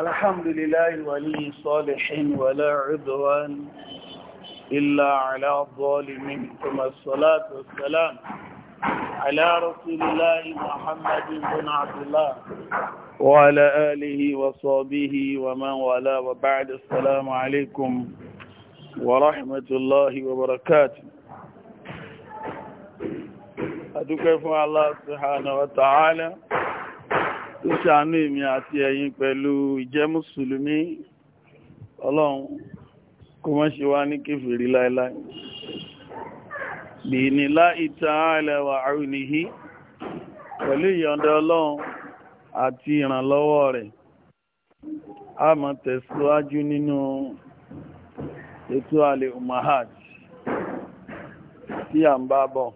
الحمد لله ولي صالحين ولا عدوان إلا على الظالمين ثم الصلاة والسلام على رسول الله محمد بن عبد الله وعلى آله وصحبه ومن والاه وبعد السلام عليكم ورحمة الله وبركاته أدوك الله سبحانه وتعالى ó ṣàánú èmi àti ẹ̀yin pẹ̀lú ìjẹ́ mùsùlùmí ọlọ́run kó má ṣe wá ní kéfèrí láíláí bí ní láìta àìlẹ̀wà àrùnìhí pẹ̀lú ìyọ̀ndẹ̀ ọlọ́run àti ìrànlọ́wọ́ rẹ̀ a máa tẹ̀síwájú nínú ètò umahad tí a ń bá bọ̀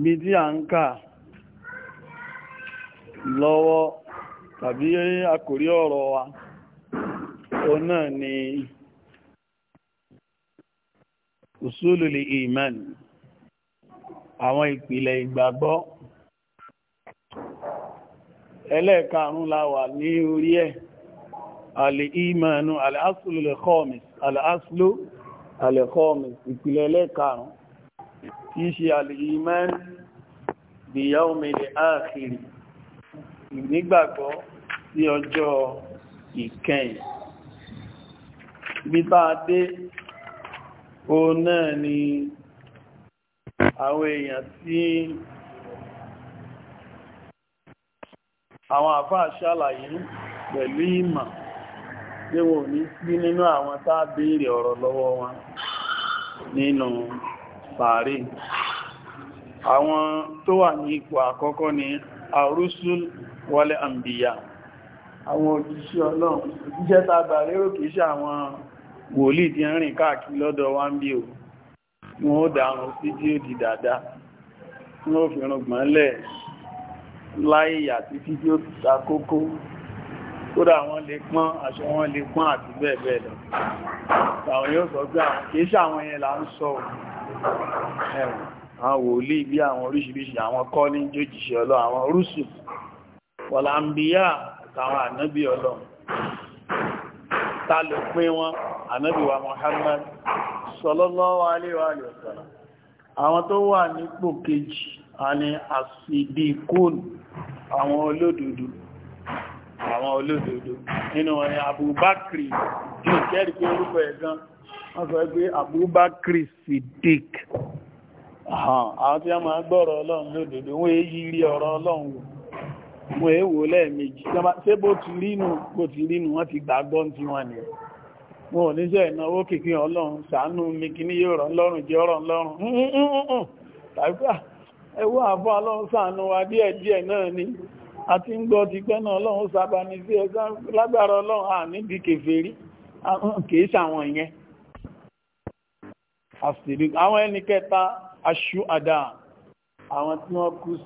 bí a ń kà lọ́wọ́ tàbí àkòrí ọ̀rọ̀ wa òun náà ni usulul iman àwọn ìpìlẹ̀ ìgbàgbọ́ ẹlẹ́ẹ̀karùn la wà ní orí ẹ̀ alìímanu alìásùlù lẹ́kọ́ọ̀mìs alìásùlù alìkọ́ọ̀mìs ìpìlẹ̀ ẹlẹ́ẹ̀karùn tí í ṣe alìíman bi yawmil akhir ìnígbàgbọ́ sí ọjọ́ ìkẹyìn ibi tá a dé o náà ni àwọn èèyàn tí àwọn àfáà ṣàlàyé pẹ̀lú ìmọ̀ tí wọn ò ní sí nínú àwọn tá a béèrè ọ̀rọ̀ lọ́wọ́ wọn nínú sàárè àwọn tó wà ní ipò àkọ́kọ́ ni arusul wọlé àmbìyà àwọn òjíṣẹ́ ọlọ́run òjíṣẹ́ tàbà lérò kìí ṣe àwọn wòlíì tí ń rìn káàkiri lọ́dọ̀ wá ń bí o wọ́n ó dáhùn sí tí ó di dáadáa tí wọ́n fi rùgbọ́n lẹ̀ láìyà títí tí ó ti ta kókó kódà wọ́n lè pọ́n aṣọ wọn lè pọ́n àti bẹ́ẹ̀ bẹ́ẹ̀ àwọn yóò bí àwọn oríṣiríṣi àwọn kọ́ ní jójìṣẹ́ ọlọ́ àwọn orúsù wọ̀lá ń bí yá àtàwọn ànábì ọlọ́run ta lè pé wọn ànábì wa Muhammad sallallahu alaihi wa sallam àwọn tó wà nípò kejì a ní asidikun àwọn olódodo àwọn olódodo nínú wọn ni Abubakri ní ìkẹ́rì pé orúkọ ẹ̀gán wọ́n sọ pé Abubakri Siddiq àwọn tí a máa gbọ́rọ̀ ọlọ́run lódodo wọ́n èyí rí ọ̀rọ̀ ọlọ́run wọn èèwò lẹ́ẹ̀mejì ṣé bó ti rínú bó ti rínú wọ́n ti gbàgbọ́ tí wọ́n ni wọn ò níṣẹ́ ìnáwó kìkì ọlọ́run ṣàánú mi yóò rán lọ́rùn jẹ́ ọ̀rọ̀ lọ́rùn tàbí afọ náà ni a ti ti àwọn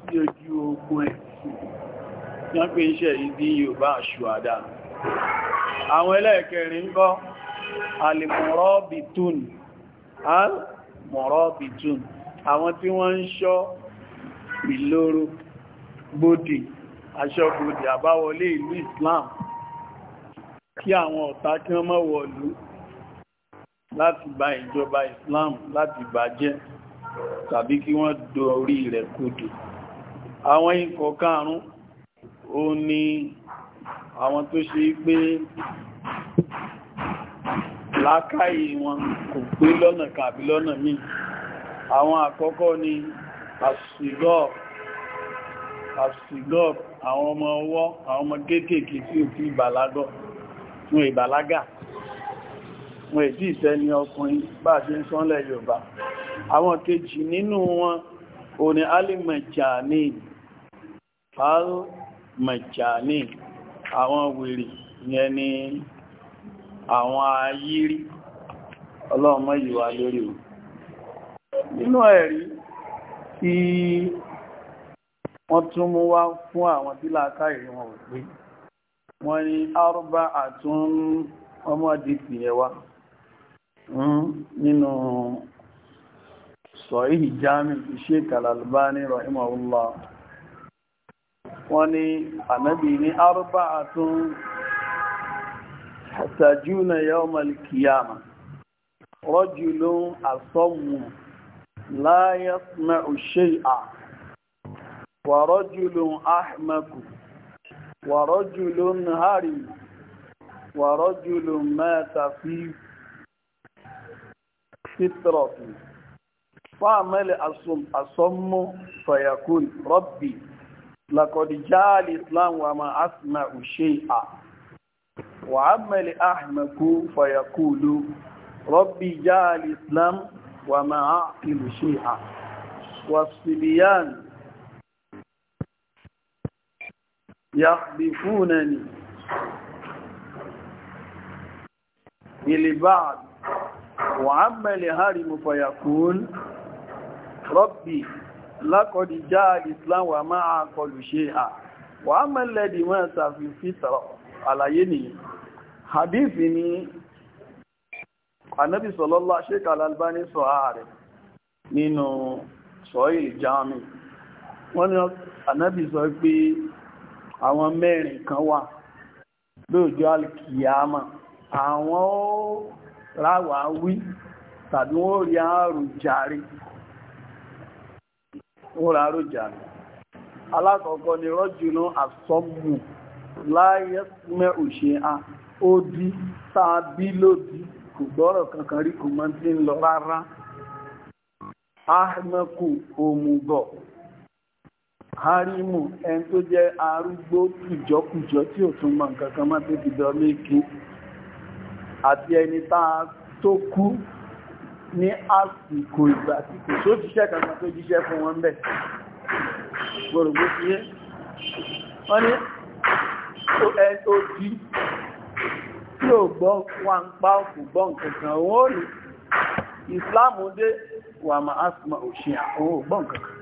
tí ogun ẹ̀sìn tí wọ́n pè iṣẹ́ ìdí Yorùbá ṣùwádà àwọn ẹlẹ́ẹ̀kẹrin ń kọ́ alìmọ̀rọ̀bìtún alìmọ̀rọ̀bìtún àwọn tí wọ́n ń ṣọ́ ìloro gbòdì aṣọ́gbòdì àbáwọlé ìlú Islam kí àwọn ọ̀tá kí wọ́n má wọ̀lú láti bà ìjọba Islam láti bàjẹ́ tàbí kí wọ́n dorí rẹ̀ kodò àwọn ikọ̀ karùn-ún ó ní àwọn tó ṣe pé lákàáyé wọn kò pé lọ́nà kàbí lọ́nà míì àwọn àkọ́kọ́ ni àṣìgọ́ọ̀ àṣìgọ́ọ̀ àwọn ọmọ ọwọ́ àwọn ọmọ kéékèèké tí ò tí ìbàlágọ́ fún ìbàlágà wọn èdí ìfẹ́ ni ọkùnrin bá ṣe ń sọ́nlẹ̀ Yorùbá àwọn kejì nínú wọn ò ní alìmọ̀jà ní al mẹ̀jàní àwọn wèrè yẹn ni àwọn ayírí ọlọ́ọ̀mọ́ ìwà lórí o nínú ẹ̀rí tí wọ́n tún mú wá fún àwọn tí láàká ìrí wọn ò pé wọ́n ní arúbá àtún ọmọdé ti ẹwà nínú sọ̀rí ìjámi ìṣẹ́ kàlàlùbá ní wọ́n ní ànábì ní arba'atun hatajuna yawm al-qiyamah rajulun asammu la yasma'u shay'an wa rajulun ahmaku wa rajulun hari wa rajulun mata fi fitrati fa'amala asum fayakun rabbi lakọ̀dìjá alìsílámù àmà asìmà òṣè à wà á mẹ́lẹ̀ ahìmẹ̀kú fàyàkúlù rọ́bì já alìsílámù wà máa kìlù ṣe à wà sílìyàn yàbìfúnani ìlìbáàdì wà á mẹ́lẹ̀ harimu fàyàkúlù rọ́bì lákọ̀dí já islam wà máa kọlù ṣe à wà á mẹ́lẹ̀dì wọ́n sàfi fìtàrọ̀ àlàyé nìyí hadithi ni anábì sọlọ́lá ṣékà alalbani sọ ààrẹ nínú sọ́yìn jami wọ́n ni anábì sọ pé àwọn mẹ́rin kan wà lóòjọ́ alkiyama àwọn ó ráwàá wí tàbí wọ́n rí àrùn jàre wúra àrùjà alákọ̀ọ́kọ́ ni rọ́jùlọ àsọ́mù láyé mẹ́ òṣè a ó dí tàbí lòdì kò gbọ́rọ̀ kankan rí kò mọ́ tí ń lọ rárá ahmeku omugbo harimu ẹni tó jẹ́ arúgbó kùjọkùjọ tí ò tún mọ̀ nǹkan kan mọ́ tó ti dọ́ lékè àti ẹni tá a tó kú ní àsìkò ìgbà tí kò tó jíṣẹ́ kankan tó jíṣẹ́ fún wọn bẹ̀ gbọ́rùgbó sí yé wọ́n ní onog tí ò gbọ́ wà ń pa òkú gbọ́ nǹkankan wọ́n ní ìsìláàmù dé wà máa asìmọ̀ òṣìyà òun ò gbọ́ nǹkankan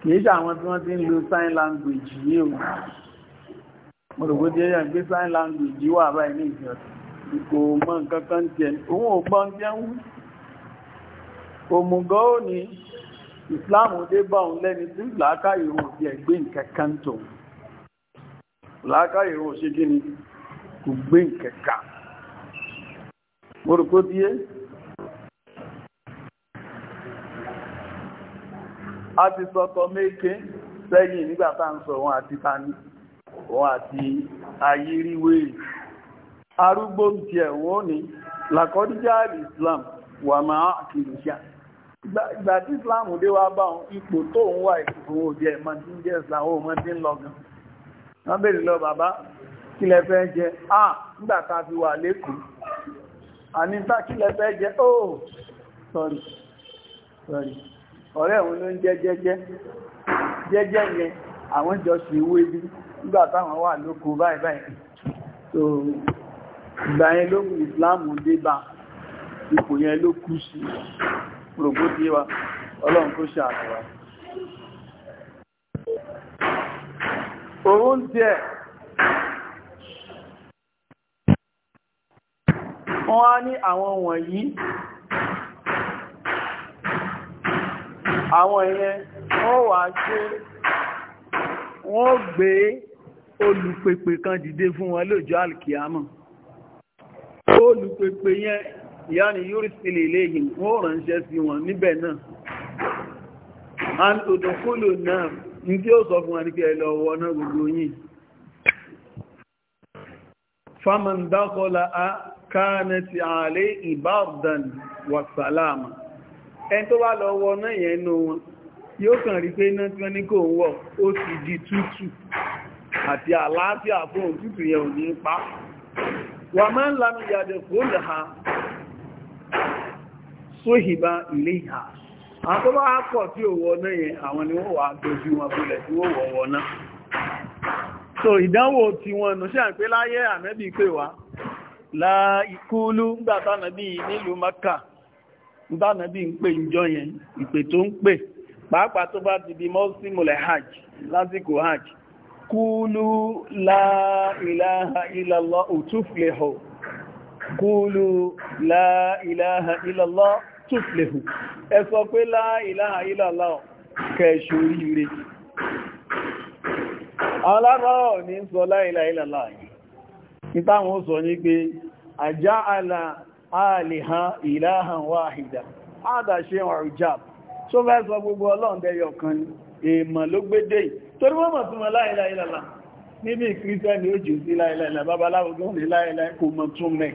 kìí ṣe àwọn tí wọ́n ti ń lo sign language yìí o gbọ́rùgbó sí yé gbé sign language wà báyìí ní ìjọ kò mọ̀ nǹkankan tiẹ̀ òun ò gbọ́ nǹkan wù òmùgọ̀ ó ní ìsìláàmù dé bá òun lẹ́ni tí làákàyè òun ti ẹ̀gbé nǹkan kan tó làákàyè òun ṣe kí ni kò gbé nǹkan kan mo a ti sọ̀tọ̀ méje sẹ́yìn nígbà tá à ń sọ òun àti tani òun àti ayíríwèé arúgbó ń tiẹ̀ wọ́n ní làkọ́díjà islam wà máa kìlìṣà ìgbà tí islam dé wá bá wọn ipò tó ń wà ìfòfò òjò ẹ̀mọ́ tí ń jẹ́ islam ó mọ́ tí ń lọ gan wọ́n bèèrè lọ bàbá kí lẹ fẹ́ jẹ ah nígbà tá a fi wà lẹ́kùn àní tá kí lẹ fẹ́ jẹ oh sorry sorry ọ̀rẹ́ òun ló ń jẹ́ jẹ́jẹ́ jẹ́jẹ́ yẹn àwọn jọ sí ewé bí nígbà táwọn wà lóko báyìí báyìí so ìgbà yẹn ló mú islam dé bá ipò yẹn ló kú sí rògbò tí wa ọlọ́run kó ṣàánú wa òun díẹ̀ wọ́n á ní àwọn wọ̀nyí àwọn ìyẹn wọ́n wà ṣe wọ́n gbé olùpèpè kan dìde fún wọn lọ́jọ́ alkiyama olùpèpè yẹn ìyá ni yóò sílẹ̀ ilé yìí wọ́n ránṣẹ́ sí wọn níbẹ̀ náà and òdòkúlò náà ní tí ó sọ fún wọn ní kí ẹ lọ wọ náà gbogbo yìí faman dákọ́lá a káàna ti ààlé ìbáàdàn wà sàlámà ẹni tó wá lọ wọ náà yẹn nú wọn yóò kàn rí pé sóhìbá ilé ìhà àwọn tó bá pọ̀ tí yẹn àwọn ni wọ́n wà dojú wọn tí wọ́n so ìdánwò tí wọ́n nù ṣe pé láyé ànábì pè wá nílùú maka gbàtánàbí ń pè ìjọ yẹn ìpè tó ń pè pàápàá tó bá ti di mọ́símùlẹ̀ hajj lásìkò hajj ilaha tuflehu ẹ sọ pé la ilaha illallah kẹṣù ríire alárọ̀ ní sọ la ilaha illallah ìtàwọn sọ ní pé àjá àlà àlìhà ìlàhàn wáhìdà àdàṣe ọ̀rùjáb tó fẹ́ sọ gbogbo ọlọ́ndẹyọ kan èèmọ̀ ló gbédé torí wọ́n mọ̀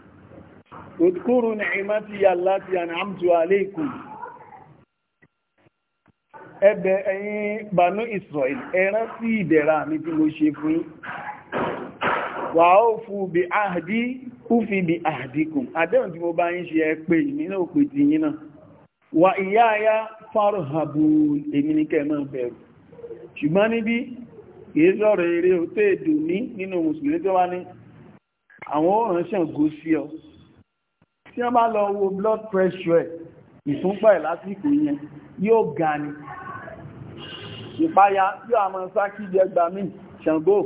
òdúkúrú ní ìmáti aláti ànàmtù aléìkù ẹbẹ̀ ẹ̀yin Banu Israel ẹ rántí ìdẹ̀ra mi tí mo ṣe fún wà ó fú bí àdí kúfì bí àdíkùn àdéhùn tí mo bá yín ṣe ẹ pé ìmí náà pè ti yín náà wà ìyá ayá fárọ̀hàbù èmi ní kẹ́ bẹ̀rù ṣùgbọ́n níbi kìí tí wọ́n bá lọ wo blood pressure ìfúnpá ẹ̀ lásìkò yẹn yóò ga ni ìpáyà yóò àmọ́ sákìdí ẹgbà mí ṣàngó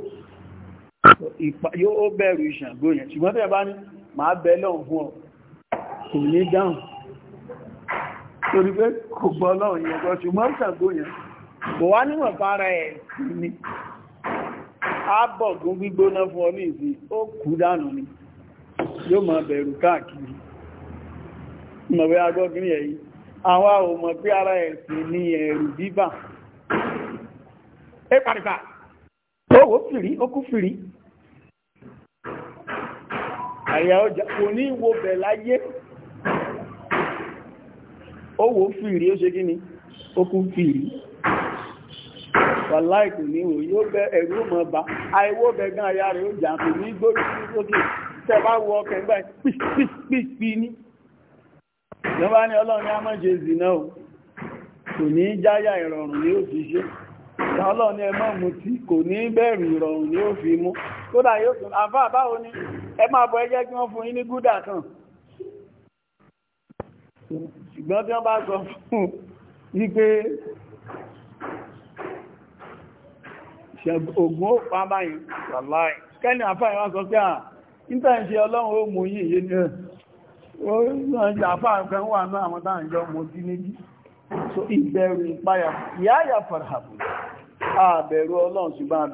yóò bẹ̀rù ìṣàngó yẹn ṣùgbọ́n tẹ́ bá ní màá bẹ lọ́n fún ọ kò ní dáhùn torí pé kò gbọ́ lọ́n yẹn gbọ́ ṣùgbọ́n ṣàngó yẹn kò wá nímọ̀ fara ẹ̀ sí ni ààbọ̀gún gbígbóná fún ọ ní ìsìn ó kú dànù ni yóò máa bẹ̀rù káàkiri mọ̀wé agbọ́gbìn ẹ̀yí àwọn ò mọ̀ ara ẹ̀sìn ni ẹ̀rù bíbà ẹ pàdìfà owó fìrí ó kú fìrí àyà ọjà kò ní wo bẹ̀ láyé owó fìrí ó ṣe kí ni ó kú fìrí wàláì kò ní wò yóò bẹ ẹ̀rù mọ̀ bá àìwó bẹ̀ gan àyà rẹ̀ ó jà kò ní gbórí sí lókè tẹ́ bá wọ ọkẹ̀ gbáyìí pìpìpì ní ní bá ní ọlọ́run a máa ṣe zìnà o kò ní jáyà ìrọ̀rùn ní ó fi ṣe ọlọ́run ẹ má mutí kò ní bẹ̀rù ìrọ̀rùn ní ó fi mú kódà yóò tún àfá àbáwo ni ẹ máa bọ ẹjẹ́ kí wọ́n fún yín ní gúdà kan ṣùgbọ́n tí wọ́n bá sọ fún wípé ògùn ó pa báyìí kẹ́ni àfá ìwọ́n sọ pé à ń tẹ́ ṣe ọlọ́run ó mú yìí yé ìbẹ̀rù ìpáyà ìyáyà farhabu àbẹ̀rù ọlọ́run ṣùgbọ́n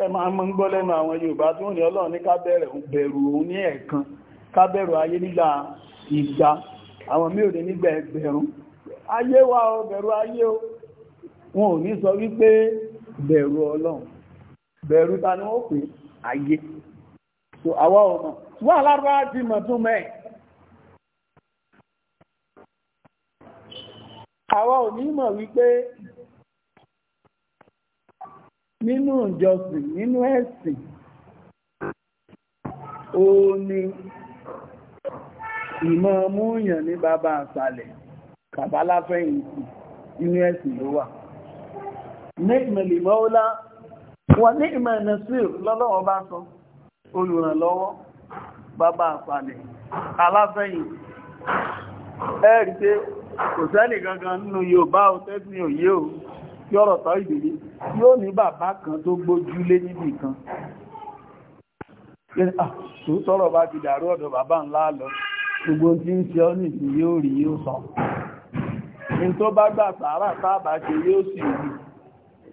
ń àwọn Yorùbá tí wọ́n ní ọlọ́run ní kábẹ̀rẹ̀ bẹ̀rù òun ní ẹ̀kan kábẹ̀rù ayé nígbà ìgbà àwọn nígbà ẹgbẹ̀rún ayé wa o bẹ̀rù ayé o wọn ò ní sọ wípé bẹ̀rù ọlọ́run bẹ̀rù ta ni wọ́n pè ayé so àwa ò mọ̀ wà lára ti mọ̀ tún mẹ́ àwa ò ní mọ̀ wípé nínú ìjọsìn nínú ẹ̀sìn ó ní ìmọ̀ múyàn ní bàbá àsàlẹ̀ kàbáláfẹ́yìntì inú ẹ̀sìn ló wà ní ìmọ̀lẹ̀mọ́ọ́lá wọ́n ní ìmọ̀ ẹ̀nà sí lọ́lọ́wọ́ bá sọ olùrànlọ́wọ́ bàbá àpàlẹ̀ aláfẹ́yìn ẹ̀rí pé kò sẹ́nì gangan nínú Yorùbá òtẹ́sí òye ò tí ọ̀rọ̀ tọ́ ìdílé yóò ní bàbá kan tó gbójúlé níbì kan ah, tó sọ̀rọ̀ bá ti dàrú ọ̀dọ̀ bàbá ńlá lọ gbogbo tí ń ṣe ọ́ yóò rí yóò sọ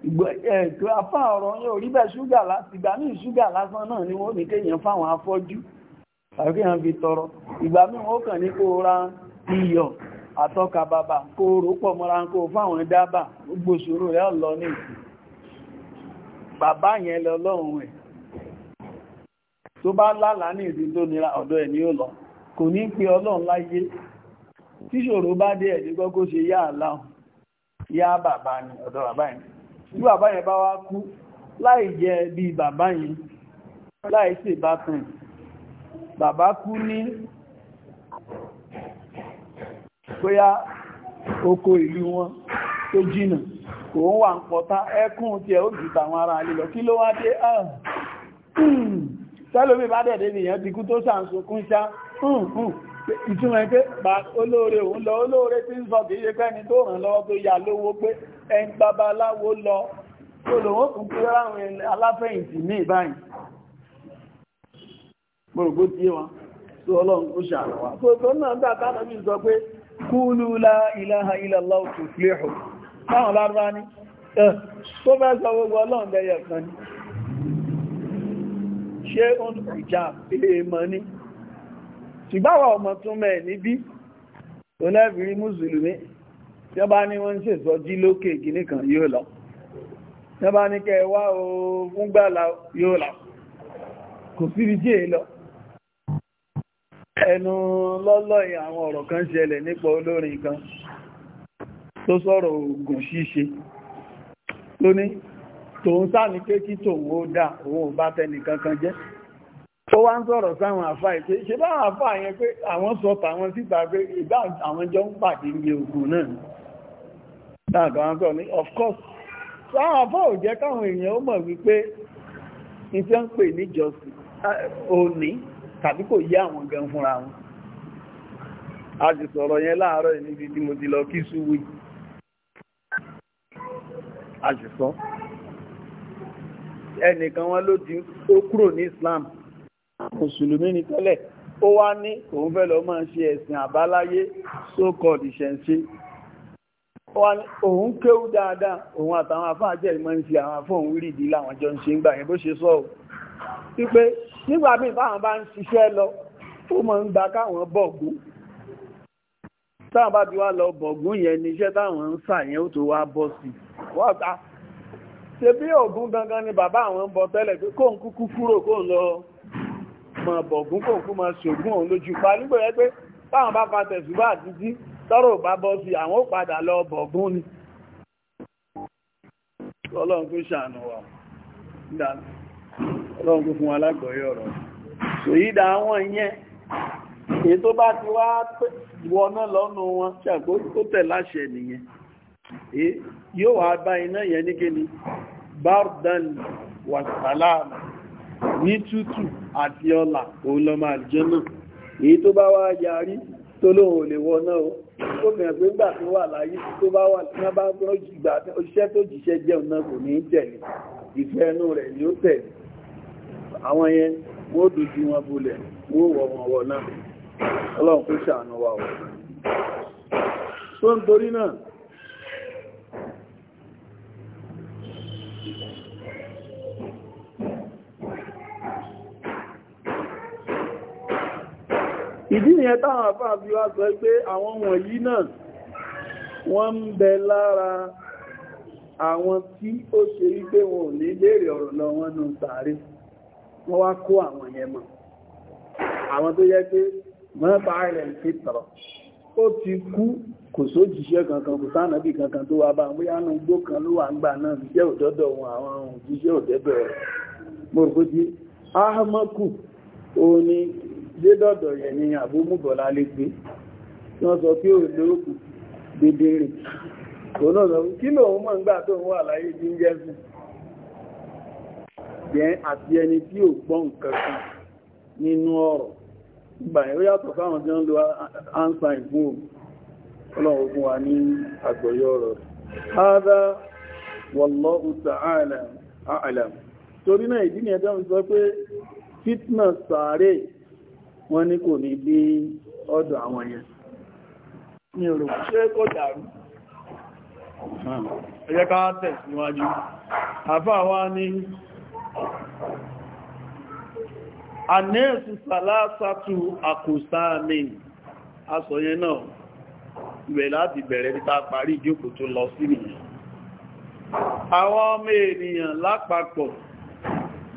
ètò afá ọ̀rọ̀ yóò rí bẹ́ẹ̀ ṣúgà ìgbà míì ṣúgà lásán náà ni wọ́n ní kéèyàn fáwọn afọ́jú fi tọrọ ìgbà wọ́n kàn ní kó iyọ̀ àtọ́ka bàbà kó rò pọ̀ mọ́ra kó fáwọn dábà rẹ̀ lọ ní ìsìn bàbá yẹn lọ lọ́rùn bí bàbá yẹn bá wá kú láì jẹ bí bàbá yẹn láì ṣe ìbátan bàbá kú ní bóyá oko ìlú wọn tó jìnà kò ń wà ń pọ̀tá ẹkùn tí ẹ ó jù tàwọn ará alìlọ kí ló wá dé ààrùn ah, hmm. tẹ́lómi bá dẹ̀dẹ̀ nìyàn ti kú tó sàǹsùn kún ìtumọ̀ pé olóore òun lọ olóore tí ń sọ kìí ṣe pẹ́ni tó ràn lọ́wọ́ tó yà lówó pé ẹn babaláwo lọ tó lòun kún pé ráwọn aláfẹ̀yìntì ní ìbáyìí gbogbo tí wọn tó ọlọ́run kó ṣàrọwà tó tó náà dá tánà bí sọ pé kúlù la ilaha ṣùgbáwà ọmọ tún mẹ́ níbí tó lẹ́bìrí mùsùlùmí tí wọ́n bá ní wọ́n ń ṣèsọjí lókè gíní kan yóò lọ tí wọ́n bá ní kẹ wá o fúngbàlà yóò lọ kò síbi tí èé lọ ẹnu lọ́lọ́ àwọn ọ̀rọ̀ kan ṣẹlẹ̀ nípa olórin kan tó sọ̀rọ̀ oògùn ṣíṣe tó ní tòun sáà ní pé kí tòun ó dá òun ò bá tẹnìkankan jẹ́ ó wá ń sọ̀rọ̀ sáwọn àfá ìpé ṣe bá àfá yẹn pé àwọn sọ tàwọn síta pé ìgbà àwọn jọ ń pàdé ní ogun náà dáadọ́ wọn sọ ní of course sáwọn àfá ò jẹ́ káwọn èèyàn ó mọ̀ wípé iṣẹ́ ń pè ní jọ́sìn ó ní Islam mùsùlùmí ni tẹ́lẹ̀ ó wá ní òun fẹ́ lọ máa ṣe ẹ̀sìn àbáláyé so-called ìṣẹ̀ǹṣe òun kéwú dáadáa òun àtàwọn àfáà jẹ́ ìmọ̀ ń fi àwọn àfọ́ òun rí ìdí láwọn jọ ń ṣe ń gbà yẹn bó ṣe sọ wípé nígbà míì báwọn bá ń ṣiṣẹ́ lọ ó máa ń gba káwọn bọ̀gún táwọn bá ti wá lọ bọ̀gún yẹn ni táwọn ń sà yẹn ó tó wá bọ́ sí ṣe bí ògún gangan ni bàbá àwọn ń bọ tẹ́lẹ̀ pé kóun kúkú kúrò kóun lọ mọ̀ bọ̀gún kò kú mọ̀ ṣògùn òun lójú pa nígbò rẹ pé báwọn bá kan tẹ̀sùbá àtijì tọ́rọ̀ bá bọ́ sí àwọn ó padà lọ bọ̀gún ni ọlọ́run kó ṣàánú wa ọlọ́run kó fún alágbọ̀ọ́yọ̀ ọ̀rọ̀ ṣòyídà àwọn ìyẹn èyí tó bá ti wá wọná lọ́nà wọn ṣàkó tó tẹ̀ láṣẹ nìyẹn yóò wá bá iná yẹn ní kíni bardan wa salama ní tútù àti ọlà òun lọ máa jẹ́ náà èyí tó bá wá yarí tó lóhun lè wọ náà ó ó mẹ́ pé gbà tó wà láyé tó bá wà tí wọ́n bá gbọ́ ìgbà iṣẹ́ tó jíṣẹ́ jẹun náà kò ní tẹ̀lé ìfẹ́ ẹnu rẹ̀ ni ó tẹ̀lé àwọn yẹn wọ́n dojú wọn bolẹ̀ wọ́n wọ̀ wọn wọ̀ náà ọlọ́run kó ṣàánú wa wọ̀ tó ń torí náà ìdí ìyẹn táwọn àfáà bí wá sọ pé àwọn wọ̀nyí náà wọ́n ń bẹ lára àwọn tí ó ṣe wípé wọn ò ní léèrè ọ̀rọ̀ lọ wọn nù sàárè wọ́n wá kó àwọn yẹn mọ̀ àwọn tó yẹ pé mọ́ta island ti tọ̀rọ̀ ó ti kú kò sójíṣẹ́ kankan kò sánàbí kankan tó wá bá ń bóyá nù gbó kan ló wà ń gbà náà jíṣẹ́ òdọ́dọ̀ wọn àwọn òjíṣẹ́ òdẹ́bẹ̀ rẹ̀ mọ̀rọ̀kójí ahamaku ó ní dédọ̀dọ̀ yẹ̀ ni àbó múbọ̀lá lè gbé tí wọ́n sọ pé ò lóòkù dédé rẹ̀ òun náà sọ kí lòun mọ̀ nígbà tó ń wà láyé ní jẹ́sùn jẹ́ àti ẹni tí ò gbọ́ nǹkan kan nínú ọ̀rọ̀ lo ansa ìfún òun ọlọ́run wọ́n ní kò ní dé ọ̀dọ̀ àwọn yẹn ní ọ̀rọ̀ ṣe kò dàrú ẹ̀yẹ́ ká tẹ̀ níwájú àfáà wá ní anẹ́ẹ̀sù sàlásàtù àkùsáàmì asọ̀yẹ náà ìwẹ̀ láti bẹ̀rẹ̀ títà parí ìjókòó tó lọ sí nìyàn àwọn ọmọ ènìyàn lápapọ̀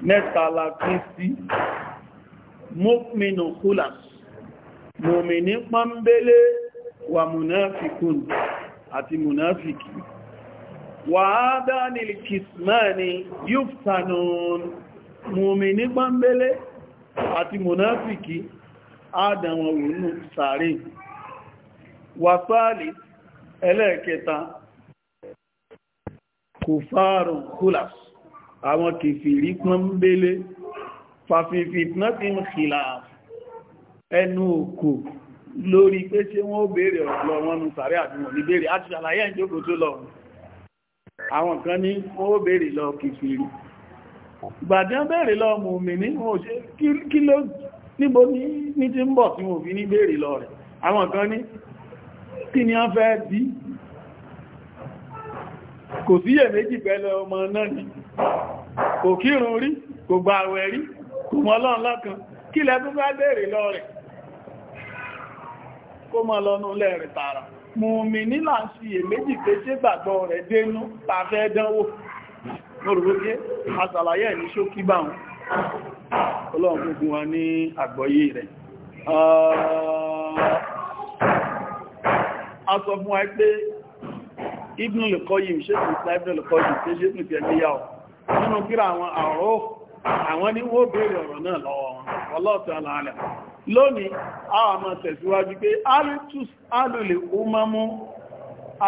mẹ́ta la pín sí mọ́mìnà kúlà mọ̀mìnì pọ́nbélé wà mùnáfikún àti mùnáfikì wà á dánilì kìsmáni yúftanun mọ̀mìnì pọ́nbélé àti mùnáfikì ádáwọn òunú sàárè wà sáàlì ẹlẹ́ẹ̀kẹta kò fárùn kúlà àwọn kèfèrí pọ́nbélé fàfífì nothing khilaf ẹnu òkò lórí pé ṣé wọ́n ó béèrè ọ̀pọ̀lọ wọn nù sàárẹ́ àdúgbò ní béèrè àti ṣàlàyé ìjókò tó lọ àwọn kan ní wọ́n ó béèrè lọ kìfìrí gbàdán béèrè lọ mùmìnì wọn ò ṣe kí ló níbo ní ti ń bọ̀ tí wọn fi ní béèrè lọ rẹ̀ àwọn kan ní kí ni a fẹ́ bí kò síyè méjì pẹ̀lú ọmọ náà ni kò kírun rí kò gbààwẹ̀ rí kò mọ́ lọ́n lọ́kan kí lẹ tún bá béèrè lọ rẹ̀ kó mọ́ lọ́nú lẹ́rẹ̀ tààrà mùmí nílà ń fi èméjì pé ṣé gbàgbọ́ rẹ̀ dénú tàfẹ́ dánwò lórúkẹ́ àṣàlàyé ní ṣókí bá wọn ọlọ́run gbogbo wọn ní àgbọ́yé rẹ̀ a sọ fún wa pé Ibn al-Qayyim ṣe ìsìnkú Ibn al-Qayyim ṣe ṣe ìsìnkú ẹ̀míyà nínú kíra àwọn àrọ́ àwọn ní wó bèèrè ọ̀rọ̀ náà lọ́wọ́ ọlọ́ọ̀tọ́ aláàlẹ̀ lónìí a ọmọ tẹ̀síwájú pé altus alùlè umamu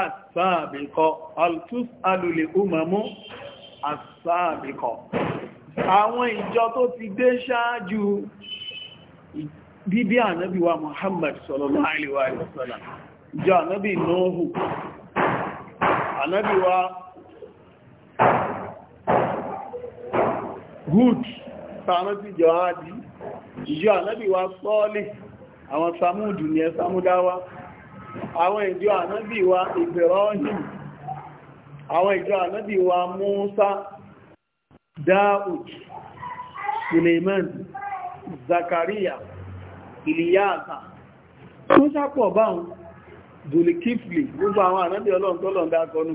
asáàbìkọ altus alùlè umamu asáàbìkọ àwọn ìjọ tó ti dé ṣáájú bíbí ànábì wa Muhammad sallallahu alaihi wa sallam ìjọ ànábì Nuhu ànábì wa Hud táwọn ti jọ áàdì ìjọ ànábì sọ́ọ̀lì àwọn samúdù ní ẹ àwọn ìjọ ànábì àwọn ìjọ Musa Daud Suleiman Zakaria Iliyasa tó sápọ̀ báhùn Zulikifli gbogbo àwọn ànábì ọlọ́ntọ́lọ́ndá akọni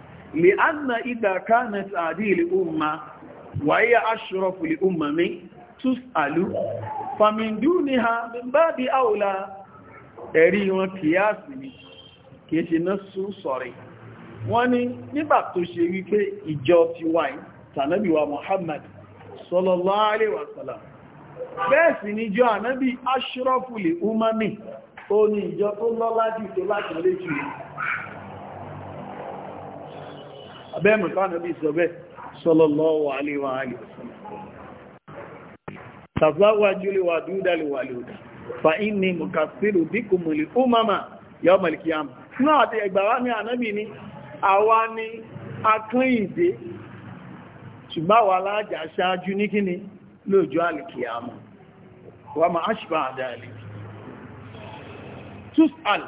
lè anna ìdàká nẹ́tì àdí ilé umma wáyé aṣọ́rọ̀fù lè umma mi tús àlú fàmìndú ní ha bá bí áwùlá ẹ̀rí wọn kìíyàsì ni kìí ṣe ná sún sọ̀rẹ̀ wọ́n ní nígbà tó ṣe wípé ìjọ ti wáyé tànábíwa Muhammad sallallahu abẹ́mù tánàbí sọ́bẹ́ sallallahu alaihi wa alihi wasallam tazawwaju liwaduda liwaluda fa inni mukaththiru bikum li umama yawm al-qiyamah náà àti ẹgbàwá ní ànábì ní àwa ni akán ìdé ṣùgbọ́n àwa alájà ṣáájú ní kíni lọ́jọ́ al-qiyamah wa ma ashba dhalik tus'al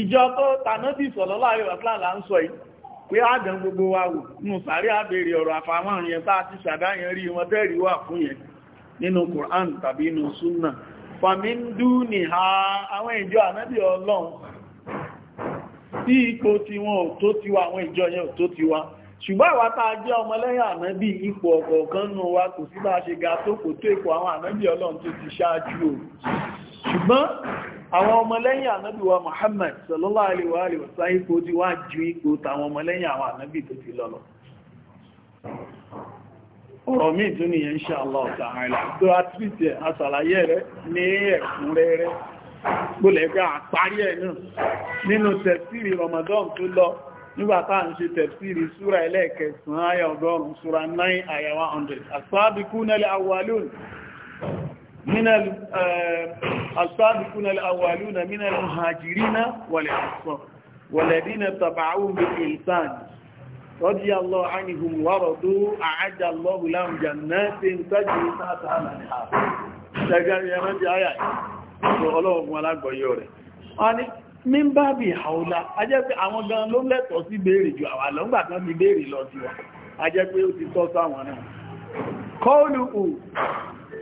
ìjọ tó tànábì sallallahu alaihi wa là ń sọ yìí pé àdán gbogbo wa wò nínú sàárì àbèrè ọ̀rọ̀ àfàmọ́rin yẹn bá ti ṣàdáyẹn rí wọn tẹ́rì wà fún yẹn nínú Quran tàbí inú súnà fàmíndú ha àwọn ìjọ ànábì ọlọ́run tí ipò tí wọn ò tó ti àwọn ìjọ yẹn ò tó ti wa jẹ́ ọmọlẹ́yìn ipò nù ṣe ga tó tó ipò àwọn ti ṣùgbọ́n àwọn ọmọlẹ́yìn ànábìwa Muhammad sallallahu alaihi wa sallam ipò tí wá ju ipò tàwọn ọmọlẹ́yìn àwọn tó ti lọ́lọ́ ọ̀rọ̀ míì tún nìyẹn insha Allah a tìrìtì àṣàlàyé rẹ̀ Ramadan nígbàtá ń ṣe tẹ̀síìrì súra ẹlẹ́ẹ̀kẹsàn-án ayà ọgọ́rùn-ún súra 9 àyàwá 100 as-sabiquna al من السابقون الأولون من المهاجرين والأنصار والذين تبعوهم بالإنسان رضي الله عنهم ورضوا أعد الله لهم جنات تجري تحتها الأنهار تجري من جايات ọlọ́run wọn alágbọ̀yọ́ rẹ̀ wọ́n ní mímbá bí àwọ́lá a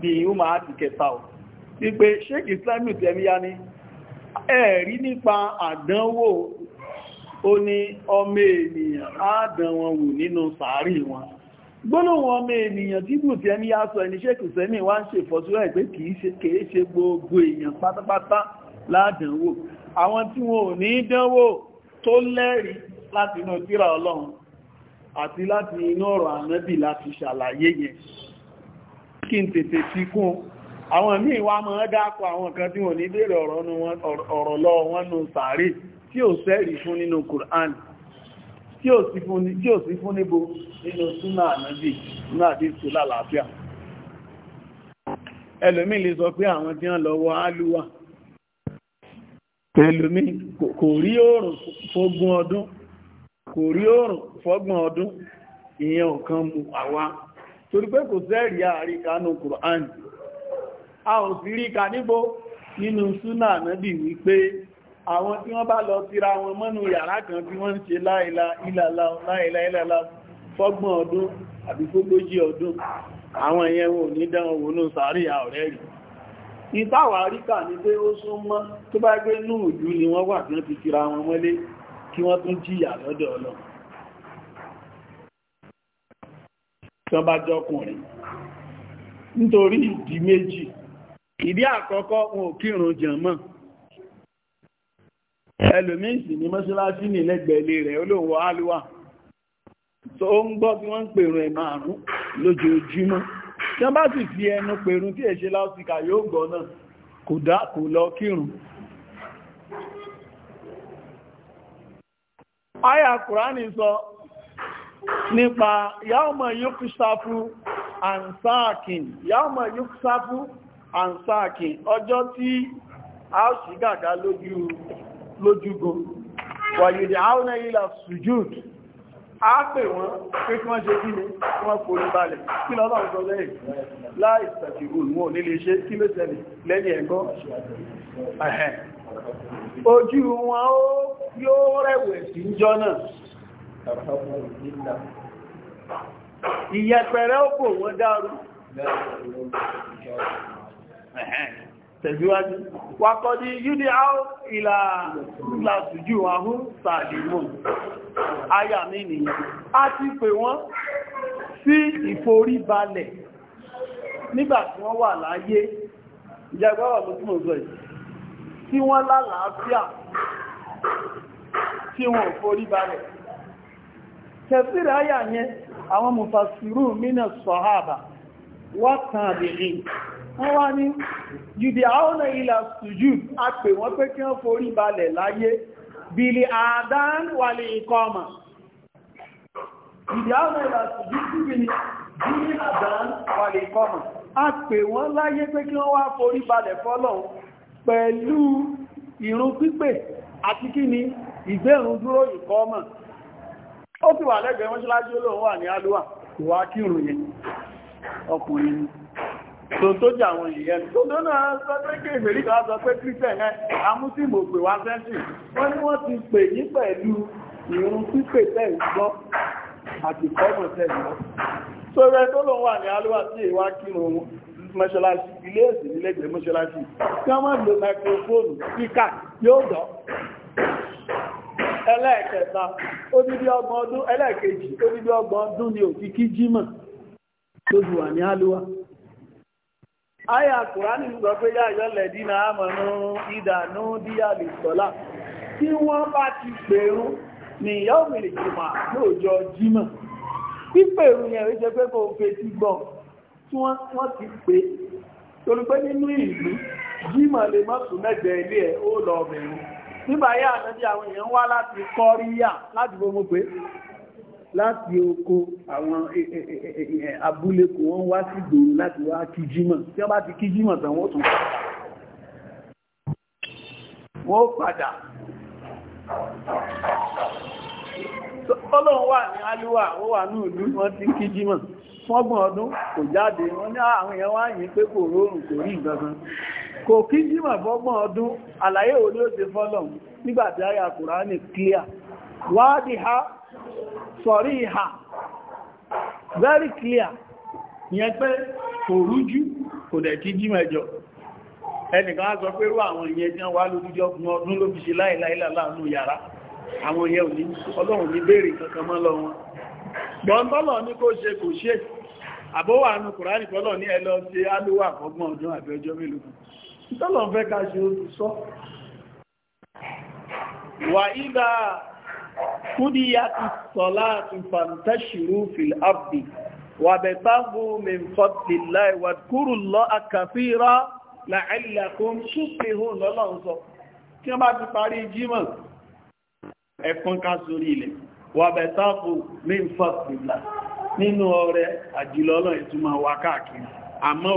bí i umar àti kẹta ọ̀ wípé sheik islamic tẹ́míyá ní ẹ̀rí nípa àdánwò ó ní ọmọ ènìyàn àádán wọn wò nínú sàárì wọn gbólóhùn ọmọ ènìyàn tí bù tí ẹni yá sọ ẹni sheik islamic wá ń ṣe ìfọ́síwẹ̀ pé kìí ṣe gbogbo èèyàn pátápátá ládánwò àwọn tí wọn ò ní dánwò tó lẹ́rí láti inú tírà ọlọ́run àti láti inú ọ̀rọ̀ ànábì láti ṣàlàyé yẹn kí n tètè fi kún àwọn míì wá máa dákọ̀ àwọn kan tí wọ́n ní bèèrè ọ̀rọ̀ lọ wọn nù sàárè tí ò sẹ́rì fún nínú Qur'an tí ò sí fún níbo nínú súnà ànábì ní àdíṣù lálàáfíà ẹlòmí lè sọ pé àwọn tí wọ́n lọ́wọ́ alúwà ìyẹn ò kàn mú àwa torí pé kò sẹ́rì àríkanú Kùrán a ò sì rí ka níbo nínú súnà náàbì wípé àwọn tí wọ́n bá lọ síra wọn mọ́nú yàrá kan tí wọ́n ń ṣe láìlá ìlàlá láìlá ìlàlá fọ́gbọ̀n ọdún àbí fógójì ọdún àwọn ìyẹn wọn ò ní dán owó ní sàárìyà ọ̀rẹ́ rí ìtawà ríkà ni wọ́n wà tí wọ́n ti tira wọn kí wọ́n tún jìyà lọ́dọ̀ Ọlọ́run tí wọ́n bá jọkùnrin nítorí ìdí méjì ìdí àkọ́kọ́ wọn ò kírun jànmọ́ ẹlòmíìsì ní mọ́ṣáláṣí ní lẹ́gbẹ̀ẹ́lé rẹ̀ olóòwò alúwà tó ń gbọ́ bí wọ́n ń pèrún ẹ̀ márùn lójoojúmọ́ tí wọ́n bá sì fi ẹnu pèrún tí èṣe láòsìkà yóò gbọ́ náà kò dá kò lọ kírun àyà kùránì sọ nípa yàmọ̀ yókùsáfú àǹsáàkìn yàmọ̀ yókùsáfú àǹsáàkìn ọjọ́ tí a ó sì gàgà lójúgo wàyìdì àwọn ilà sujúd a pè wọ́n kí wọ́n ṣe kí wọ́n forí balẹ̀ kí lọ́lọ́ lẹ́yìn nílé ìyẹpẹrẹ ó bò wọ́n dárú tẹ̀síwájú wakọ̀dí yúdí áó ìlà ìlàsùjú ahún sàdìmọ̀ ayà ní nìyàn a ti pè wọ́n sí ìforíbalẹ̀ nígbàtí wọ́n wà láyé ìjẹgbọ́wà mú túnmọ̀ sọ tí wọ́n lálàáfíà tí wọ́n foríbalẹ̀ tẹ̀síra ayà yẹn àwọn mùfàsírù mínà sọ̀hábà wọ́tàn àbìrí wọ́n wá ní yìdì àwọn ilà sùjú a pè wọ́n pé kí wọ́n forí balẹ̀ láyé bìlì àdán wà lè ikọ́ ọmọ yìdì àwọn ilà sùjú síbìlì bìlì àdán wà lè ikọ́ ọmọ a pè wọ́n láyé pé kí wọ́n wá forí balẹ̀ fọ́lọ́hun pẹ̀lú ìrun pípè àti kí ni ìgbérun dúró ìkọ́ ó ti wà lẹ́gbẹ̀ẹ́ mọ́ṣáláṣí olóòwò wà ní alúwà ìwà kírùn yẹn ọkùnrin tó tó jà àwọn èèyàn tó tó náà sọ pé kí èmèrí kan sọ pé kírísẹ̀ náà amúsìmò pè wá sẹ́ńtì wọ́n ní wọ́n ti pè ní pẹ̀lú ìrun pípè tẹ̀ gbọ́ àti kọ́mọ̀ tẹ̀ gbọ́ tó rẹ tó lòun wà ní alúwà sí ìwà kírùn mọ́ṣáláṣí ilé ẹ̀sìn nílẹ̀gbẹ̀ẹ́ mọ́ṣáláṣí tí wọ́n máa lo microphone speaker yóò dọ́ ẹlẹ́ẹ̀kẹta odidi ọgbọ̀n ọdún ẹlẹ́ẹ̀kejì odidi ọgbọ̀n ọdún ni òkìkí jímọ̀ tó jù wà ní ya àyà kùránì sọ pé yáyọ́ lẹ̀dínà àmọ̀nú ìdànú sọ́lá tí wọ́n bá ti pèrún ní jùmọ̀ jímọ̀ yẹn pé kò tí wọ́n ti pè torí pé nínú ìlú jímọ̀ lè mẹ́jẹ ilé ẹ̀ nígbàáyà àtàdí àwọn èèyàn wá láti kọ́ríyà láti gbogbo pé láti oko àwọn e, e, e, abúlé kò wọ́n wá sí ìgboro láti wá kíjímọ̀ tí wọ́n bá ti kíjímọ̀ tán wọ́n tún wọ́n padà ọlọ́run wà ní alúwà ó wà ní ìlú wọ́n ti kíjímọ̀ fọ́gbọ̀n ọdún kò jáde wọ́n ní ah, àwọn èèyàn wá yìí pé kò rọrùn kò rí ìgbàgbọ́n kò kí jímọ̀ fọ́gbọ̀n ọdún àlàyé wo ni ó ṣe fọ́lọ̀ nígbàtí kùránì clear ha sọ̀rí ha very clear yẹn pé kò rújú kò dẹ̀ kí jímọ̀ ẹnìkan sọ pé àwọn ìyẹn tí wá ọdún ló fi ṣe yàrá àwọn ìyẹn ò ní ọlọ́run béèrè kankan lọ wọn ní kó ṣe kò ṣe àbówà ọdún ìtọ́lọ̀ fẹ́ ká ṣe olùsọ́ wà ìgbà kúdíyà ti sọ̀lá ti fàntẹ́ṣìrú fil abdi wà bẹ̀tàbù min fadlillahi wà kúrù lọ àkàfíra la'allakum ṣúfihùn lọ́lọ́nsọ tí wọ́n bá ti parí jímọ̀ ẹ̀fọn ká sórí ilẹ̀ wà bẹ̀tàbù min fadlillahi nínú ọrẹ àjìlọ́lọ́ ìtumọ̀ wà àmọ́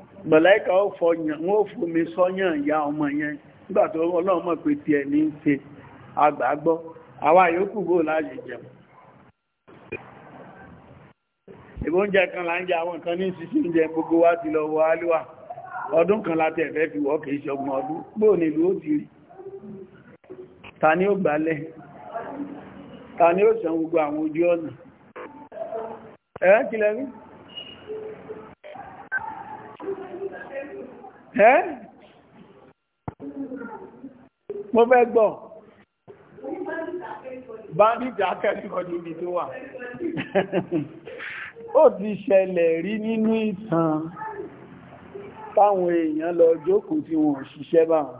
mọ̀láíkà ó fọyàn wọ́n fún mi ọmọ yẹn nígbà tó pé tiẹ̀ ní í ṣe àgbàgbọ́ àwa yòókù bò láàyè jẹun kan là ń jẹ àwọn nǹkan ní ṣíṣí oúnjẹ gbogbo wá ti lọ wọ kan láti ẹ̀fẹ́ fi wọ́ kìí ọdún ó ta ni ó gbálẹ̀ ta ni ó gbogbo àwọn ojú ọ̀nà ẹ́ mo fẹ́ gbọ́ bandit akẹ́kọ̀ọ́dì ibi tó wà ó ti ṣẹlẹ̀ rí nínú ìtàn táwọn èèyàn lọ jókòó tí wọ́n ṣiṣẹ́ báwọn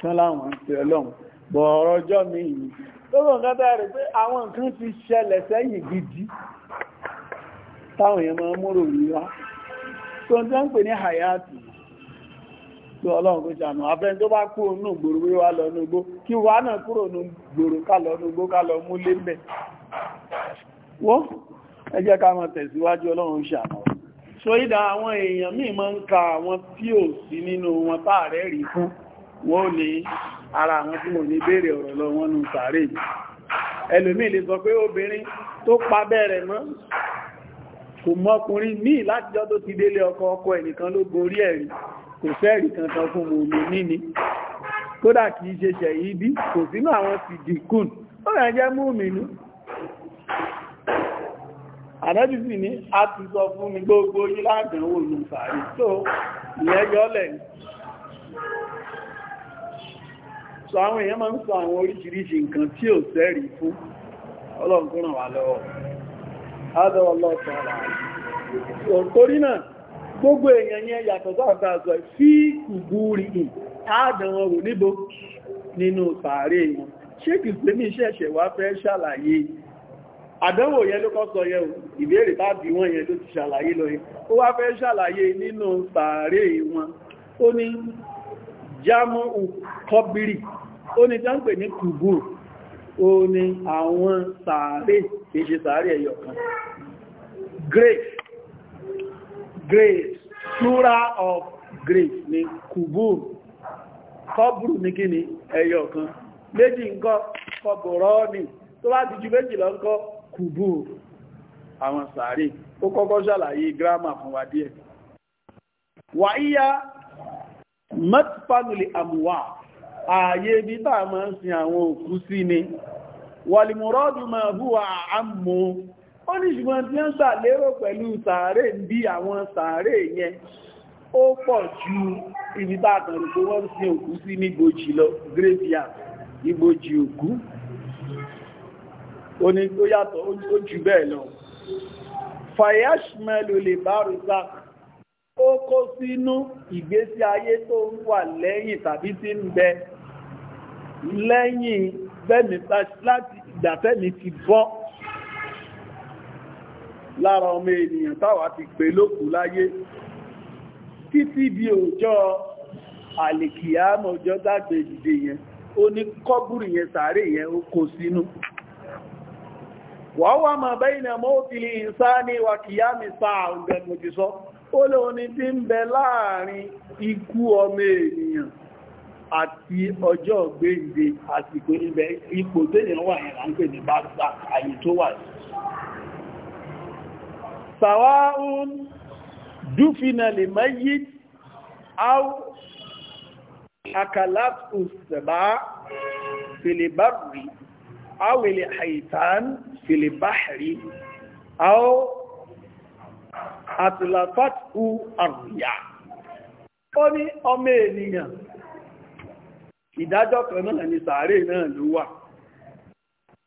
ṣán láwọn ti ọlọ́run bọ̀ ọ̀rọ̀ ọjọ́ mi yìí lórí nǹkan bẹ̀rẹ̀ pé àwọn nǹkan ti ṣẹlẹ̀ sẹ́yìn gidi táwọn èèyàn máa múrò rí tó ń tẹ́ ń pè ní hayati tó ọlọ́run kó ṣàánú afẹ́ni tó bá kúrò nù gbòrò wí wá lọ núgbó kí wá náà kúrò nù gbòrò ká lọ núgbó ká lọ mú lé mẹ́ wọ́n ẹ ká máa tẹ̀síwájú ọlọ́run ṣàánú so ìdá àwọn èèyàn míì máa ń ka àwọn tí ò sí nínú wọn táàrẹ́ rí fún wọn ò ní ara àwọn tí mo ní béèrè ọ̀rọ̀ lọ wọn nù sàárè ẹlòmíì lè sọ pé obìnrin tó pa bẹ́ẹ̀rẹ̀ mọ́ kò mọ́kùnrin míì látijọ́ tó ti délé ọkọ ọkọ ẹnìkan ló gorí ẹ̀rí kò sẹ́ẹ̀rì kankan fún mòmí níní kódà kìí ṣe ṣẹ̀yìdí kò sínú àwọn ti dìkún ó rẹ̀ jẹ́ mòmí ní àdẹ́bì sì ní a ti sọ fún mi gbogbo yí láàdánwò ló sàárì tó ìyẹ́jọ́ lẹ̀ sọ àwọn èèyàn máa ń sọ àwọn oríṣiríṣi nǹkan tí ò sẹ́ẹ̀rì fún ọlọ́nkúnràn wà lọ́wọ́ gbogbo èèyàn yẹn yàtọ̀ sáàtà àzọ̀ fí kùgbù rí ì àádọ̀wọ̀n rò níbo nínú sàárè wọn ṣékì fleming ṣẹ̀ṣẹ̀ wá fẹ́ ṣàlàyé àdánwò yẹn ló kọ́ sọ yẹn ìbéèrè bá bí wọ́n yẹn ló ti ṣàlàyé lọ yẹn ó wá fẹ́ ṣàlàyé nínú sàárè wọn ó ní jámù kọbírì ó ní jáǹpè ní kùgbù ó ní àwọn sàárè kìí ṣe sàárè ẹyọ kan grave graves sura of graves ni kubur kọbùrù ní kí ni ẹyọ kan méjì ń kọ́ kọbùrọ́ ní tó bá ti ju méjì lọ ń kubur àwọn sàárè ó kọ́kọ́ ṣàlàyé gírámà fún wa díẹ̀ wàíyá mẹ́tìfánulè àmúwà ààyè ibi táà máa ń sin àwọn òkú sí ni wàlìmọ̀rọ́dù máa hùwà àmú ó ní ṣùgbọ́n tí wọ́n gbà lérò pẹ̀lú sàárè bí àwọn sàárè yẹn ó pọ̀ ju ibi tá àtàrí pé wọ́n sin òkú sí ní gbòjì lọ graveyard ìgbòjì òkú ó ní ó yàtọ̀ ó jù bẹ́ẹ̀ lọ fàyàṣmẹ́lò lè bá rùsàk ó kó sínú ìgbésí ayé tó ń wà lẹ́yìn tàbí tí ń bẹ lẹ́yìn láti ìgbàfẹ́mi ti bọ́ lára ọmọ ènìyàn táwa ti pè lókù láyé títí di ọjọ́ àlèkìyàmọ̀ ọjọ́ dágbé ìdìde yẹn ó ní kọ́bùrù yẹn sàárè yẹn ó kó sínú wà wà máa bẹ́ ìnà mọ́ òfìlì ìsá ní wà kìyàmì sá ọ̀gbẹ̀mù sọ ó lè oní tí ń bẹ láàrin ikú ọmọ ènìyàn àti ọjọ́ ọ̀gbẹ́ ìdè àsìkò ibẹ̀ ipò tẹ́yìn wà yẹn là pè ní bá àyè tó wà yìí sàwáún dúfinà lè mẹ́yí áwù àkàlàtù sẹ̀bá filibari áwìlì àìtàn filibáhìrí áwù àtìlàfàtù àrùyà ó ní ọmọ ènìyàn ìdájọ́ kan náà ni sàárè na ló wà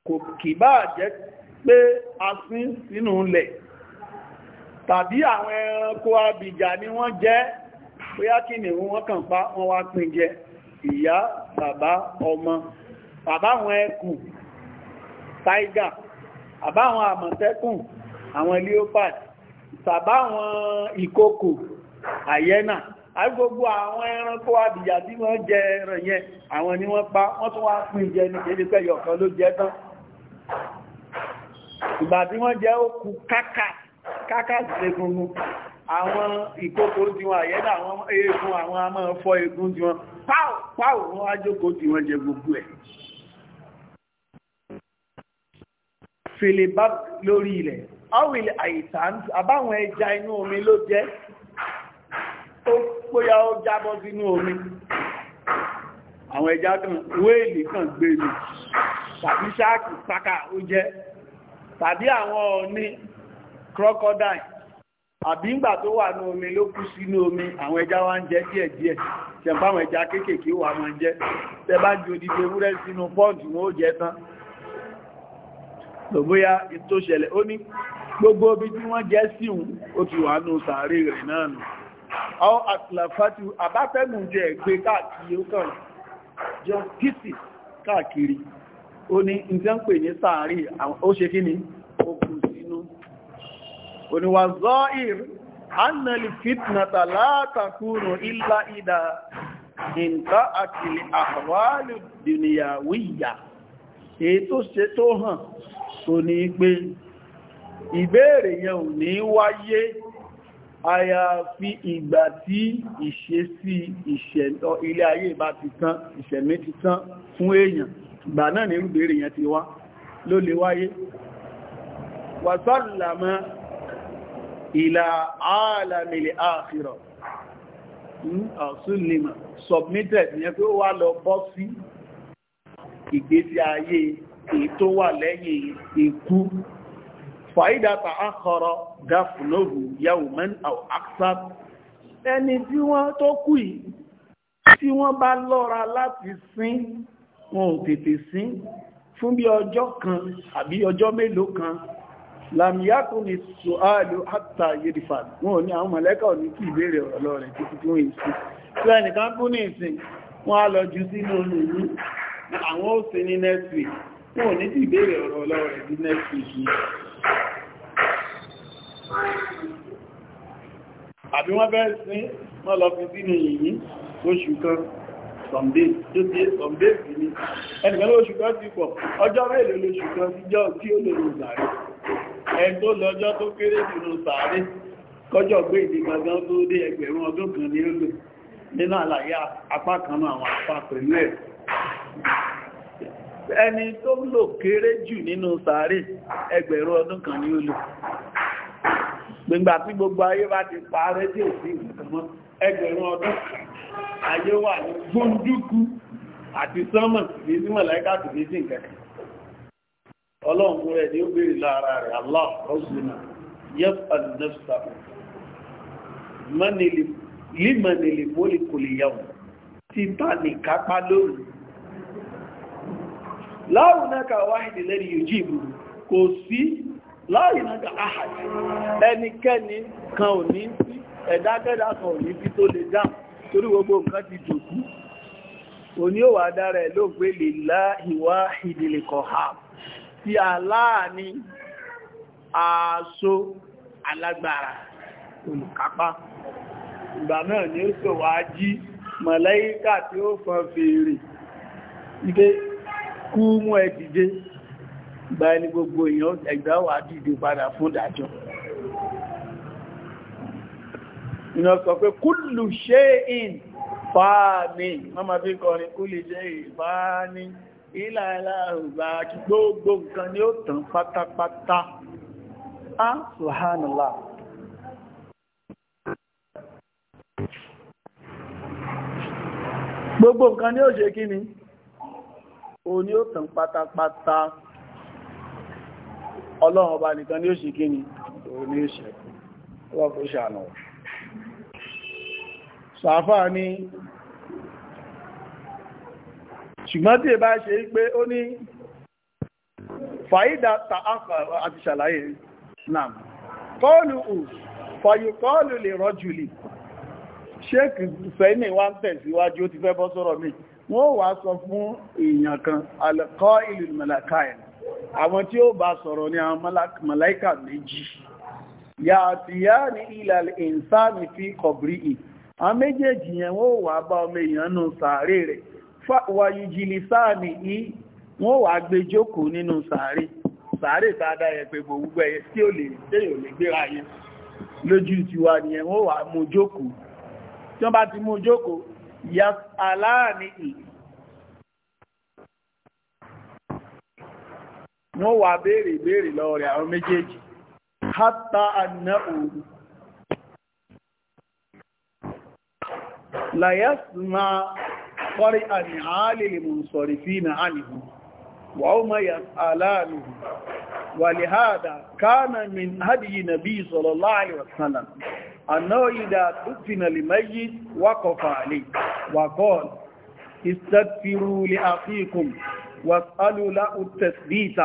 kò kì bá jẹ́ pé a sin sínú lẹ̀ tàbí àwọn ẹranko abìjà ni wọ́n jẹ bóyá kí ni wọ́n kàn pa wọ́n wá pín jẹ ìyá bàbá ọmọ bàbá àwọn ẹkù tiger bàbá àwọn àmọ̀tẹ́kùn àwọn leopard bàbá àwọn ìkokò àyẹ́nà agbogbo àwọn ẹranko abìjà tí wọ́n jẹ ẹran yẹn àwọn ni wọ́n pa wọ́n tún wá pín jẹ ní kéde ìgbà tí wọ́n jẹ ó kú kákàá kákàtìlẹ̀ gungun àwọn ìkókò tí wọ́n àyẹ́dà àwọn eégún àwọn amọ́ fọ́ eégún tí wọ́n pàwọ̀ wọ́n ajókòó tí wọ́n jẹ gbogbo ẹ̀ filibab lórí ilẹ̀ ọwìlẹ̀ àìsàn àbáwọn ẹja inú omi ló jẹ́ ó bóyá ó jábọ́ sínú omi àwọn ẹja kan wéèlì kan gbèrè tàbí ṣáàkì sáka ó jẹ́ tàbí àwọn ọ̀ní crocodile àbí ńgbà tó wà ní omi ló kú sínú omi àwọn ẹja wá ń jẹ díẹ̀ díẹ̀ tẹ̀m̀bá àwọn ẹja kéékèèké wà máa ń jẹ tẹ bá ju odidi ewúrẹ́ sínú pọ́ọ̀dù wọn ó jẹ tán lòbóyá tó ṣẹlẹ̀ ó ní gbogbo obi tí wọ́n jẹ́ sí ó ti wà ní sàárè rẹ̀ náà nù oníwàzọ́ìr annali fitnata látakúrò ilá ìdá ìǹkà àkìlì àwálù dìníyàwíyà èyí tó ṣe tó hàn tó ní pé ìbéèrè yẹn ò ní wáyé àyàfi ìgbà tí ìṣesí ìṣẹ̀lọ ilé ayé bá ti tán ìṣẹ̀mí ti tán fún èèyàn ìgbà náà ní ìbéèrè yẹn ti wá ló lè wáyé wàsálàmọ́ ìlà ààlàmìlì ààfìrọ̀ ọ̀sùnlìmọ̀ submitted yẹn pé ó wá lọ bọ́ sí ìgbésí ayé ètò wà lẹ́yìn ikú fàídàtà àkọrọ gáfùnóhù yawman aw aksar ẹni tí wọ́n tó kú yìí tí wọ́n bá lọ́ra láti sin wọn ò tètè sin fún bí ọjọ́ kan àbí ọjọ́ mélòó kan lámìyàkùn ní ṣòhálù àtà yìdìfà wọn ò ní àwọn mọ̀lẹ́kà ní kí ìbéèrè ọ̀rọ̀ lọ rẹ̀ títí tí wọ́n yìí sí tí ẹnìkan kú ní ìsìn wọ́n á lọ jù sínú omi ní àwọn ó sí ní next week wọn ò ní kí ìbéèrè ọ̀rọ̀ rẹ̀ di next week yìí àbí wọ́n bẹ́ẹ̀ sí wọ́n lọ fi sínú yìnyín oṣù kan someday tó bí someday sí ní ẹnìkan lóṣù kan ti pọ̀ ọjọ́ mélòó lóṣù kan sí jọ́ kí ẹni tó lọ́jọ́ tó kéré jùlọ sàárè kọjọ̀ gbé ìdí gangan tó dé ẹgbẹ̀rún ọdún kan ní olù nínú àlàyé apá àwọn apá pẹ̀lú ẹ̀ ẹni tó lò kéré jù nínú ẹgbẹ̀rún ọdún kan ní olù gbígbà gbogbo ayé bá ti parẹ́ tí ò sí ọdún ayé wà ní ọlọ́run rẹ̀ ni ó béèrè lára rẹ̀ Allah rọ́sùnà yẹ́pàá nẹ́fṣà límọ̀nìlì mólì kò lè yàwó tí bá ní kápá lórí láwùnáka wáhìdì lẹ́ni yóò jí ìbùrù kò sí láwùnáka àhàjì ẹnikẹ́ni kan ò ní sí ẹ̀dákẹ́dá kan ò ní sí dára ẹ̀ ló gbé lè láhìwá ìdìlẹ̀kọ̀ hàpù àti aláà ni àṣò alágbára olùkápá ìgbà náà ni ó sọ wá jí mọ̀lẹ́íkà tí ó fọn fèrè ìdé kú mú ẹ dìde ìgbà ẹni gbogbo èèyàn ẹgbẹ́ wà dìde padà fún ìdájọ́ ìnà sọ pé kúlù ṣe in fáà ní mọ́mọ́ fi kọrin kúlù ṣe in fáà ní ìlàlá ọ̀gbà gbogbo nǹkan ni ó tàn pátápátá á subhanallah gbogbo nǹkan ni ó ṣe kí ni o ni ó tàn pátápátá ọlọ́run nìkan ni ó ṣe kí ni o ni ó ṣe wọ́n kó ṣàánà sàfáà ni ṣùgbọ́n tí ẹ bá ṣe pé ó ní fàídà tààfà àti ṣàlàyé náà kọlù ù fàyù kọlù lè rọ́jùlì ṣéèkì fẹ́ni wá ń tẹ̀síwájú ó ti fẹ́ bọ́ sọ́rọ̀ mi wọ́n wá sọ fún èèyàn kan alẹ́kọ́ ìlú mẹ́lẹ́káì àwọn tí wàyùjìlìsáàmì yìí wọ́n wà gbé jókòó nínú sàárè sàárè tàádá yẹ pé gbogbo ẹ̀yẹ tí ò lè tẹ́yẹ̀ ò lè gbéra yẹn lójú ti wà ní ẹ̀wọ́n wà mú jókòó tí wọ́n bá ti mú yà aláàní ì máa القرئ نعال المنصرفين عنه وهم يسألانه ولهذا كان من هدي النبي صلى الله عليه وسلم أنه إذا دفن لميت وقف عليه وقال استغفروا لأخيكم واسألوا له التثبيت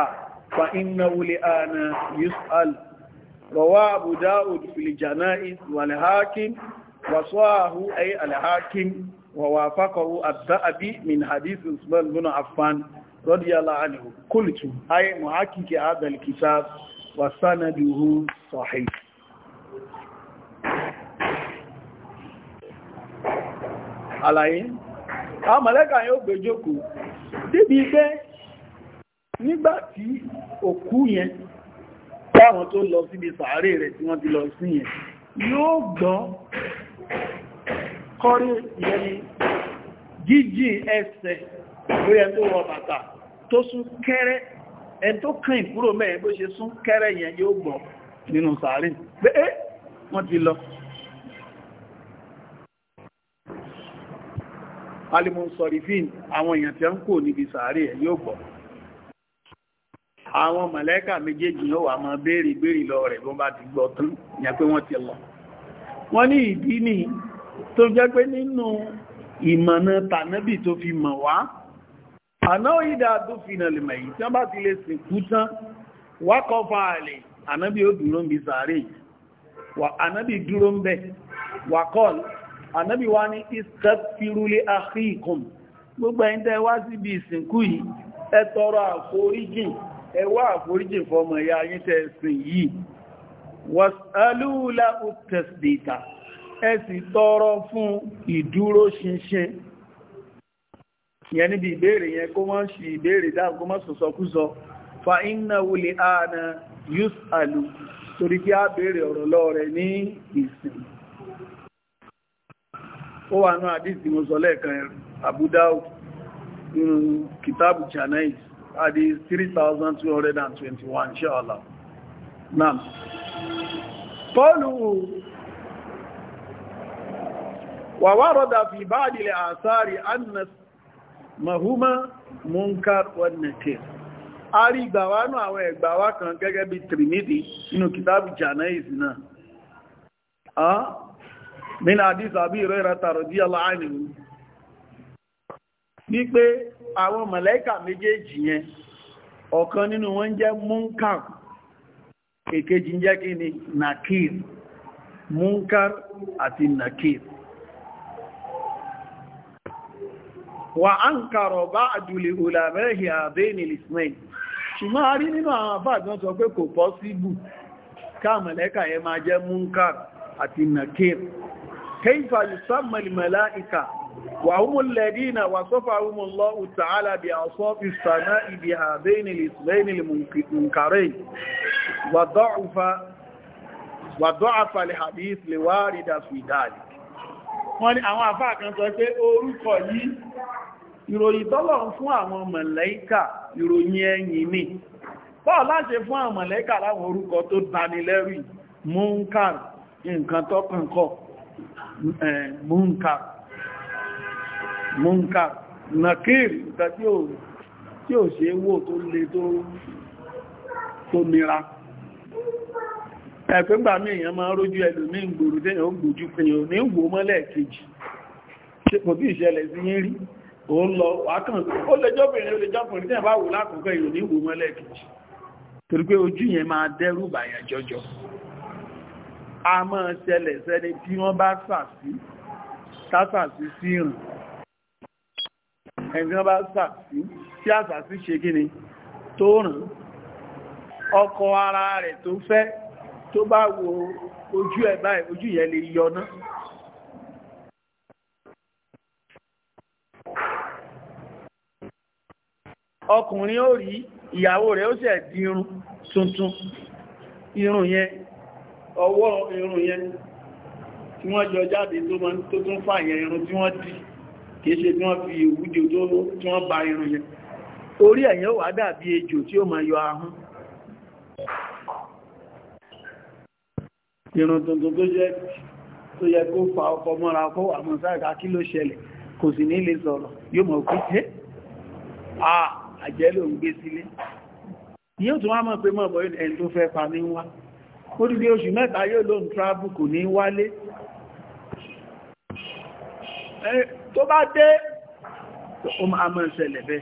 فإنه لآن يسأل رواه أبو داود في الجنائز والهاكم وصاه أي الهاكم ووافقه الذهبي من حديث عثمان بن عفان رضي الله عنه قلت أي محقق هذا الكتاب وسنده صحيح àlàyé àwọn mọ̀lẹ́kà yóò gbèjòkó débi pé nígbàtí òkú yẹn táwọn tó lọ síbi sàárè rẹ̀ tí wọ́n ti lọ sí yẹn yóò gbọ́n kọ́rí ìyẹni jíjì ẹsẹ̀ lórí ẹ tó wọ bàtà tó sún kẹ́rẹ́ ẹ tó kàn ìkúrò mẹ́rin bó ṣe sún kẹ́rẹ́ yẹn yóò gbọ́ nínú sàárè pé é wọ́n ti lọ alimusọ̀rífín àwọn èèyàn tí ó ń kò níbi sàárè ẹ̀ yóò gbọ́ àwọn mọ̀lẹ́kà méjèèjì yóò wà máa béèrè béèrè lọ rẹ̀ bó bá ti gbọ́ tán ìyẹn pé wọ́n ti lọ wọ́n ní ìdí nìyí tó jẹ́ pé nínú ìmọ̀nà tànábì tó fi mọ̀ wá àná ìdá tó fi nà lè mọ̀ yìí tí wọ́n bá ti lè sìnkú tán wákọ̀ fa àlè ànábì ó dúró ń bi sàárè ànábì dúró ń bẹ̀ wàkọ́l ànábì wá ní istaghfiruli akhikum gbogbo ẹ̀yin tẹ́ wá síbi ìsìnkú yìí ẹ tọrọ àforíjìn ẹ wá àforíjìn fọmọ ìyá yín tẹ́ sìn yìí was'alu ẹ tọrọ fún ìdúróṣinṣin ìyẹn níbi ìbéèrè yẹn kó mọ́ sí ìbéèrè dáhùn kó mọ́ fa iná wulè ààna yus alu torí kí á béèrè ọ̀rọ̀ lọ́wọ́ rẹ̀ ní ìsìn ó wà náà àdísì mo sọ lẹ́ẹ̀kan Abu nínú kìtàbù àdí 3221 inshallah náà polu. وورد في بعض الآثار أن mahuma munkar wan nakir ari gbawa nu àwọn egbawa kan gẹ́gẹ́ bi trimidi inú kitabu janaiz na ah min hadith abi hurairah radhiyallahu anhu ní pé awon màláíkà méjèèjì yẹn ọ̀kan ninu wọn jẹ́ munkar èkejì jẹ́ kíni nakir munkar ati nakir wà ánkàrọ̀ bá àjúlé olàmẹ́hì àbẹ́ni lismẹ́ni ṣùgbọ́n a rí nínú àwọn àfáàdán sọ pé kò pọ́ síbù káàmẹ̀lẹ́kà yẹ máa jẹ́ munkar àti nakir kaifa yusammal malaika wa humul ladina wa safahum Allahu ta'ala bi asafi as-sama'i bi hadaini wa da'afa wa da'afa al-hadith fi dhalik wọ́n ní àwọn àfáà kan sọ pé orúkọ yìí ìròyìn tọ́lọ̀ ń fún àwọn mọ̀lẹ́íkà ìròyìn ẹ̀yìn ni bọ́ọ̀ láṣe fún àwọn mọ̀lẹ́íkà láwọn orúkọ tó dánilẹ́rù munkar nǹkan tọ́kànkọ́ munkar munkar nakir nǹkan tí ò ṣe wò tó le tó nira ẹ̀pẹ́gbà mí èèyàn máa rójú ẹlòmí ìgbòrò tẹ́yàn ó gbòjú pèèyàn ní ìwò mọ́lẹ̀ kejì ṣe kò tí ìṣẹ̀lẹ̀ sí yín rí ó ń lọ wákàn ó lè jọ́bìnrin ó lè jọ́bìnrin tẹ́yàn bá wò lákòókò èèyàn ní ìwò mọ́lẹ̀ kejì torí pé ojú yẹn máa dẹ́rù bàyàn tó rìn ọkọ̀ ara rẹ̀ tó fẹ́ tó bá wo ojú ẹ̀ báyìí ojú yẹn lè yọ náà. ọkùnrin ó rí ìyàwó rẹ̀ ó ṣẹ̀ di irun tuntun irun yẹn ọwọ́ irun yẹn tí wọ́n jọ jáde tó máa tó tún fàyẹ irun tí wọ́n dì kìí ṣe tí wọ́n fi ìwúdí tó tí wọ́n ba irun yẹn orí ẹ̀yẹn ó wà dàbí ejò tí ó máa yọ ahun irun tuntun tó jẹ́ tó yẹ kó fa ọkọ mọ́ra kó àmọ́ sáàkà kí ló ṣẹlẹ̀ kò sì ní lè sọ̀rọ̀ yóò mọ̀ pé ṣe àjẹ́ ló ń gbé sílé yóò tún wá mọ̀ pé mọ̀ bọ́yìn ẹni tó fẹ́ pa ní wá ó dìde oṣù mẹ́ta yóò lóun travel kò ní wálé tó bá dé ó máa mọ̀ bẹ́ẹ̀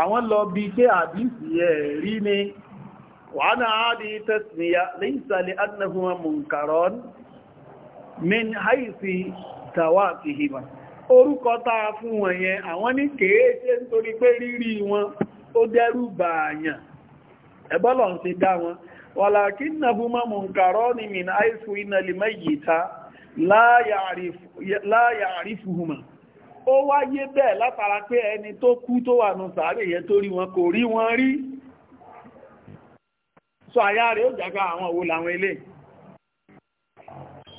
àwọn lọ bí pé àdísì ẹ̀ rí ní wàhánà àádì tasmiya lẹ́yìnsàlẹ̀ annahuma munkaron min haisi tàwà àti hìmà orúkọ táa fún wọn yẹn àwọn ní kèéṣe nítorí pé rírí wọn ó dẹ́rù bàáyàn ẹ̀bọ́lọ̀ ń ṣe dá wọn munkaron min haisi inal mayyita la ya'rifuhuma ó wáyé bẹ́ẹ̀ látara pé ẹni tó kú tó wà nù sàárè yẹn tó rí wọn kò rí wọn rí sọ àyá rẹ̀ ó jàgá àwọn òwò làwọn ilé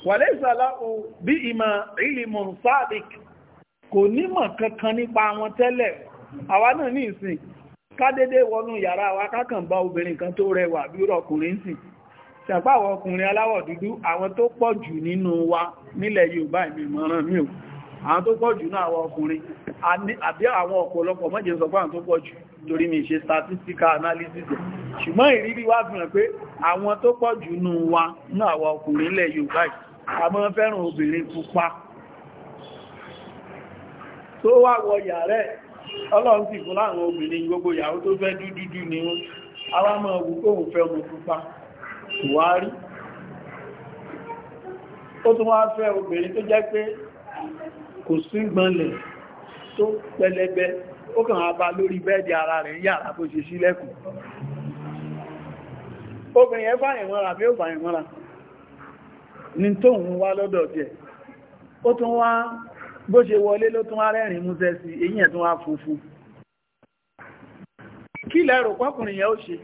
wàlẹ́ ìsàlá o bí ìmọ̀ ìlìmọ̀ sáàdìk kò nímọ̀ kankan nípa wọn tẹ́lẹ̀ àwa náà ní ìsìn kádédé wọnú yàrá wa kákàn bá obìnrin kan tó rẹwà bí ọkùnrin sìn ṣàpá àwọn ọkùnrin aláwọ̀ dúdú àwọn tó pọ̀ jù nínú wa nílẹ̀ Yorùbá ìmìmọ̀ràn mi ò àwọn tó pọ̀ jù náà àwọn ọkùnrin àbí àwọn ọ̀pọ̀lọpọ̀ mọ́jẹ̀ sọ tó pọ̀ jù torí mi ṣe statistical analysis ṣùgbọ́n ìrírí wá fi hàn pé àwọn tó pọ̀ jù àwọn ọkùnrin Yorùbá fẹ́ràn obìnrin pupa kò síngbọnlẹ̀ tó pẹlẹbẹ ó kàn á bá lórí bẹ́ẹ̀dì ara rẹ̀ yàrá bó ṣe sílẹ̀kùn obìnrin ẹ báyìí mọ́ra bí ó báyìí mọ́ra ní tóhun wá lọ́dọ̀ jẹ́ ó tún wá bó ṣe wọlé ló tún wá rẹ́rìn músẹ́ sí èyí tún wá fúfú kí lẹ́rò pọ́kùnrin yẹn ó ṣe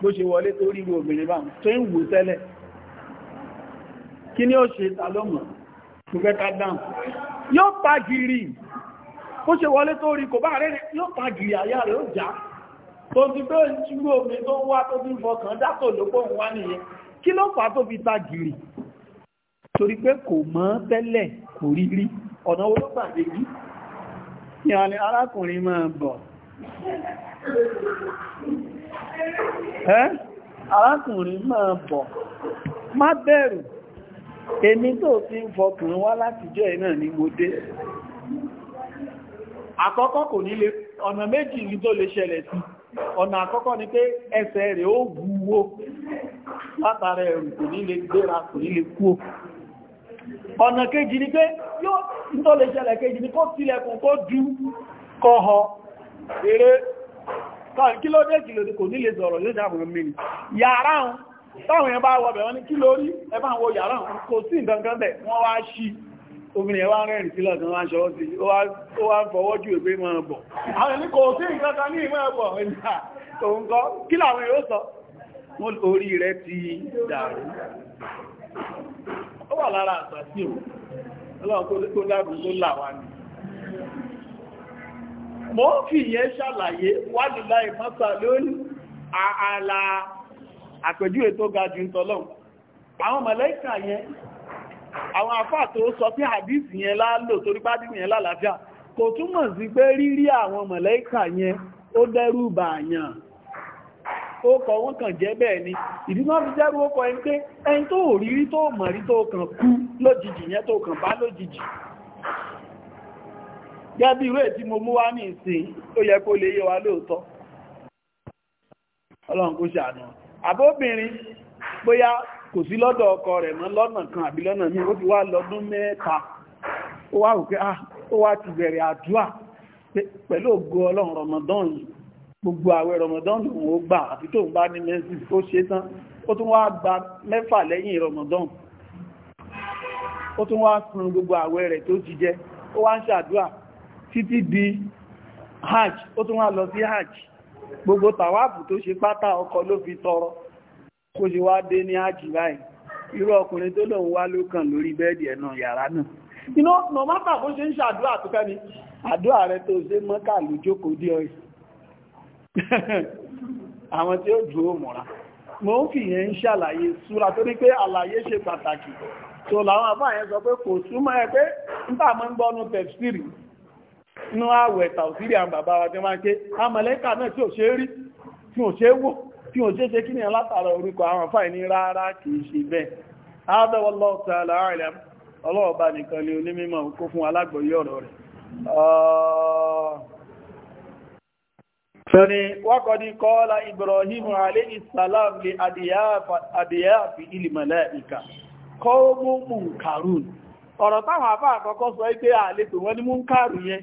bó ṣe wọlé tó rí obìnrin bá tó ń wù tẹ́lẹ̀ kí ni ó ṣe ta ló tó fẹ́ ká dáhùn yóò pàgìrì ó ṣe wọlé tó rí kò bá rẹ̀ yóò pàgìrì àyà rẹ̀ ó já tó ti tó ń ṣúrú omi tó wá tó bí fọkàn dátò lópò ń wá nìyẹn kí ló fà tó fi pàgìrì torí pé kò mọ̀ tẹ́lẹ̀ kò rí rí ọ̀nà olóògbàdé yìí ni arákùnrin máa bọ̀ arákùnrin máa bọ̀ má bẹ̀rù èmi tó ti ń fọkàn wá látijọ́ ẹ̀ náà ni mo dé àkọ́kọ́ kò nílé ọ̀nà méjì ní tó lè ṣẹlẹ̀ sí ọ̀nà àkọ́kọ́ ni pé ẹsẹ̀ rẹ̀ ó wúwo látara ẹ̀rù kò nílé gbéra kò nílé kú ọ̀nà kejì ni pé yóò tó lè ṣẹlẹ̀ kejì ni kó táwọn yẹn bá wọbẹ̀ wọn ní kí lórí ẹbá wo yàrá kò sí nǹkan bẹ̀ wọ́n wá ṣí obìnrin ẹwà rẹ̀rìn sí lọ́dún wá ṣọ́ sí ó wá ń fọwọ́ jù ìgbé mọ́ ọ̀bọ̀ àwọn ẹni kò sí nǹkan kan ní ìmọ̀ ọ̀bọ̀ ìgbà tó ń kọ́ kí làwọn ó wà lára àṣà sí o ọlọ́run tó dábùn tó là wá ní mo fi ìyẹn ṣàlàyé wádìí láì mọ́sà lónìí ààlà àpèjúwe tó ga jù ń tọ́lọ́ àwọn mọ̀lẹ́kà yẹn àwọn àfà tó sọ pé hadith yẹn lálò torí bá dìbò yẹn lálàáfíà kò túmọ̀ sí pé rírí àwọn mọ̀lẹ́kà yẹn ó dẹ́rù bàyàn ó kọ wọ́n kàn jẹ́ bẹ́ẹ̀ ni ìdínà fi jẹ́rù ó kọ ẹni pé ẹni tó rí rí tó mọ̀ rí tó kàn kú lójijì yẹn tó kàn bá lójijì gẹ́bí ìwé tí mo mú wá ní ìsìn ó yẹ kó lè yé wa lóòótọ́ ọlọ́run kó ṣàánú àbóbìnrin bóyá kò sí lọ́dọ̀ ọkọ rẹ̀ mọ́ lọ́nà kan àbí lọ́nà míì ó ti wá lọ́dún mẹ́ta ó wá òkè ah, ó wá ti bẹ̀rẹ̀ àdúrà pẹ̀lú ògo ọlọ́run rọmọdán yìí gbogbo àwẹ̀ rọmọdán lòun ó gbà àti tóun bá ní mẹ́sì ó ṣe tán ó tún wá gba mẹ́fà lẹ́yìn rọmọdán ó tún wá san gbogbo àwẹ̀ rẹ̀ tó ti jẹ ó wá ń ṣàdúrà títí di hajj ó tún wá lọ sí hajj gbogbo tàwáàbù tó ṣe pátá ọkọ̀ ló fi tọrọ kó ṣe wá dé ní ájì báyìí irú ọkùnrin tó lòun wá ló kàn lórí bẹ́ẹ̀dì ẹ̀nà yàrá náà iná nọ̀mátà bó ṣe ń ṣàdúrà tó fẹ́ ni àdúrà rẹ tó ṣe mọ́kà ló jókòó dé ọ̀rẹ́ àwọn tí ó dúró mọ́ra mo ń fìyẹn ń ṣàlàyé súra tó ní pé àlàyé ṣe pàtàkì tó làwọn àbáyẹn sọ pé kò súnmọ́ ẹ pé ń mọ́ ń gbọ́nu tẹ̀síìrì ní àwẹ̀ tàùsírí àwọn bàbá wa tí wọ́n ké amọ̀lẹ́kà náà tí ò ṣe rí tí ò ṣe wó tí ò ṣe ṣe kí ní látara orúkọ àwọn fàì ní kì í ṣe bẹ́ẹ̀ Allahu ta'ala a'lam nìkan ni onímọ̀ fún alágbòyí ọ̀rọ̀ táwọn sọ pé àletò wọ́n ní mú kàrún yẹn,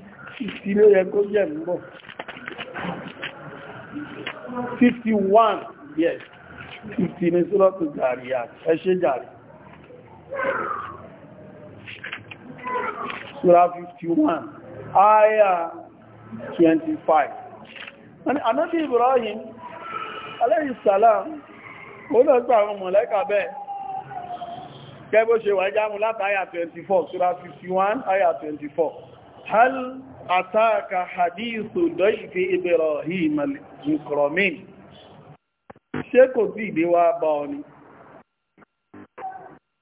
50 ló yẹ kó jẹ́ ń bọ̀ 51 yes 50 ní sọ́lọ́tù gàrí ẹṣẹ́ gàrí Surah 51 ayah 25 Ànábì Ibrahim alayhi salam olóògbà àwọn mọ̀lẹ́kà bẹ́ẹ̀ kẹ́bó ṣe wà jámù látàáyà 24 Surah 51 ayah 24 hal أتاك حديث ضيف إبراهيم المكرمين ṣé kò tí ìdí wá bá ọ ni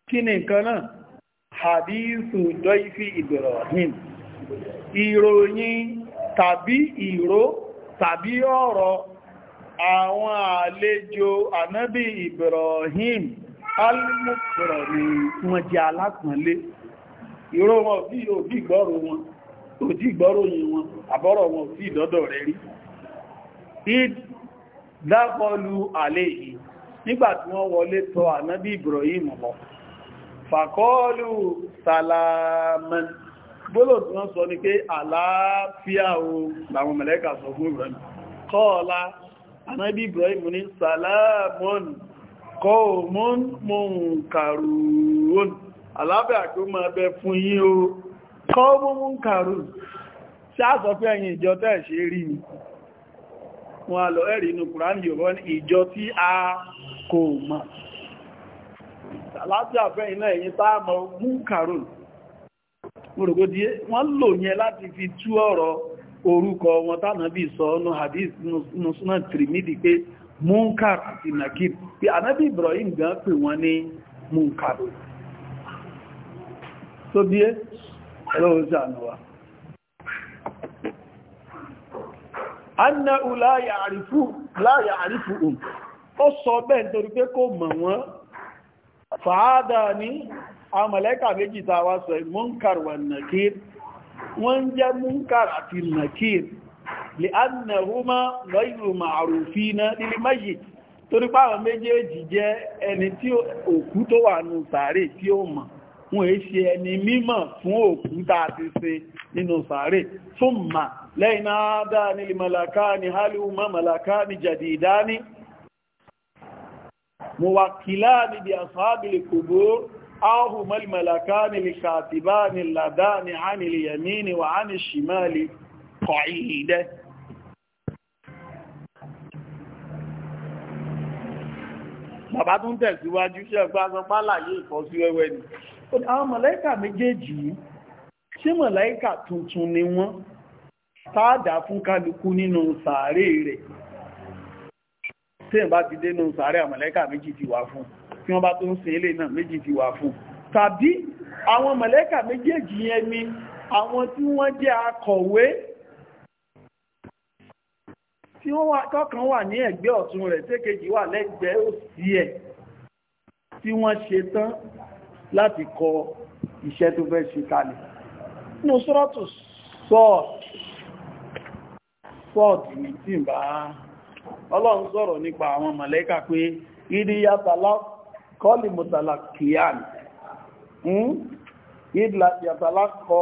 kí ni nǹkan náà hadithu dọ́ifí Ibrahim ìròyìn tàbí ìró tàbí ọ̀rọ̀ àwọn àlejò ànábì Ibrahim al-Mukrami wọ́n jẹ́ alápọ̀nlé ìró wọn bí òbí gbọ́rọ̀ wọn tó jí ìgbọ́ròyìn wọn àbọ́rọ̀ wọn sí ìdọ́dọ̀ rẹ̀ rí id dákọlu àléhì nígbàtí wọ́n wọlé tọ̀ ànábí Ibrahim lọ fàkọọlù salaman gbólò tí wọ́n sọ ní pé àlàáfíà o làwọn mẹ̀lẹ́kà sọ fún Ibrahim kọ́ọ̀lá ànábí Ibrahim ní salamun kọ́ọ̀mù mú tí a sọ pé ìjọ tẹ́ ṣe rí mi wọ́n a lọ ẹ̀rí inú kùránì yóò wọ́n ìjọ tí a kò mọ̀ láti àfẹ́ láti fi tú ọ̀rọ̀ orúkọ wọn hadith nùsùnà pé munkar àti nakir anábí Ibrahim gan pè ní munkar ọlọ́run sàánà wa annáhù um. sọ méjì tá wá sọ munkar wà nàkír wọ́n jẹ́ munkar àti nàkír lè annahuma ghayru ma'rufina lil mayyit torí pé àwọn méjèèjì jẹ́ ẹni tí òkú tó wà nù sàárè tí ó wọn è ṣe ẹni mímọ̀ fún òkú tàà ti ṣe nínú sàárè fún mà lẹ́yìn náà dáa ní màlàká ní hálíwùmá màlàká ní jàdìdá ní mọ̀wàkìlá ní bí asáàbìlì kòbó áhùmọ́ màlàká ní lè kàtìbá ní làdá ní ánìlì bàbá tún tẹ̀síwájú ṣẹ́gbá sọpá láyé ìfọ́síwẹ́wẹ́ ni àwọn mọ̀láíkà méjèèjì yìí ṣé mọ̀láíkà tuntun ni wọ́n táàdà fún kálukú nínú sàárè rẹ̀ tí wọ́n bá ti dé nínú sàárè àmọ̀láíkà méjì ti wà fún tí wọ́n bá tó ń sin ilé náà méjì ti wà fún tàbí àwọn mọ̀láíkà méjèèjì yẹn ni àwọn tí wọ́n jẹ́ akọ̀wé tí wọ́n kọ́kàn wà ní ẹ̀gbẹ́ ọ̀tún rẹ̀ tí èkejì wà lẹ́gbẹ̀ẹ́ òsì ẹ̀ tí wọ́n ṣe tán láti kọ iṣẹ́ tó fẹ́ ṣe kalẹ̀ nínú sọ́rọ̀tù sọ́ọ̀tù ní tí ń bá ọlọ́run sọ̀rọ̀ nípa àwọn mọ̀lẹ́kà pé ìdíyàtàlá kọ́lì mọ̀tàlá kìíyàn hmm? ìdíyàtàlá kọ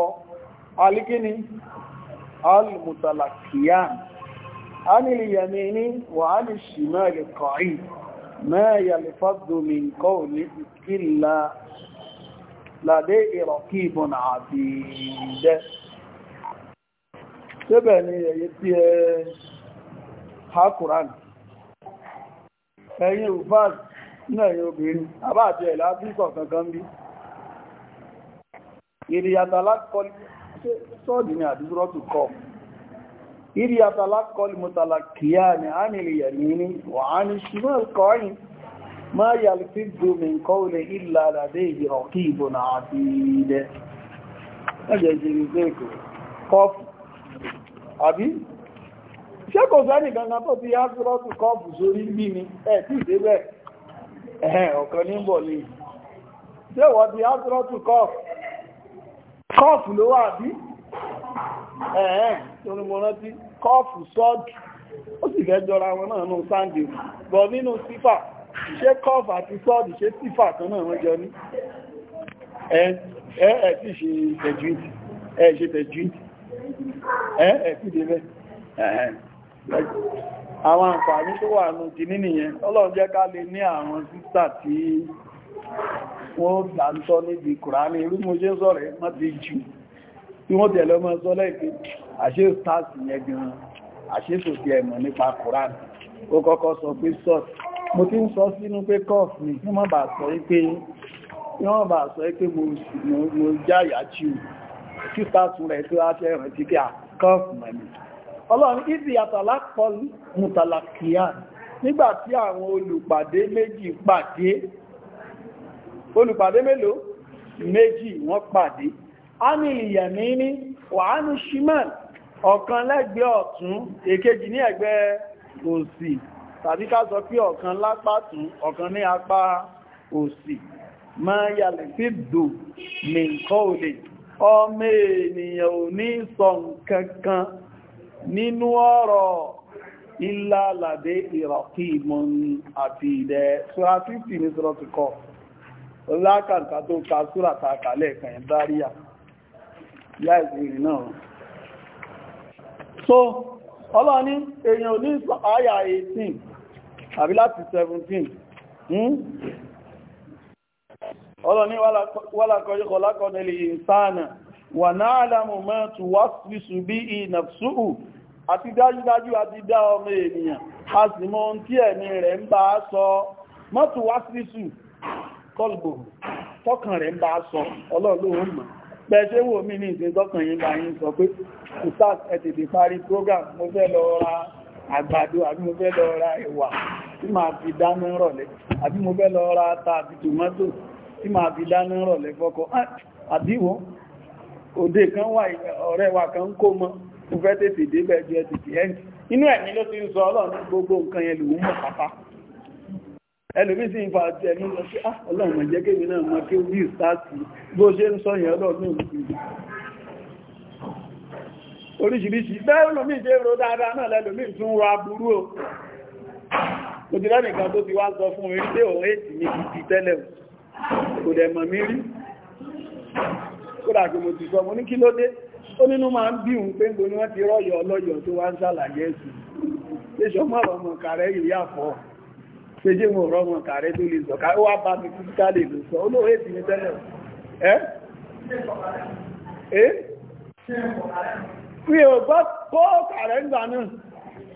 alìkíní alìmọ̀tàlá kìíyàn anìlìyàmí ní wà á ní ṣìmọ́ ilẹ̀ kọ̀ọ̀yìn mẹ́ẹ̀yà lè fọ́dùnmí kọ́ làdé ìrọ̀kí ìbọn na ìjẹ́. Ṣébẹ̀ ni èyí tí ẹ Hakuran, ẹ̀yin Ufaz ní ẹ̀yin obìnrin, àbá ẹ̀lá Bíkọ̀ kankan bí. Ìrìyàtà lákọlì, sọ́ọ̀dì ni àdúrọ́ ما يلفظ من قول إلا لديه رقيب عتيد أجل ذلك قف أبي ṣé kò sẹ́nì gangan tó ti yá sírọ́tù kọ́ọ̀fù sórí bí mi ẹ̀ tí ìdébẹ̀ ẹ̀hẹ̀ ọ̀kan ní bọ̀ lè ṣé wọ́n ti yá sírọ́tù kọ́ọ̀fù kọ́ọ̀fù ló wà bí ẹ̀hẹ̀ tó ní ṣé kọfà àti sọ́ọ̀dì ṣe tífà kan náà wọ́n jọ ní ẹ́ẹ̀ tí ṣe tẹ̀júìtì ẹ́ẹ̀ ṣe tẹ̀júìtì ẹ́ẹ̀ tí débẹ̀ àwọn àǹfààní tó wà ní ti nínú yẹn ọlọ́run jẹ́ ká lè ní àwọn sísà tí wọ́n dáńtọ́ níbi kùránì irú mo ṣe sọ̀rọ̀ mọ́ ti jù tí wọ́n tẹ̀lé ọmọ sọ́lẹ̀ pé àṣẹ stars yẹn gan-an àṣẹ tòsí ẹ̀mọ̀ nípa kùránì ó kọ́kọ́ sọ pé sọ́ọ̀tì mo ti ń sọ sínú pé cough ni kí wọ́n bà sọ pé wọ́n bà sọ pé mo jáyà jù kí pàtún rẹ̀ tó á fẹ́ rántí pé à cough mẹ́lì ọlọ́run ìdí àtàlápọ̀ mùtàlàkìyà nígbàtí àwọn olùpàdé méjì pàdé olùpàdé mélòó méjì wọ́n pàdé a ní ìyẹ̀mí ní wàánú shiman ọ̀kan lẹ́gbẹ̀ẹ́ ọ̀tún èkejì ní ẹ̀gbẹ́ òsì tàbí ká sọ pé ọ̀kan lápá tún ọ̀kan ní apá òsì máa yàlẹ̀ sí dò ní nǹkan òlè ọmọ ènìyàn ò ní sọ nǹkan kan nínú ọ̀rọ̀ ilá àlàdé ìrọ̀kí ìmọ̀ àti ìdẹ̀ ṣúra 50 ní sọ́rọ̀ ti kọ́ lákàtà tó ka súrà ta kàlẹ̀ kan ìdáríyà yáìsì ìrìn náà so ọlọ́ni èèyàn ní àyà 18 àbí láti 17 ọlọ́ni wálàkọ́yíkọ́ lákọ́nẹ̀lì ìsáànà wà náà lámù mẹ́tù wá sísù bí i nàfsúù àti dájúdájú àti dá ọmọ ènìyàn a sì mọ̀ ohun tí ẹ̀mí rẹ̀ ń bá sọ mọ́tù wá sísù kọlùgbò tọ́kàn rẹ̀ ń bá sọ ọlọ́ọ̀lọ́wọ́ mọ̀ pẹ̀ṣẹ́ wò mí ní ìsìn tọ́kàn yìí bá yìí sọ pé ustaz parí program mo fẹ́ lọ ra àgbàdo àbí mo fẹ́ lọ fi dáná rọ̀lẹ́ àbí mo fẹ́ lọ ra tòmátò tí máa fi dáná rọ̀lẹ́ fọ́kọ ah, òde kan wà ọ̀rẹ́ kan kó mọ́ mo fẹ́ tètè jẹ́ tètè ẹlòmí sí ìfà àti ẹ̀mí lọ sí ah, ọlọ́mọ jẹ́ kémi náà mọ́ kí wí sáàtì bó ṣe ń sọ yẹn ọlọ́dún oríṣiríṣi lẹ́lòmí ṣe rò dáadáa náà lẹ́lòmí tún rọ aburú o kò ti lẹ́nìkan tó ti wá sọ fún orí pé òun èsì ní ibi tẹ́lẹ̀ kò dẹ̀ mọ̀ mí rí kódà kí mo ti sọ mo ní kí ló dé ó nínú máa ń bí òun pé gbóní wọ́n ti rọ́yọ̀ ọlọ́yọ̀ tó wá ń ṣàlàyé ẹ̀sìn ṣejé mo rọ́mọ kààrẹ tó lè sọ̀ká ó wá bá mi títí kálẹ̀ ló sọ olóòwé ti ní tẹ́lẹ̀ ẹ́ ẹ́ mi ò gbọ́ kó kààrẹ ńgbà náà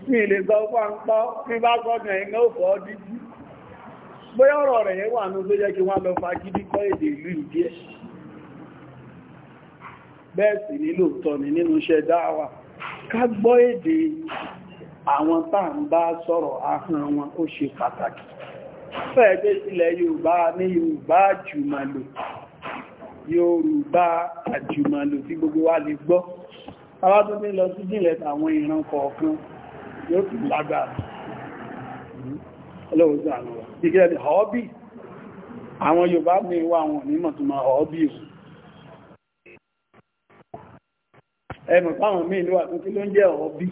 mi lè sọ pọ́ ń pọ́ mi bá gọ́gàn iná ò fọ́ dídí bóyá ọ̀rọ̀ rẹ̀ yẹn wà ní tó jẹ́ kí wọ́n lọ àwọn tá ń bá sọ̀rọ̀ ahọ́n wọn ó ṣe pàtàkì fẹ́ẹ̀dé ilẹ̀ Yorùbá ní Yorùbá àjùmọ̀lò Yorùbá àjùmọ̀lò tí gbogbo wa lè gbọ́ awátúndé lọ sí jìnlẹ̀ àwọn ìran kọ̀ọ̀kan yóò tún lágbára ọlọ́wọ́sán àwọn ìgẹ́ ni họ́bí àwọn Yorùbá ní wà àwọn onímọ̀ tó máa họ́bí òun ẹmọ̀ fáwọn míì ló wà ló ń jẹ́ họ́bí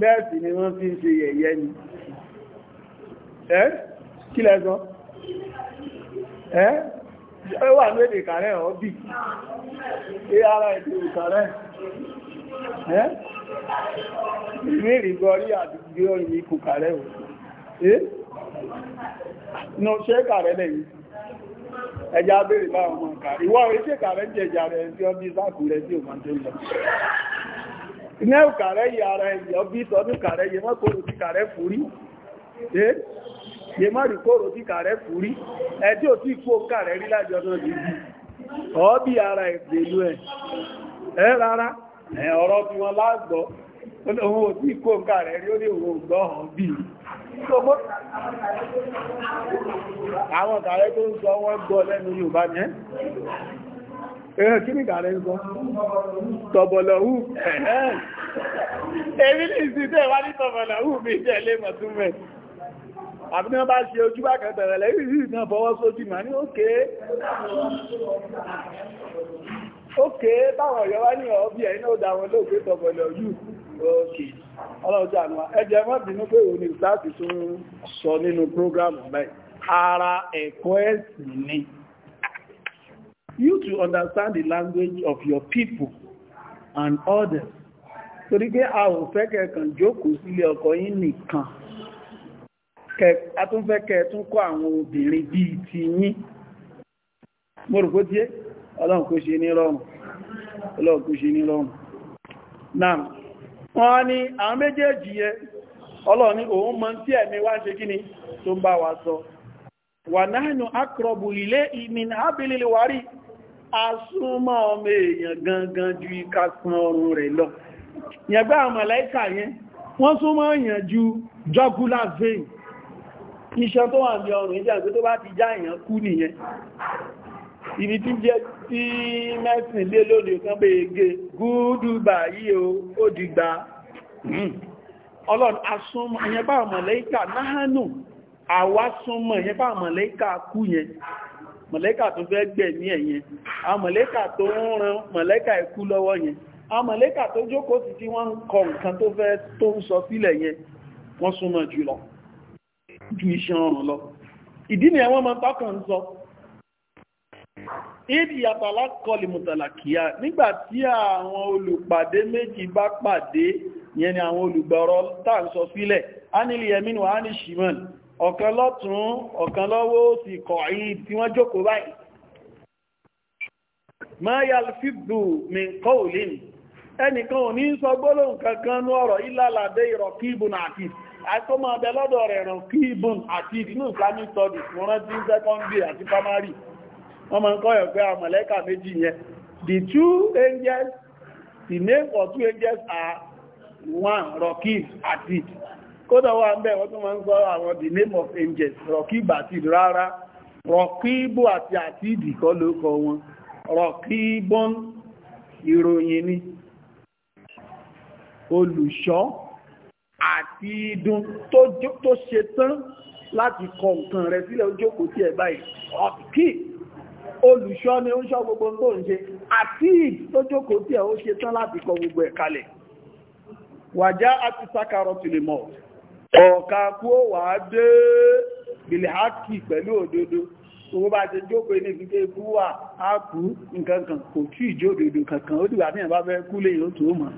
bẹ́ẹ̀ sì ni wọ́n fi ń ṣe yẹ̀yẹ́ ni ẹ́ kí lẹ́sọ́ ẹ́ wà ní èdè kàrẹ́ ọ̀ bí ara èdè kàrẹ́ ẹ́ ìwé ìrìgọrí àdúgbé ọ̀yìn ikú kàrẹ́ ò ẹ́ ṣe kàrẹ́ lẹ́yìn ẹja bèèrè ọmọ kàrẹ́ rẹ̀ ní ọkàrẹ́ yìí ara ẹ̀yọ́ bí tọdún kàrẹ́ yẹ mọ́ kòrò tí kàrẹ́ fúrí yẹ mọ́ rí kòrò tí kàrẹ́ fúrí ẹ̀tí ò tí kú kàrẹ́ rí lájọ náà lè bí ọ́bí ara ìgbèlú ẹ̀ ẹ́ rárá ọ̀rọ̀ tí wọ́n lágbọ́ ohun ò tí kú rí ó àwọn tó ń sọ ẹ̀rọ eh, kí ní ìdàrẹ́ ń gọ́ tọ̀bọ̀lọ̀hù èmi ní ìsìtẹ́ wá ní tọ̀bọ̀lọ̀hù mi tẹ̀lé mọ̀túnmẹ̀ àbí náà bá ṣe ojú bákan tẹ̀rẹ̀ lẹ́yìn yìí náà fọwọ́ sójú mà ní òkè òkè táwọn ọ̀yọ́ wá ní ọ̀ọ́bí ẹ̀ náà dá wọn lóògbé tọ̀bọ̀lọ̀hù òkè ọlọ́ọ̀jà àná ẹjẹ́ mọ́ bínú pé òun ni ìsáàtì tún sọ nínú prógrámù báyìí ara ẹ̀kọ́ ẹ̀sìn ni you to understand the language of your people and others torí pé a ò fẹ́ kẹkàn jókòó sílé ọkọ̀ yín nìkan a tún fẹ́ kẹ tún kọ́ àwọn obìnrin bíi ti yín mo rò kó díẹ̀ ọlọ́run kó ṣe ní rọrùn ọlọ́run kó ṣe ní rọrùn náà wọ́n ní àwọn méjèèjì yẹ ọlọ́run ní òun mọ̀ tí ẹ̀mí wá ṣe kíni tó ń bá wa sọ wà náà nù akọrọ̀bù ilé ìmìn ábìlì wárí a súnmọ́ ọmọ èèyàn gangan ju ika san ọrùn rẹ̀ lọ yẹ̀gbá àwọn màláíkà yẹn wọ́n súnmọ́ èèyàn ju jugular vein iṣẹ́ tó wà ní ọrùn ìjẹ́ àti tó bá ti já èèyàn kú nìyẹn ibi tí jẹ́ tí mẹ́sìn lé lónìí kan bẹ́ ege gúúdùgbà yìí o ó dìgbà hmm. ọlọ́run asúnmọ̀ ìyẹn bá màláíkà náhánù àwásúnmọ̀ ìyẹn bá màláíkà kú yẹn mọ̀lẹ́kà tó fẹ́ gbẹ̀mí ẹ̀yẹn a mọ̀lẹ́kà tó ń ran mọ̀lẹ́kà ikú lọ́wọ́ yẹn a mọ̀lẹ́kà tó jókòó sí tí wọ́n ń kọ nǹkan tó fẹ́ tó ń sọ sílẹ̀ yẹn wọ́n súnmọ́ jù lọ ju iṣan ọ̀run lọ ìdí ni àwọn ọmọ tọ́kàn ń sọ ìdí àtàlá kọlì mùtàlàkìyà nígbà tí àwọn olùpàdé méjì bá pàdé yẹn ni àwọn olùgbọ̀rọ̀ tá à ń sọ sílẹ̀ á nílì yẹmínú á ọ̀kan lọ́tún ọ̀kan lọ́wọ́ sì kọ̀ yìí tí wọ́n jókòó báyìí ma yalfiddu min qawlin ẹnìkan ò ní sọ gbólóhùn kankan ní ọ̀rọ̀ ìlàlàdé ìrọ̀kíbùn àti àkọ́mọ̀ ọ̀bẹ̀ rẹ̀ ìrọ̀kíbùn àti inú islamic studies kódà wà ń bẹ̀ wọ́n tún máa ń sọ àwọn the name of angels rọ̀kíbù àti rárá rọ̀kíbù àti àti ìdìkọ́ ló kọ wọn rọ̀kíbọ́n ìròyìn ni olùṣọ́ àti idun tó ṣe tán láti kọ nǹkan rẹ̀ sílẹ̀ ojókòó tí ẹ̀ báyìí ọ̀kí olùṣọ́ ni ó ń ṣọ́ gbogbo tó ń ṣe àti tó jókòó tí ẹ̀ ó ṣe tán láti kọ gbogbo ẹ̀ kalẹ̀ wàjá àti sákàrọ̀ tìlẹ̀mọ̀ọ́ ọ̀ka kú ó wà á dé bilhaki pẹ̀lú òdodo owó bá ti jókòó ní ìfíté kú wà á kú nǹkankan kò tí ìjó òdodo kankan ó dìgbà mìíràn bá fẹ́ kú lè yóò tó mọ̀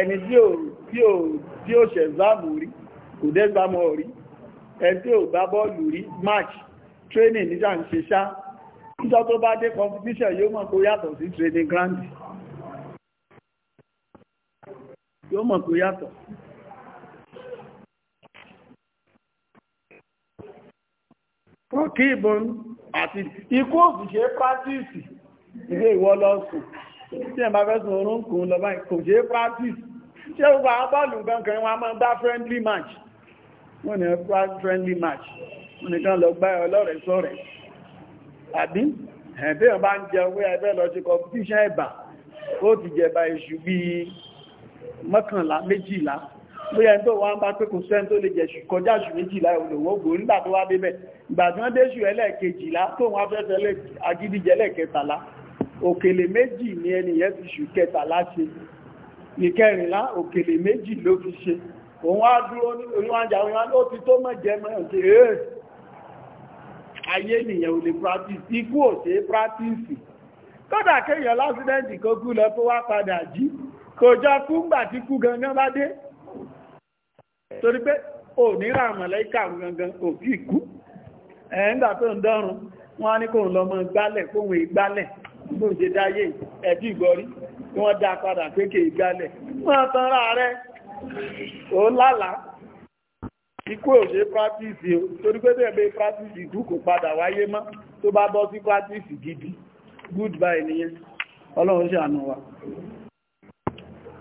ẹni tí ó ṣẹ̀zámù rí kò dẹ́gbàmọ́ rí ẹni tí ó gbá bọ́ọ̀lù rí match training níjà ń ṣe ṣá níjọ́ tó bá dé competition yóò mọ̀ kó yàtọ̀ sí training grant yóò mọ̀ tó yàtọ̀ kí ìbọn àti ikú òfìṣẹ́ pàtíìsì ilé ìwọ lọ sùn tí ẹ̀mà fẹ́ sùn oorun kùn lọ báyìí kò ṣe pàtíìsì ṣé gbogbo àwọn bọ́ọ̀lù kankan wọn máa gbá friendly match wọ́n ní friendly match wọ́n nìkan lọ gbá ọlọ́rẹ̀ sọ́rẹ̀ àbí ẹ̀bí ọba ń jẹ owó ẹgbẹ́ lọ sí competition ẹ̀bà ó ti jẹba iṣu bíi mọ́kànlá méjìlá bóyá ẹni tó wá ń bá pé kò sẹ́ni tó lè jẹ̀ṣù kọjá ṣù méjìlá olówó gbò nígbà tó wá débẹ̀ ìgbà tí wọ́n déṣù ẹlẹ́ẹ̀kejìlá tó wọ́n afẹ́fẹ́ agídíjẹ ẹlẹ́ẹ̀kẹtàlá òkèlè méjì ni ẹni yẹn fi ṣù kẹtàlá ṣe ìkẹrìnlá òkèlè méjì ló fi ṣe òun á dúró ní oníwájà oníwá ó ti tó mọ̀ jẹ mọ́ ṣe èé ayé nìyẹn ò lè practice ikú ò ṣe practice kódà kéèyàn lásìdẹ́ǹtì kó kú lọ tó wá padà jí kò jọ kú ngbà tí kú gangan bá dé torí pé ò ní ra màláíkà gangan kò kí kú ẹ̀ẹ́gbà tó ń dọ́rùn wọ́n á ní kò ń lọ mọ́ gbálẹ̀ kóhun ìgbálẹ̀ gbóòjé dáyé ẹ̀bí ìgbọ́rí wọ́n dá padà kéèkè ìgbálẹ̀ wọ́n tán rà rẹ̀ ó lálàá ikú òṣè pàtíìsì o torí pé bẹ́ẹ̀ pàtíìsì ìdú kò padà wáyé mọ́ tó bá bọ́ sí pàtíìsì gidi goodbye nìyẹn ọlọ́run ṣàánú wa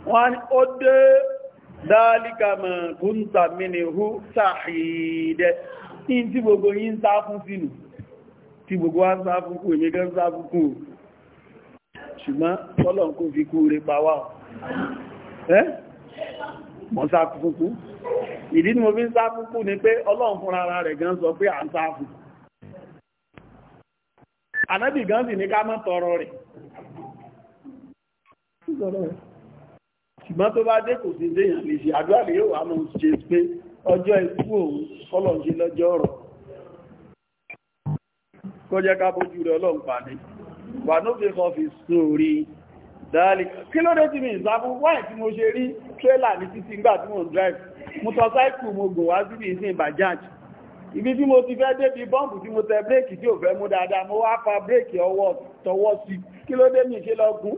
wọ́n ó dé dáálíkàmọ̀ kúntà mínihú sàhìdẹ́ tí tí gbogbo yí ń sá fún sínú tí gbogbo wá ń sá fún kú ìmẹ́gẹ́ ń sá fún kú ṣùgbọ́n tọ́lọ̀n kó fi kú rẹ pàwà ẹ́ mọ́ sá fún kú ìdí ni mo fi gan sọ sì ní ká mọ́ tọrọ rẹ̀ ṣùgbọ́n tó bá dé kò sí déyàn lè ṣe àdúrà lè yóò wà mọ́ ṣe pé ọjọ́ ikú òun kọ́lọ̀ ṣe lọ́jọ́ ọ̀rọ̀ kó jẹ́ ká bójú rẹ̀ ọlọ́run pàdé wà ní òfin kan fi sórí dáálì kí ló dé tí mi ìsáfú wáì tí mo ṣe rí tírélà ní ibi tí mo ti fẹ́ débi bọ́ǹbù tí mo tẹ bírèkì tí ò fẹ́ mú dáadáa mo wá fa bírèkì ọwọ́ tọwọ́ sí kí ló dé mi ṣe lọ́gùn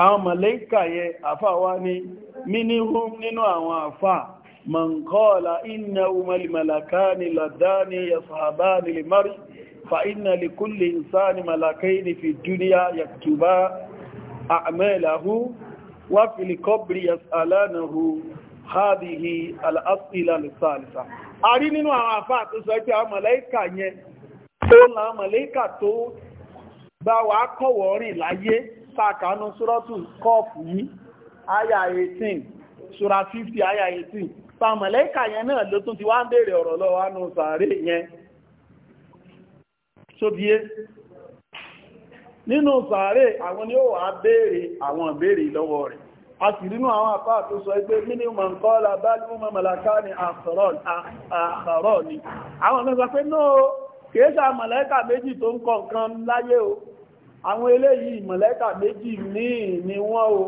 àwọn mọ̀lẹ́kà yẹ àfà wá ní mínihún nínú àwọn àfà mọ̀ǹkọ́ọ̀lá iná umarìmọ̀làká ni lọ́dá ni yasahaba ni lè mari fa iná lè kúlè ìsáni mọ̀làkẹ́ ni fi dúníyà yàtùbá àmẹ́làhú wá fìlì a rí nínú àwọn àfà tó sọ pé àwọn tàkánú súrọ́tù kọ́ọ̀fù yìí àyà 18 ṣúra 50 àyà 18 pàmọ̀lẹ́kà yẹn náà ló tún ti wá ń bèèrè ọ̀rọ̀ lọ́wọ́ nù sàárè yẹn sóbíé nínú sàárè àwọn ni ó wà bèèrè àwọn bèèrè lọ́wọ́ rẹ̀ a sì rínú àwọn àpá tó sọ pé mínú mọ̀ǹkọ́lá bálú mọ̀mọ̀láká ni àkọ̀rọ̀ ni àwọn mẹ́sàn pé náà kìí sàmọ̀lẹ́kà méjì tó ń kọ̀ọ̀kan láyé o àwọn eléyìí mọ̀lẹ́kà méjì ní ní wọ́n o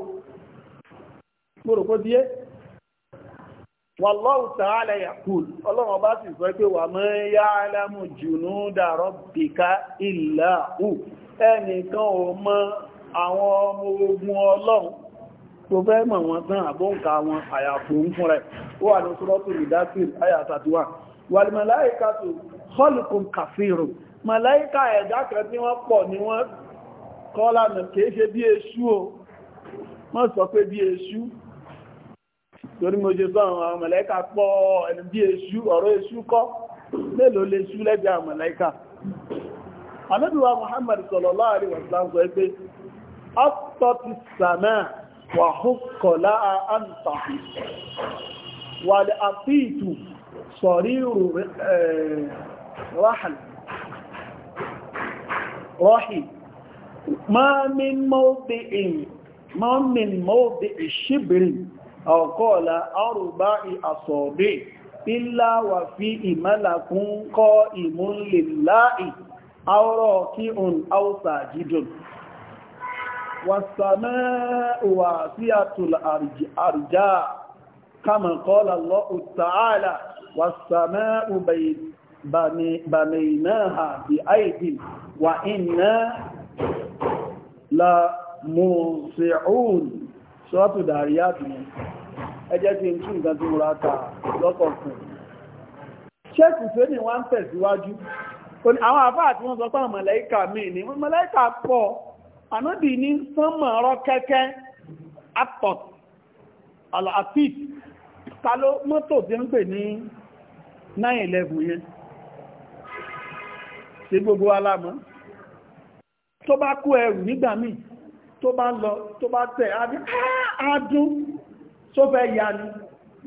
gbòròkó díẹ̀ wallahu ta'ala yaqul ọlọ́run ọba sì sọ pé wà mọ́ ya'lamu junuda rabbika illa hu ẹnìkan ò mọ àwọn ọmọ ogun ọlọ́run tó fẹ́ mọ̀ wọn tán àbóǹkà wọn àyàfò ń fún rẹ̀ ó wà ní sọ́rọ́tù ìdásíl àyàtàtíwà wàlìmọ̀láìkà tó khalqun kathirun mọ̀láìkà ẹ̀dá kan tí wọ́n pọ̀ ni wọ́n kọ́lànà kìí ṣe bí èṣù o wọ́n sọ pé bí èṣù torí mo jẹ́ sọ́run àwọn mọ̀lẹ́kà pọ̀ ẹni bí èṣù ọ̀rọ̀ èṣù kọ́ mélòó lè ṣú lẹ́gbẹ̀ẹ́ àwọn mọ̀lẹ́kà Ànábì wa Muhammad sallallahu alaihi wasallam sọ ma min mawdi'in ma min mawdi'i shibri aw qala arba'i asabi illa wa fi imalakun qa'imun lillahi aw raki'un aw sajidun was-samaa'u arja kama qala Allahu ta'ala was-samaa'u bayn bani bani naha bi aidin wa inna la mùsùlùmí ṣọ́tù dàríyàtì ni ẹjẹ́ tí ń tún nǹkan tí mo ra ta lọ́kọ̀ọ̀kan ṣẹ́kù tó ní wọ́n ń tẹ̀síwájú àwọn àfáà tí wọ́n sọ pé mọ̀lẹ́kà míì ni mọ̀lẹ́kà pọ̀ ànábì ní sánmọ̀ ọ̀rọ̀ kẹ́kẹ́ atọ̀t àlàáfíì ta ló mọ́tò tí ń pè ní 911 yẹn ṣe gbogbo alámọ́ tó bá kó ẹrù nígbà míì tó bá lọ tó bá tẹ̀ adún tó fẹ́ ya ni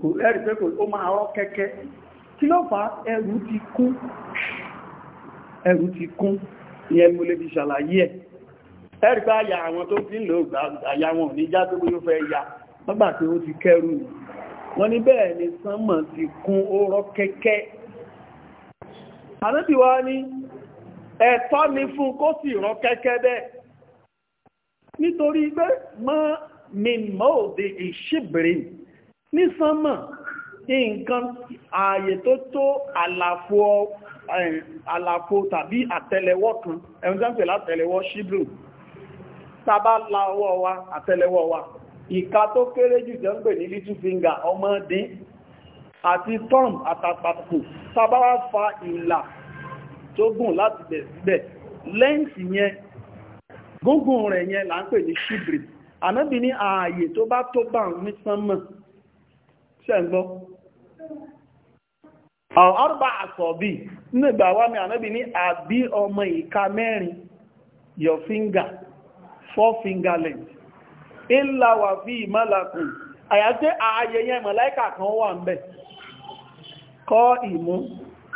kò ẹ̀rì pé kò ó máa rọ́ kẹ́kẹ́ kí ló fà ẹrù ti kún ẹrù ti kún ìyẹn mo lè fi ṣàlàyé ẹ̀ ẹ̀rì pé àyà àwọn tó ti ń lò àyà wọn ní já tó fẹ́ ya nígbà tí ó ti kẹrù ni wọ́n ní bẹ́ẹ̀ ni sánmọ̀ ti kún ó rọ́ kẹ́kẹ́ ẹ̀tọ́ ni fún kó sì rán kẹ́kẹ́ bẹ́ẹ̀ nítorí pé mọ́ mímọ́òdì ìṣíbìrì ní sánmà nǹkan ààyè tó tó àlàfo tàbí àtẹ́lẹwọ́ kan ẹ̀rùn jẹ́ ń pè látẹ́lẹwọ́ ṣíbìrì tàbá la ọwọ́ wa àtẹ́lẹwọ́ wa ìka tó kéré jù jẹ́ ń pè ní little finger ọmọdé àti thumb àtàpàkù tàbá fa ìlà tó gùn láti bẹ̀ síbẹ̀ lẹ́ǹsì yẹn gúngùn rẹ̀ yẹn là ń pè ní ṣíbrì ànábì ní ààyè tó bá tó bá ń ní sánmọ̀ ṣẹ́gbọ́ ọ̀rọ̀bá àsọ̀bí nígbà wá mi ànábì ní àbí ọmọ ìka mẹ́rin your finger four finger length ìlà wà fi ìmọ́làkùn àyàjẹ́ ààyè yẹn mọ̀láíkà kan wà ń bẹ̀ kọ́ ìmú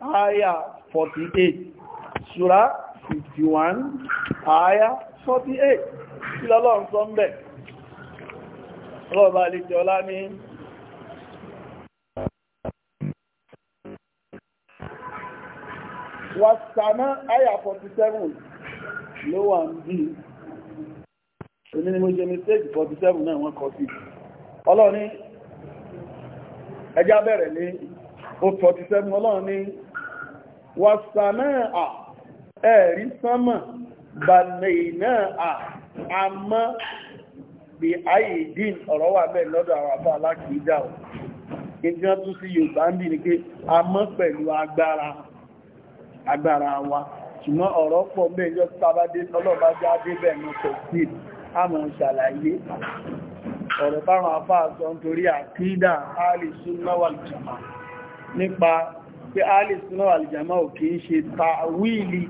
aya 48 ṣúra 51 aya 48 kí lọ́lọ́run sọ ń bẹ̀ ọlọ́ọ̀bá àlejò ọlá ní wàsàmá aya 47 ló wà ń bí èmi ni mo jẹ mistake 47 náà wọ́n kọ sí ọlọ́run ní ẹjá bẹ̀rẹ̀ ní 47 ọlọ́run ní wàsànáà ẹ̀rí sánmọ̀ bànàìnà àmọ́ bí àìdín ọ̀rọ̀ wà bẹ́ẹ̀ lọ́dọ̀ àwọn àbá alákìídà ọ̀ ìdí wọ́n tún sí Yorùbá ń bí ní pé a mọ́ pẹ̀lú agbára wa ṣùgbọ́n ọ̀rọ̀ pọ̀ mẹ́jọ sábádé ọlọ́bá jáde bẹ̀ẹ̀ mọ́ tẹ̀sí àmọ́ ṣàlàyé ọ̀rọ̀ táwọn afáàsọ nítorí àkídà alìsúnnáwà jàmà nípa pé alìsúná alìjàmá ò kìí ṣe tàwíìlì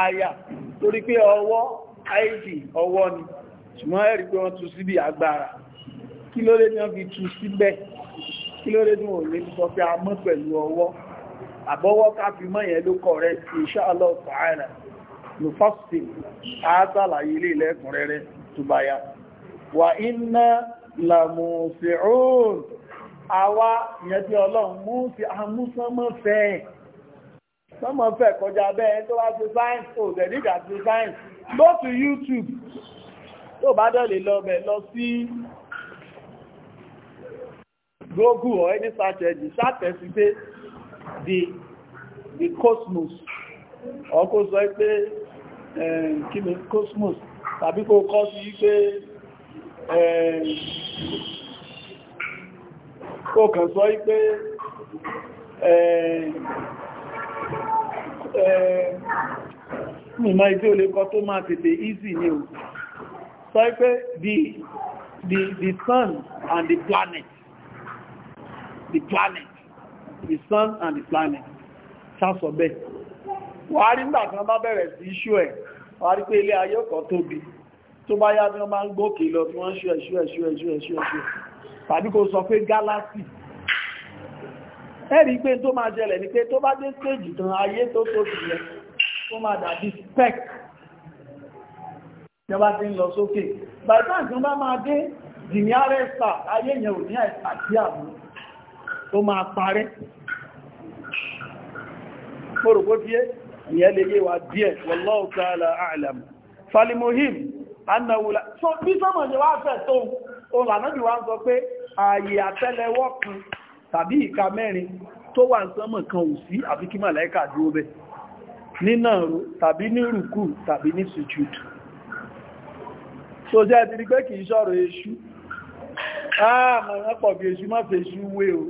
àyà torí pé ọwọ́ àìjì ọwọ́ ni ṣùgbọ́n ẹ̀rí pé wọ́n tú síbi agbára kí ló lé ní wọ́n fi tú síbẹ̀ kí ló lé ní wọ́n lè sọ pé a mọ́ pẹ̀lú ọwọ́ àbọ́wọ́ ká fi ló àwa ìyẹn tí ọlọ́run mú sí amúsánmọ́fẹ́ sánmọ́fẹ́ kọjá bẹ́ẹ̀ tó bá ṣe science ò dẹ̀ nígbà ṣe science go to YouTube tó bá dẹ̀lẹ̀ lọ bẹ̀ lọ sí Google or any search engine ṣàtẹ̀sí pé the the cosmos ọkọ̀ sọ pé eh, kí ni cosmos tàbí kó kọ́ sí pé eh, ó kàn sọ wípé mímọ̀ ìdí olè kọ tó máa tètè easy ni o sọ wípé the, the, the sun and the planet the planet the sun and the planet ṣásọ bẹ́ẹ̀ wà rí nígbà tí wọ́n bá bẹ̀rẹ̀ sí iṣu ẹ̀ wà rí pé ilé ayé ọkọ̀ tóbi tó bá yá bí wọ́n máa ń gbókè lọ bí wọ́n ṣú ẹ̀ṣú ẹ̀ṣú ẹ̀ṣú ẹ̀ṣú ẹ̀ṣú tàbí kò sọ pé galaxy ẹ̀rí pé tó máa jẹlẹ̀ ní pé tó bá dé stage tán ayé tó tó ti lẹ tó máa dàbí spec ìjọba ti ń lọ sókè bàtà ìjọba máa dé dìnyàrẹ́ star ayé yẹn ò ní àti àmú tó máa parẹ́ mọ́rùkó díẹ̀ ìyẹ́ lè yé wa díẹ̀ wallahu ta'ala a'lam falimohim annáwùlá so bí sọ́mọ̀ jẹ́ wá fẹ́ tó òun lànàbì wá ń sọ pé ààyè àtẹ́lẹwọ́ kan tàbí ìka mẹ́rin tó wà ń sánmọ̀ kan ò sí àbí kí màláíkà dúró bẹ̀ nínàró tàbí ní rùkù tàbí ní sùjúdù tó jẹ́ ti rí pé kì í ṣọ̀rọ̀ èṣù ààmọ̀ ẹ̀pọ̀ bí èṣù má fẹ́ èṣù wé o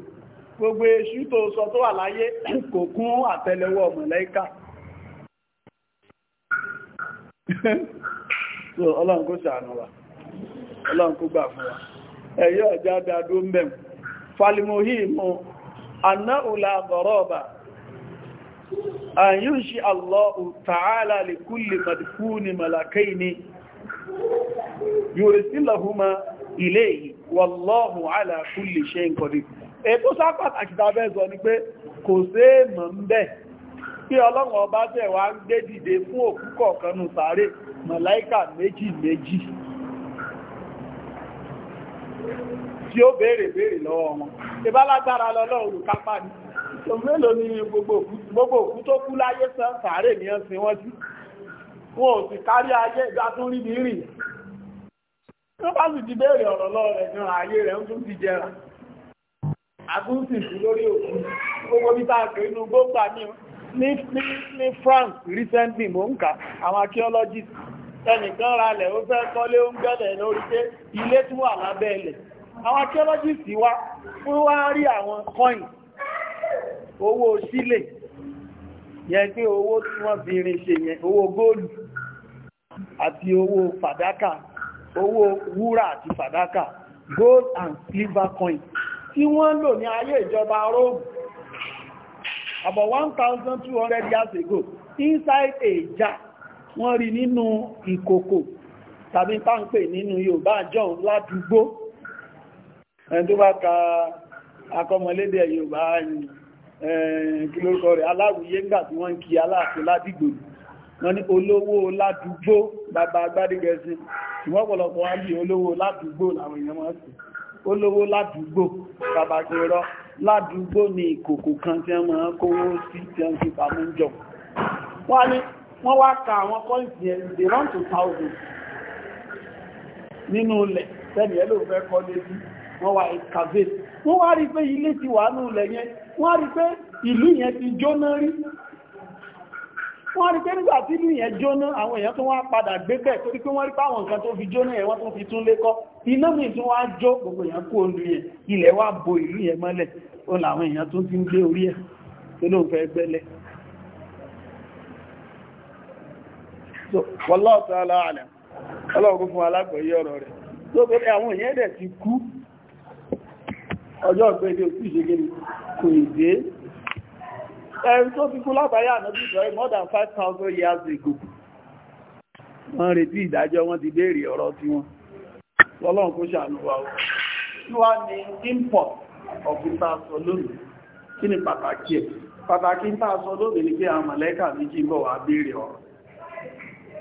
gbogbo èṣù tó sọ tó wà láyé kò kún àtẹ́lẹwọ́ màláíkà so ọlọ́run kó ọlọ́run kó fún wa ẹ̀yọ́ ọjá dáadó mẹ́m falimohimu anna ula gọ̀rọ̀ọ̀bà àyúnṣí allahu ala lè kúlè madfúni malakai ni yóòsílọ̀húnmá ilé ile ala kúlè ṣe ń kí ọlọ́run ọba ń gbé dìde fún sáré tí ó bèèrè béèrè lọ́wọ́ wọn ìbálágbára lọ́lọ́ olùkápá ni òmìnirò ní gbogbo òkú tó kú láyé sọ sàárè ní ọ̀sìn wọ́n wọn ò sì kárí ayé ìgbà tó rí ní rìn bá sì ti ọ̀rọ̀ lọ́wọ́ rẹ̀ ti jẹrà àkúnsì sí lórí òkú gbogbo bí a kè inú ní France recently ẹnìkan ra lẹ̀ ó fẹ́ kọ́lé ó ń gbẹ́lẹ̀ lórí pé ilé tún wà lábẹ́ ilẹ̀ àwọn archaeologist wá fún wá rí àwọn coin owó sílè yẹn pé owó tí wọ́n fi rin ṣe yẹn owó góòlù àti owó fàdákà owó wúrà àti fàdákà gold and silver coin tí wọ́n lò ní ayé ìjọba Rome about 1200 years ago inside a jar wọ́n rí nínú ìkòkò tàbí páńpẹ̀ nínú Yorùbá àjọ ládùúgbò ẹni tó bá ka akọmọlédè Yorùbá kìlórúkọ rẹ̀ aláwùyé ńgbà tí wọ́n ń kí aláàfin ládìgbò wọ́n ní olówó ládùúgbò bàbá agbádégẹsí ṣùgbọ́n ọ̀pọ̀lọpọ̀ wá bí olówó ládùúgbò làwọn èèyàn máa sì olówó ládùúgbò bàbá gbèrọ ládùúgbò ní ìkòkò wọ́n máa wọ́n wá ka àwọn coins yẹn they run to thousands nínú ilẹ̀ tẹ́lẹ̀ yẹn ló fẹ́ kọ́ létí wọ́n wá excavate wọ́n wá rí pé ilé ti wà nínú ilẹ̀ yẹn wọ́n rí pé ìlú yẹn ti jóná rí wọ́n rí pé nígbà tí ìlú yẹn jóná àwọn èèyàn tó wá padà gbé bẹ̀ torí pé wọ́n rí pé àwọn nǹkan tó fi jóná yẹn wọ́n tó fi tún lé kọ́ iná mi tún wá jó gbogbo èèyàn kú olú yẹn ilẹ̀ wá bo ìlú yẹn mọ́lẹ̀ ó làwọn èèyàn tó ti ń gbé orí ẹ̀ tó lóun fẹ́ gbẹ́lẹ̀ wallahu ta'ala a'lam ọlọ́run fún alágbẹ̀yẹ ọ̀rọ̀ rẹ̀ tó tó rí àwọn èèyàn dẹ̀ ti kú ọjọ́ ìpẹ́lẹ̀ òkú ìṣẹ́gẹ́lẹ̀ kò ìdé ẹ̀rù tó fi kú látàrí ànábì Ìsráílì more than 5,000 years ago wọ́n retí ìdájọ́ wọn ti béèrè ọ̀rọ̀ tí wọ́n lọ́lọ́run kó ṣàánú wa ó kí wá ní of ìtàṣọ lónìí kí ni pàtàkì ẹ̀ pàtàkì ìtàṣọ lónìí ni pé àwọn mọ̀lẹ́kà méjì bọ̀ wá béèrè ọ̀rọ̀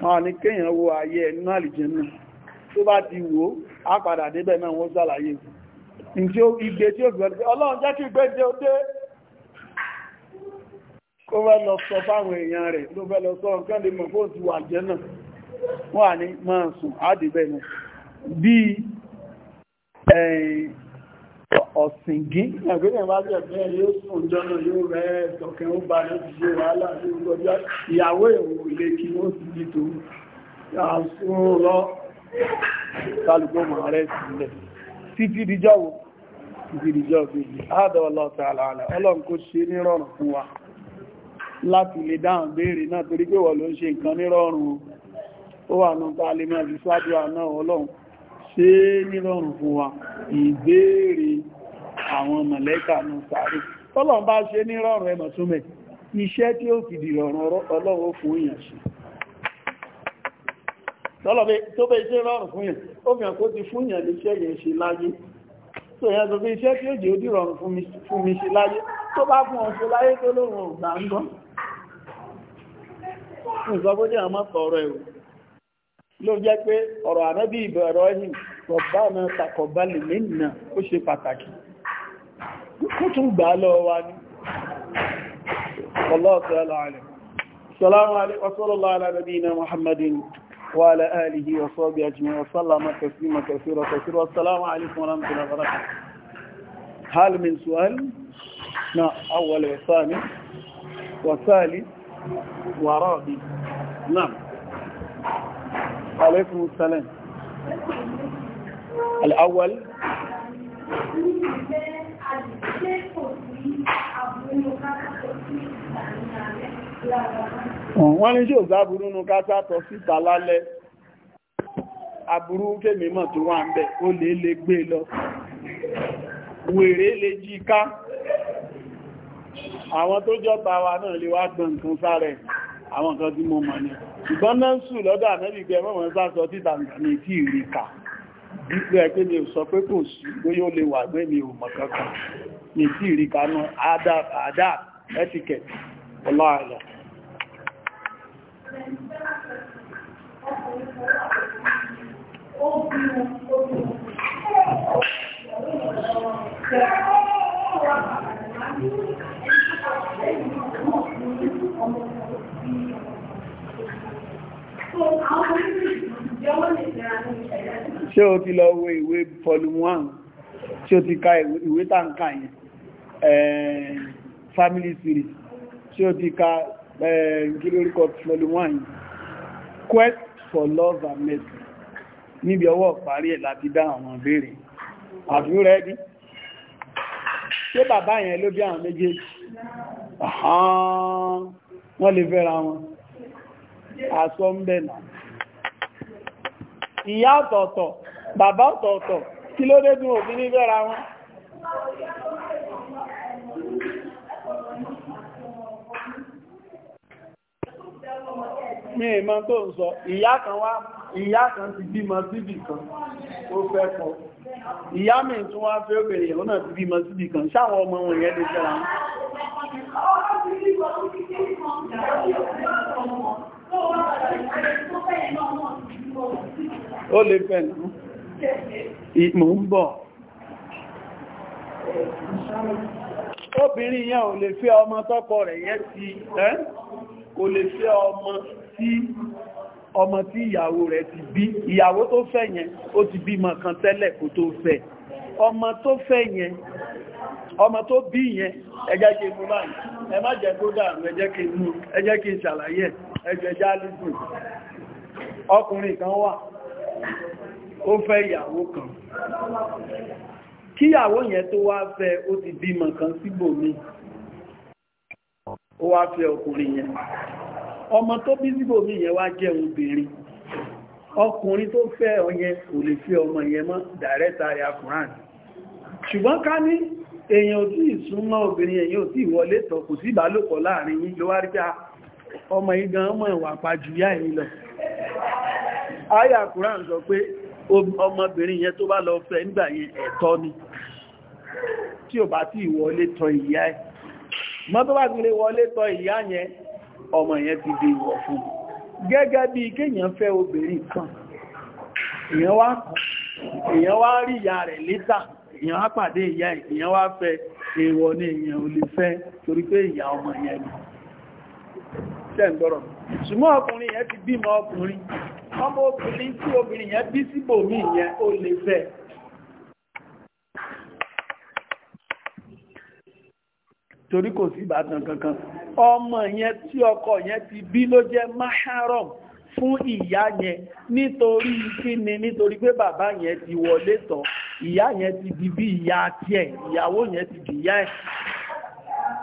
wọn ni kéèyàn wo ayé ẹnu àlìjẹ́nà tó bá ti wò á padà débẹ̀ náà wọ́n sàlàyé tí ó igbe tí ó gbẹ̀rẹ̀ ọlọ́run jẹ́ kí gbé dé ó dé kó fẹ́ lọ sọ fáwọn èèyàn rẹ̀ ló fẹ́ lọ sọ nǹkan lè mọ̀ kó ti wà jẹ́ náà wọ́n à ní máa sùn á débẹ̀ náà bí ọ̀sìngín ìyàwó ìwò ilé kí ó sì ní tó àṣún lọ kálùkó mọ̀ rẹ̀ sílẹ̀ títí díjọ́ wo títí díjọ́ gbèjì àádọ́ọ̀lọ́ta àlàálà ọlọ́run kó ṣe nírọ̀rùn fún wa láti lè dáhùn béèrè náà torí pé wọ́n ló ń ṣe nǹkan nírọ̀rùn àwọn mọ̀lẹ́kà ní sàárè tọ́lọ̀ bá ṣe ní rọrùn ẹmọ̀ túnmẹ̀ iṣẹ́ tí ó fìdí rọrùn ọlọ́wọ́ fún èèyàn ṣe tọ́lọ̀ tó bẹ́ iṣẹ́ rọrùn fún èèyàn ó fi hàn kó ti fún èèyàn níṣẹ́ yẹn ṣe láyé tó yẹn tó fi iṣẹ́ tí ó jẹ́ ó dì rọrùn fún mi ṣe láyé tó bá fún ọ̀n ó tún gbà lọ wa ní sallallahu ala nabina muhammadin wa ala alihi wa sahbihi ajma'in wa sallama taslima kathira kathira assalamu alaikum wa rahmatullahi wa barakatuh hal min su'al na awwal wa thani wa thalith wa rabi na'am alaikum assalam al awwal ṣé kò sí àbúrò kátàtọ̀ sí ìgbà ní alẹ́ wọ́n ní ṣe òzáburú nù kátàtọ̀ síta lálẹ́ aburú fèmí mọ̀ tó wà ń bẹ̀ ó lè lè gbé e lọ wèrè lè jí ká àwọn tó jọba wa náà lè wá gbọ́n nǹkan sáré àwọn kan tí mo mọ̀ ní ìbọn náà sù lọ́dọ̀ àmẹ́bìgbẹ́ mọ́mọ́ gbígbé ẹgbẹ́ mi ò sọ pé kò sí bóyá ó lè wà gbé mi ò mọ̀ kankan ní tí ìrí kanú àdá etiquette ọláàlọ́ Àwọn ṣé o ti lọ wo ìwé volume 1 ṣé o ti ka ìwé tàǹkà yẹn family series ṣé o ti ka gílórúkọ volume 1 yìí quest for love and mercy níbi ọwọ́ parí ẹ̀ láti dá àwọn ìbéèrè àbí rẹ́dí ṣé bàbá yẹn ló bí àwọn méjèèjì wọ́n lè fẹ́ra wọn àsọ ń bẹ̀ náà ìyá ọ̀tọ̀ọ̀tọ̀ bàbá ọ̀tọ̀ọ̀tọ̀ kí ló dé dùn òbí ní bẹ́ra wọn mi ìmọ̀ tó ń sọ ìyá kan wá ìyá kan ti bímọ síbì kan ó fẹ́ kọ ìyá mi tún wá fẹ́ obìnrin ìyàwó náà ti bímọ síbì kan sáwọn ọmọ wọn ìyẹn lè fẹ́ra fẹ́ nù mò ń bọ̀ obìnrin yẹn ò lè ọmọ tọ́kọ rẹ̀ ti ẹ́ kò lè fẹ́ ọmọ tí ọmọ ìyàwó ti bí ìyàwó tó fẹ́ yẹn ó ti bímọ kan tẹ́lẹ̀ kó tó fẹ́ ọmọ tó fẹ́ yẹn ọmọ tó bí yẹn ẹjẹ́ kí mú báyìí ẹ má jẹ́ kó ẹjẹ́ kí mú ẹjẹ́ kí kan wà ó fẹ́ ìyàwó kan kíyàwó yẹn tó wá fẹ́ ó ti bímọ kan síbòmí ó wá fẹ́ ọkùnrin yẹn ọmọ tó bí síbòmí yẹn wá jẹ́ obìnrin ọkùnrin tó fẹ́ ọyẹn kò lè fẹ́ ọmọ yẹn mọ́ dàrẹ́ta ya kùnrán ṣùgbọ́n ká ní èèyàn tí ìsúnmọ́ obìnrin èèyàn tí ìwọlé tọ̀ kò sí ìbálòpọ̀ láàrin yín ló wá rí pé ah, ọmọ igan ọmọ ìwà pàjùyà yìí lọ àyà kùnrán sọ pé ọmọbìnrin yẹn tó bá lọ fẹ́ nígbà yẹn ẹ̀tọ́ ni tí ò bá tí ìwọlé tọ ìyá ẹ̀ mọ́ tó bá ti lè ìyá yẹn ọmọ yẹn ti di ìwọ̀ fún gẹ́gẹ́ bí kéèyàn fẹ́ obìnrin kan èèyàn wá rí ìyá rẹ̀ pàdé ìyá èèyàn wá fẹ́ èèwọ̀ èèyàn ò lè fẹ́ torí ọmọ yẹn ni ṣẹ́ ń gbọ́rọ̀ ṣùgbọ́n ọkùnrin yẹn ti bímọ ọkùnrin ọmọ obìnrin tí obìnrin yẹn bí síbò mí yẹn ó lè fẹ́ torí kò sí ìbátan kankan ọmọ yẹn tí ọkọ yẹn ti bí ló jẹ́ maharam fún ìyá yẹn nítorí kí ni nítorí pé bàbá yẹn ti wọlé tán ìyá yẹn ti di bí ìyá tiẹ̀ ìyàwó yẹn ti di ìyá ẹ̀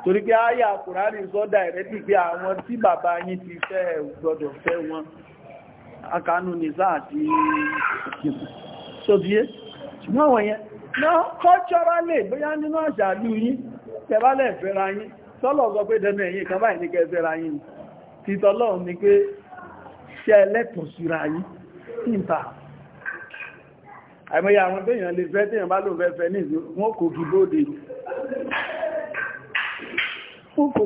torí pé àyà Kùránì sọ́dà ẹ̀rẹ́dì pé àwọn tí bàbá yín ti fẹ́ gbọ́dọ̀ fẹ́ wọn akánú nìsá àti sóbíé ṣùgbọ́n wọ̀nyẹn náà culturally bóyá nínú àṣà àlú yín tẹ́bálẹ̀ fẹ́ra yín tọ́lọ̀ sọ pé dẹnu ẹ̀yìn kan báyìí ní kẹfẹ́ra yín títọ́lọ́run ni pé ṣẹ́ ẹlẹ́tọ̀ síra yín tìǹtà àìmọye àwọn tẹ́yàn lè fẹ́ tẹ́yàn bá lò fẹ́fẹ́ ní ìsìn wọ́n kò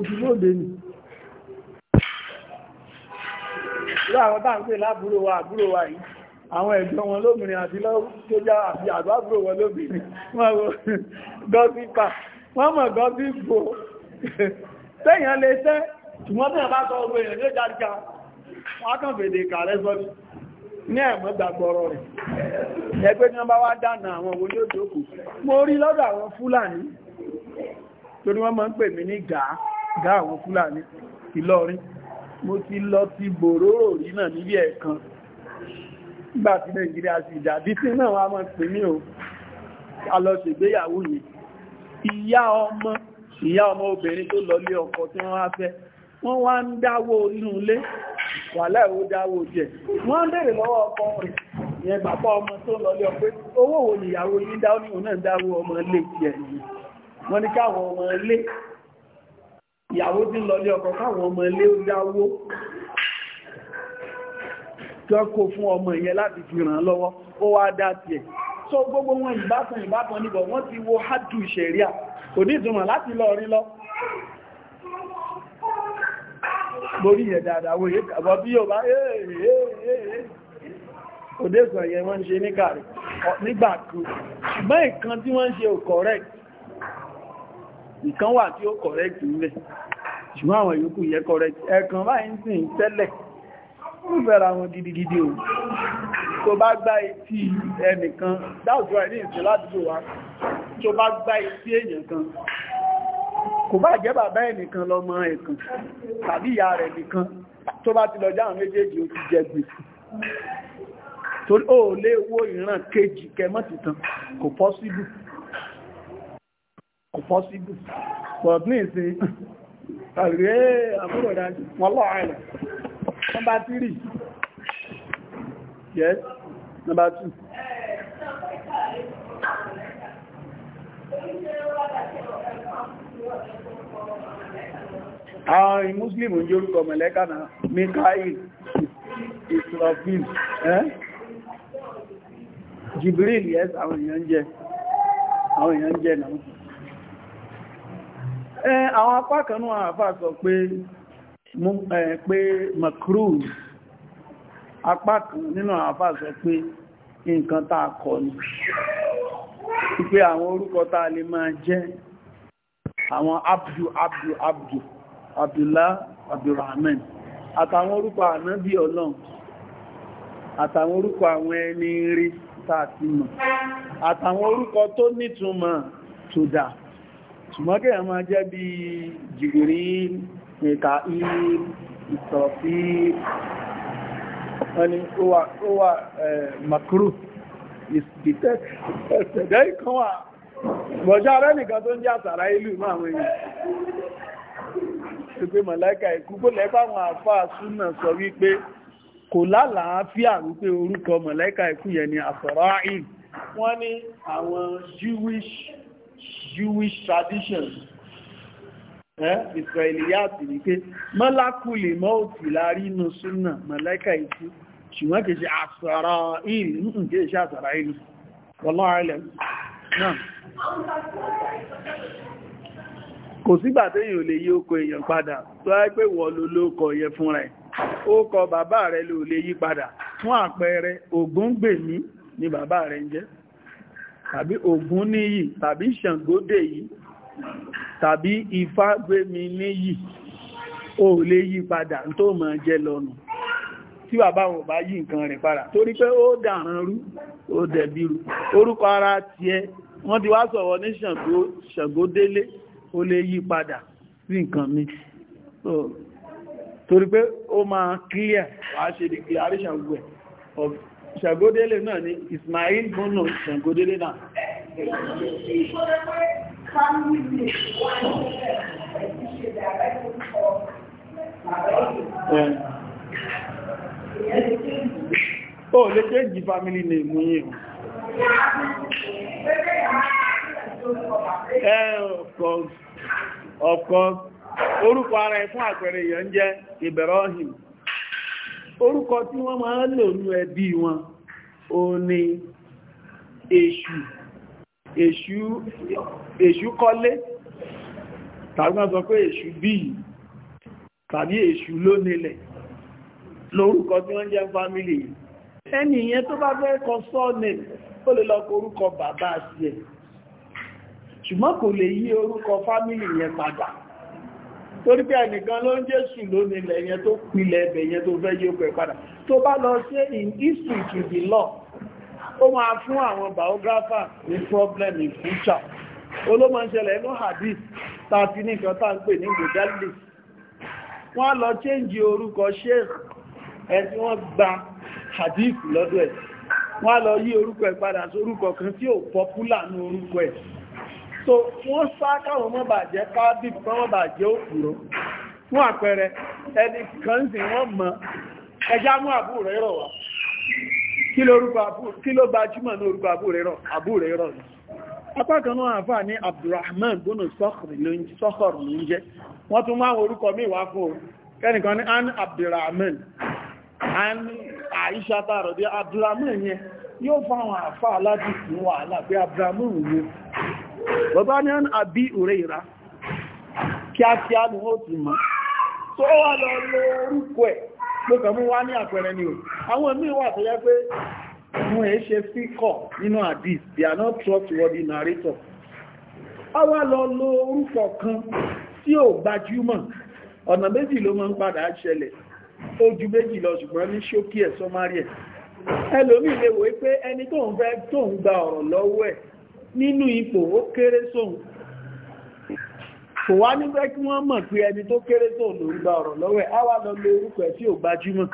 kì lóde ni irú àwọn bá ń pè lábúrò wa àbúrò wa yìí àwọn ẹ̀gbọ́n wọn lóbìnrin àti lọ́gbẹ́já àti àbábúrò wọn lóbìnrin wọ́n wo gọ́sípà wọ́n mọ̀ gọ́sípò tẹ́yàn lè tẹ́ ṣùgbọ́n tẹ́yàn bá sọ ọgbẹ̀ èèyàn ló járíká wọ́n kàn fèdè kààrẹ́ sọ ní ẹ̀mọ́ gbàgbọ́rọ̀ rẹ̀ ẹgbẹ́ tí wọ́n bá wá dànà àwọn owó ní òjòkù mo rí lọ́dọ̀ mo ti lọ ti bòróró rí náà níbi ẹ̀kan nígbà tí nàìjíríà sì dàbí tí náà wá mọ́ pè mí o a lọ ṣègbéyàwó yìí ìyá ọmọ ìyá ọmọ obìnrin tó lọ lé ọkọ tí wọ́n wá fẹ́ wọ́n wá ń dáwó inú ilé wà láìwó dáwó jẹ wọ́n ń bèèrè lọ́wọ́ ọkọ rẹ̀ yẹn bàbá ọmọ tó lọ lé ọpẹ́ owó wo nìyàwó yìí dáwó náà dáwó ọmọ ilé tiẹ̀ wọ́n ní káwọn ọmọ ilé ìyàwó tí ń lọ lé ọkọ káwọn ọmọ ilé ó yáwó tó kó fún ọmọ ìyẹn láti fi ràn lọ́wọ́ ó wá dá tiẹ̀ so gbogbo wọn ìbátan ìbátan níbọ̀ wọ́n ti wo hádù ìṣẹ̀ríà kò ní ìtumọ̀ láti lọ rí lọ borí yẹn dáadáa wo yẹ kàbọ̀ bí yóò bá òdésàn yẹn wọ́n ń ṣe nígbà kan ṣùgbọ́n ìkan tí wọ́n ń ṣe ò correct ìkan wà tí ó correct nílẹ̀ ṣùgbọ́n àwọn ìyókù yẹ correct ẹ̀kan báyìí sì tẹ́lẹ̀ ó fẹ́ra wọn gidigidi o tó bá gbá etí ẹnìkan dáòtú ẹ̀ ní ìsìn ládùúgbò tó bá gbá etí èèyàn kan kò bá jẹ́ bàbá ẹnìkan lọ́mọ ẹ̀kan tàbí ìyá rẹ̀ nìkan tó bá ti lọ jáwọn méjèèjì ó ti jẹ gbèsè torí ó lè wo ìran kejì kẹmọ́ titan kò possible possible but ní ìsìn àrẹ́ àbúrò dájú wọn lọ́ àìlẹ̀ number three yes number two àwọn ah, muslimu ń yorùkọ mẹ́lẹ́kà náà mikael islafil eh? jibril yes àwọn èèyàn jẹ́ àwọn èèyàn náà àwọn apá kan náà àfà sọ pé pé macron apá kan nínú àwọn àfà sọ pé nǹkan tá a kọ ní pé àwọn orúkọ tá a lè máa jẹ́ àwọn abdu abdu abdu abdullah abdulrahman àtàwọn orúkọ ànábì ọlọ́run àtàwọn orúkọ àwọn ẹni rí tá mọ̀ àtàwọn orúkọ tó nítumọ̀ tó dáa ṣùgbọ́n a máa jẹ́ bí jìgìrí nìka ìtọ̀fí ẹni ó wà makru ìsìdìtẹ́k ẹ̀sẹ̀dẹ́ ìkan wà bọ̀já rẹ̀ nìkan tó ń jẹ́ àtàrà ìlú máa wọ́n yìí tó pé mọ̀lẹ́kà ìkúgbò lẹ́bàwọn àfáà súnà sọ wípé kò lálàáfíà wípé orúkọ mọ̀lẹ́kà ìkú yẹn ni àsọ̀rọ̀ àìl wọ́n ní àwọn Jewish Jewish traditions Israeliyati ni pé mọ́lákùlì mọ́ọ̀tì láàrí inú súnà mọ̀lẹ́kà ìtú ṣùgbọ́n kìí ṣe àṣàrà ìlú ń kìí ṣe àṣàrà ìlú ọlọ́rẹ̀lẹ̀ náà kò sígbà tí èyàn lè yí oko èyàn padà tó á pé wọ́n ló lóókọ yẹ fún rẹ̀ ó kọ bàbá rẹ̀ ló lè yí padà fún àpẹẹrẹ Ògúngbèmí ni bàbá rẹ̀ ń jẹ́ tàbí ògún níyì tàbí ṣàngódé yìí tàbí ifágbémi níyì o lè yí padà tó mọ̀ jẹ lọ́nà tí bàbá wọn bá yí nǹkan rẹ̀ padà torí pé ó dàran rú ó dẹ̀bí rú orúkọ ara tiẹ̀ wọ́n ti wá sọ̀rọ̀ ní ṣàngódélé o lè yí padà sí nǹkan mi torí pé ó máa clear wàá ṣe declaration of ṣàgódélé náà ni Ismail bono ṣàgódélé náà ó lè kéjì family name mú yìí ẹ̀ of ara ẹ̀ fún àpẹẹrẹ orúkọ tí wọ́n máa ń lò ní ẹbí wọn o ni èṣù èṣù èṣù kọ́lé tàbí wọ́n sọ pé èṣù bíi tàbí èṣù lónilẹ̀ lórúkọ tí wọ́n jẹ́ fámílì ẹni ìyẹn tó bá fẹ́ kọ sọ́ọ̀nì ó lè lọ kọ orúkọ bàbá sí ẹ̀ ṣùgbọ́n kò lè yí orúkọ fámílì yẹn padà torí pé ẹnìkan ló ń jésù lónìí lẹ́yẹn tó pilẹ̀ ẹbẹ̀ yẹn tó fẹ́ yóò pẹ̀ padà tó bá lọ ṣe in history to the law ó máa fún àwọn biographer ní problem in future olómọ inú hadith tàbí nìkan tá ń pè ní gbẹ̀dẹ́lì wọ́n lọ change orúkọ sheikh ẹ̀ tí wọ́n gba hadith lọ́dọ̀ ẹ̀ wọ́n lọ yí orúkọ ẹ̀ padà sórúkọ kan tí ò popular ní orúkọ ẹ̀ so wọ́n sá káwọn mọ́ bàjẹ́ káàbí fún wọ́n bàjẹ́ òkúrò fún àpẹẹrẹ ẹni kan sí wọ́n mọ́ ẹjá mú àbú rẹ̀ rọ̀ wá kí ló gbajúmọ̀ ní orúkọ àbú rẹ̀ rọ̀ àbú rẹ̀ rọ̀ ní apákanú àfà ní Abdurrahman bónú sọ́kọ̀rọ̀ ló ń jẹ́ wọ́n tún máa orúkọ míì wá fún kẹ́nìkan ní an Abdurrahman an bàbá ní ọ̀nà àbí òrẹ́ ìra kíákíá ni ó ti mọ́ tó wà lọ lọ orúkọ ẹ̀ ló kàmú wá ní àpẹẹrẹ ni o. àwọn míì wà tó yẹ pé wọn èé ṣe fíkọ̀ nínú àdìs they are not trustworthy narrator àwa lọ lọ orúkọ kan tí ò gbajúmọ̀ ọ̀nà méjì ló máa ń padà ṣẹlẹ̀ ojú méjì lọ ṣùgbọ́n ní ṣókí ẹ̀ sọmárì ẹ̀ ẹlòmíì lè wòó pé ẹni tó fẹ́ tó ń gba ọ̀rọ̀ lọ́wọ́ ẹ̀ nínú ipò ó kéré sóhun kò wá nígbẹ́ kí wọ́n mọ̀ pé ẹni tó kéré sóhun ló ń gba ọ̀rọ̀ lọ́wọ́ ẹ̀ á wá lọ lo orúkọ ẹ̀ tí ò gbajúmọ̀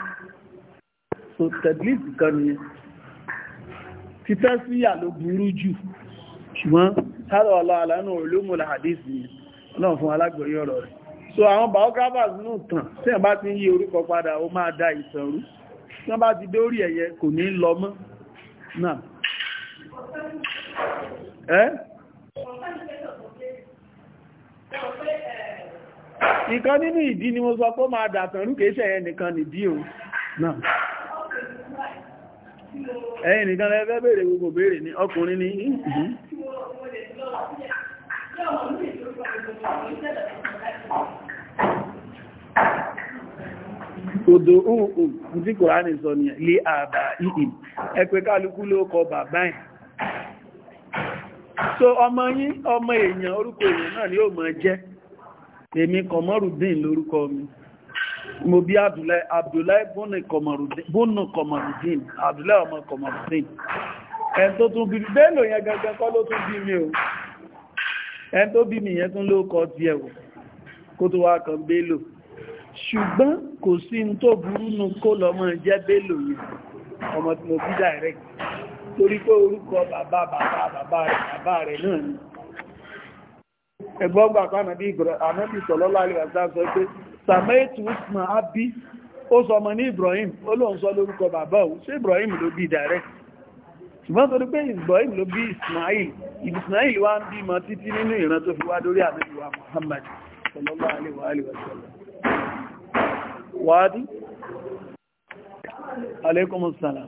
so tẹ̀lífù kan nìyẹn títẹ́ síyà ló burú jù ṣùgbọ́n tààrà ọlọ́ọ̀lá náà olómọ̀ làhàdìsì ni náà fún alágbòrí ọ̀rọ̀ rẹ̀ so àwọn biographers náà tàn tí ẹ̀ da ìsànrú tí wọ́n bá ti dórí ẹ̀yẹ kò ní ẹ́ nǹkan nínú ìdí ni mo sọ pé máa dàtàn rú kéṣẹ́ ẹ nìkan nìdí o náà nìkan béèrè gbogbo béèrè ní ọkùnrin ní ìhìn Odò ohun ohun tí Kòránì sọ ni lé àbà ìhìn, ẹ pé kálukú ló kọ so ọmọ yín ọmọ èèyàn orúkọ èèyàn náà ni ó mọ̀ jẹ́ èmi kọmọrùdín lórúkọ mi mo bí Abdullahi bónú kọmọrùdín Abdullahi ọmọ kọmọrùdín ẹn tó tún bí bẹ́ẹ̀lò yẹn gangan kọ́ ló tún bí mi o ẹn tó bí mi yẹn tún ló kọ́ ti ẹ̀wọ̀ kó tó wá kan bẹ́ẹ̀lò ṣùgbọ́n kò sí tó burú nù kó lọ́mọ jẹ́ bẹ́ẹ̀lò yẹn ọmọ tí mo bí direct torí pé orúkọ bàbá bàbá bàbá rẹ̀ bàbá rẹ̀ náà ni ẹgbọ́gbà pàmàbí ànábì sọ̀lọ́lá àríwàsá sọ pé sàmẹ́ẹ̀tù usma abi ó sọ ọmọ ní Ibrahim ó lóun sọ lórúkọ bàbá òun ṣé Ibrahim ló bí direct ṣùgbọ́n torí pé Ibrahim ló bí Ismail Ismail wá ń bímọ títí nínú ìran tó fi wá dórí ànábì wa Muhammad sọlọ́lá àríwàsá wáàdí alaikum salam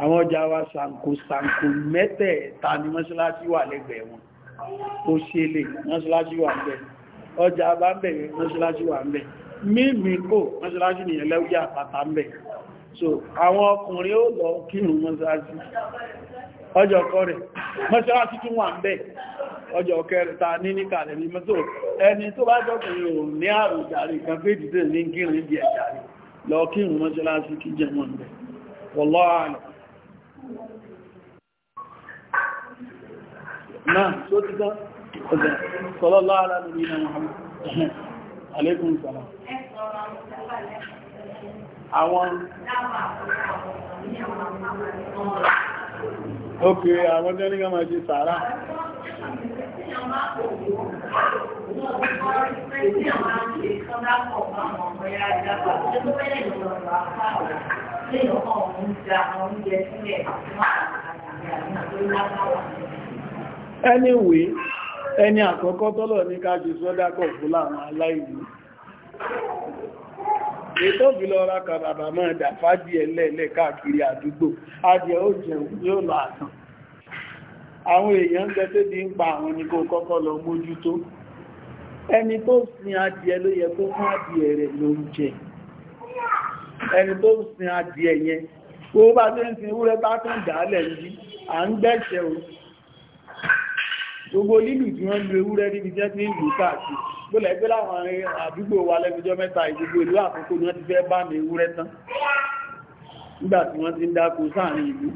àwọn ọjà wa sàǹkò sàǹkò mẹ́tẹ̀ẹ̀ta ni mọ́ṣáláṣí wà lẹ́gbẹ̀ẹ́ wọn ó ṣe lè mọ́ṣáláṣí wà ńbẹ̀ ọjà bá ń bẹ̀ mọ́ṣáláṣí wà ńbẹ̀ mímí kò mọ́ṣáláṣí nìyẹn lẹ́wọ́jà àpàtà ńbẹ̀ so àwọn ọkùnrin ó lọ kírun mọ́ṣáláṣí ọjọ́ kọrẹ̀ mọ́ṣáláṣí tún wà ńbẹ̀ ọjọ́ kẹrẹta ní ní kàlẹ̀ ní mọ́tò ẹni tó bá jọkùnrin ò ní àrùn jàrí kan pé dìde ní kírun náà tó ti tán ọ̀dẹ̀ sọ́lọ́lá ara lórí iná Muhammad alékùn sọ́lọ́ àwọn ókè àwọn tẹ́ ní ká máa ṣe sàárà Thank you. 所以的话，我们讲我们也是也骂他，就让他往。Anyway, ẹni àkọ́kọ́ tọ́lọ̀ ní káàkì sọ́dákọ̀ fún láwọn aláìní. Ètò ìfìlọ́ra kàbàbà máa dàfá díẹ̀ lẹ́lẹ́ káàkiri àdúgbò, adìẹ ó jẹun yóò lọ àtàn. Àwọn èèyàn gẹ́tẹ́ bí ń pa àwọn kọ́kọ́ lọ mójútó. Ẹni tó sin adìẹ ló yẹ kó fún adìẹ rẹ̀ ẹni tó sin adìẹ yẹn kó bá tó ń sin ewúrẹ́ bá tán dálẹ̀ yìí à ń gbẹ́ṣẹ̀ o gbogbo lílù tí wọ́n lu ewúrẹ́ níbi jẹ́ tí ìlú káàkiri gbọ́lẹ̀ pé láwọn àdúgbò wa lẹ́gbẹjọ́ mẹ́ta ìgbogbo ìlú àkókò ni wọ́n ti fẹ́ bá mi ewúrẹ́ tán nígbà tí wọ́n ti ń dákó sáàrin ìlú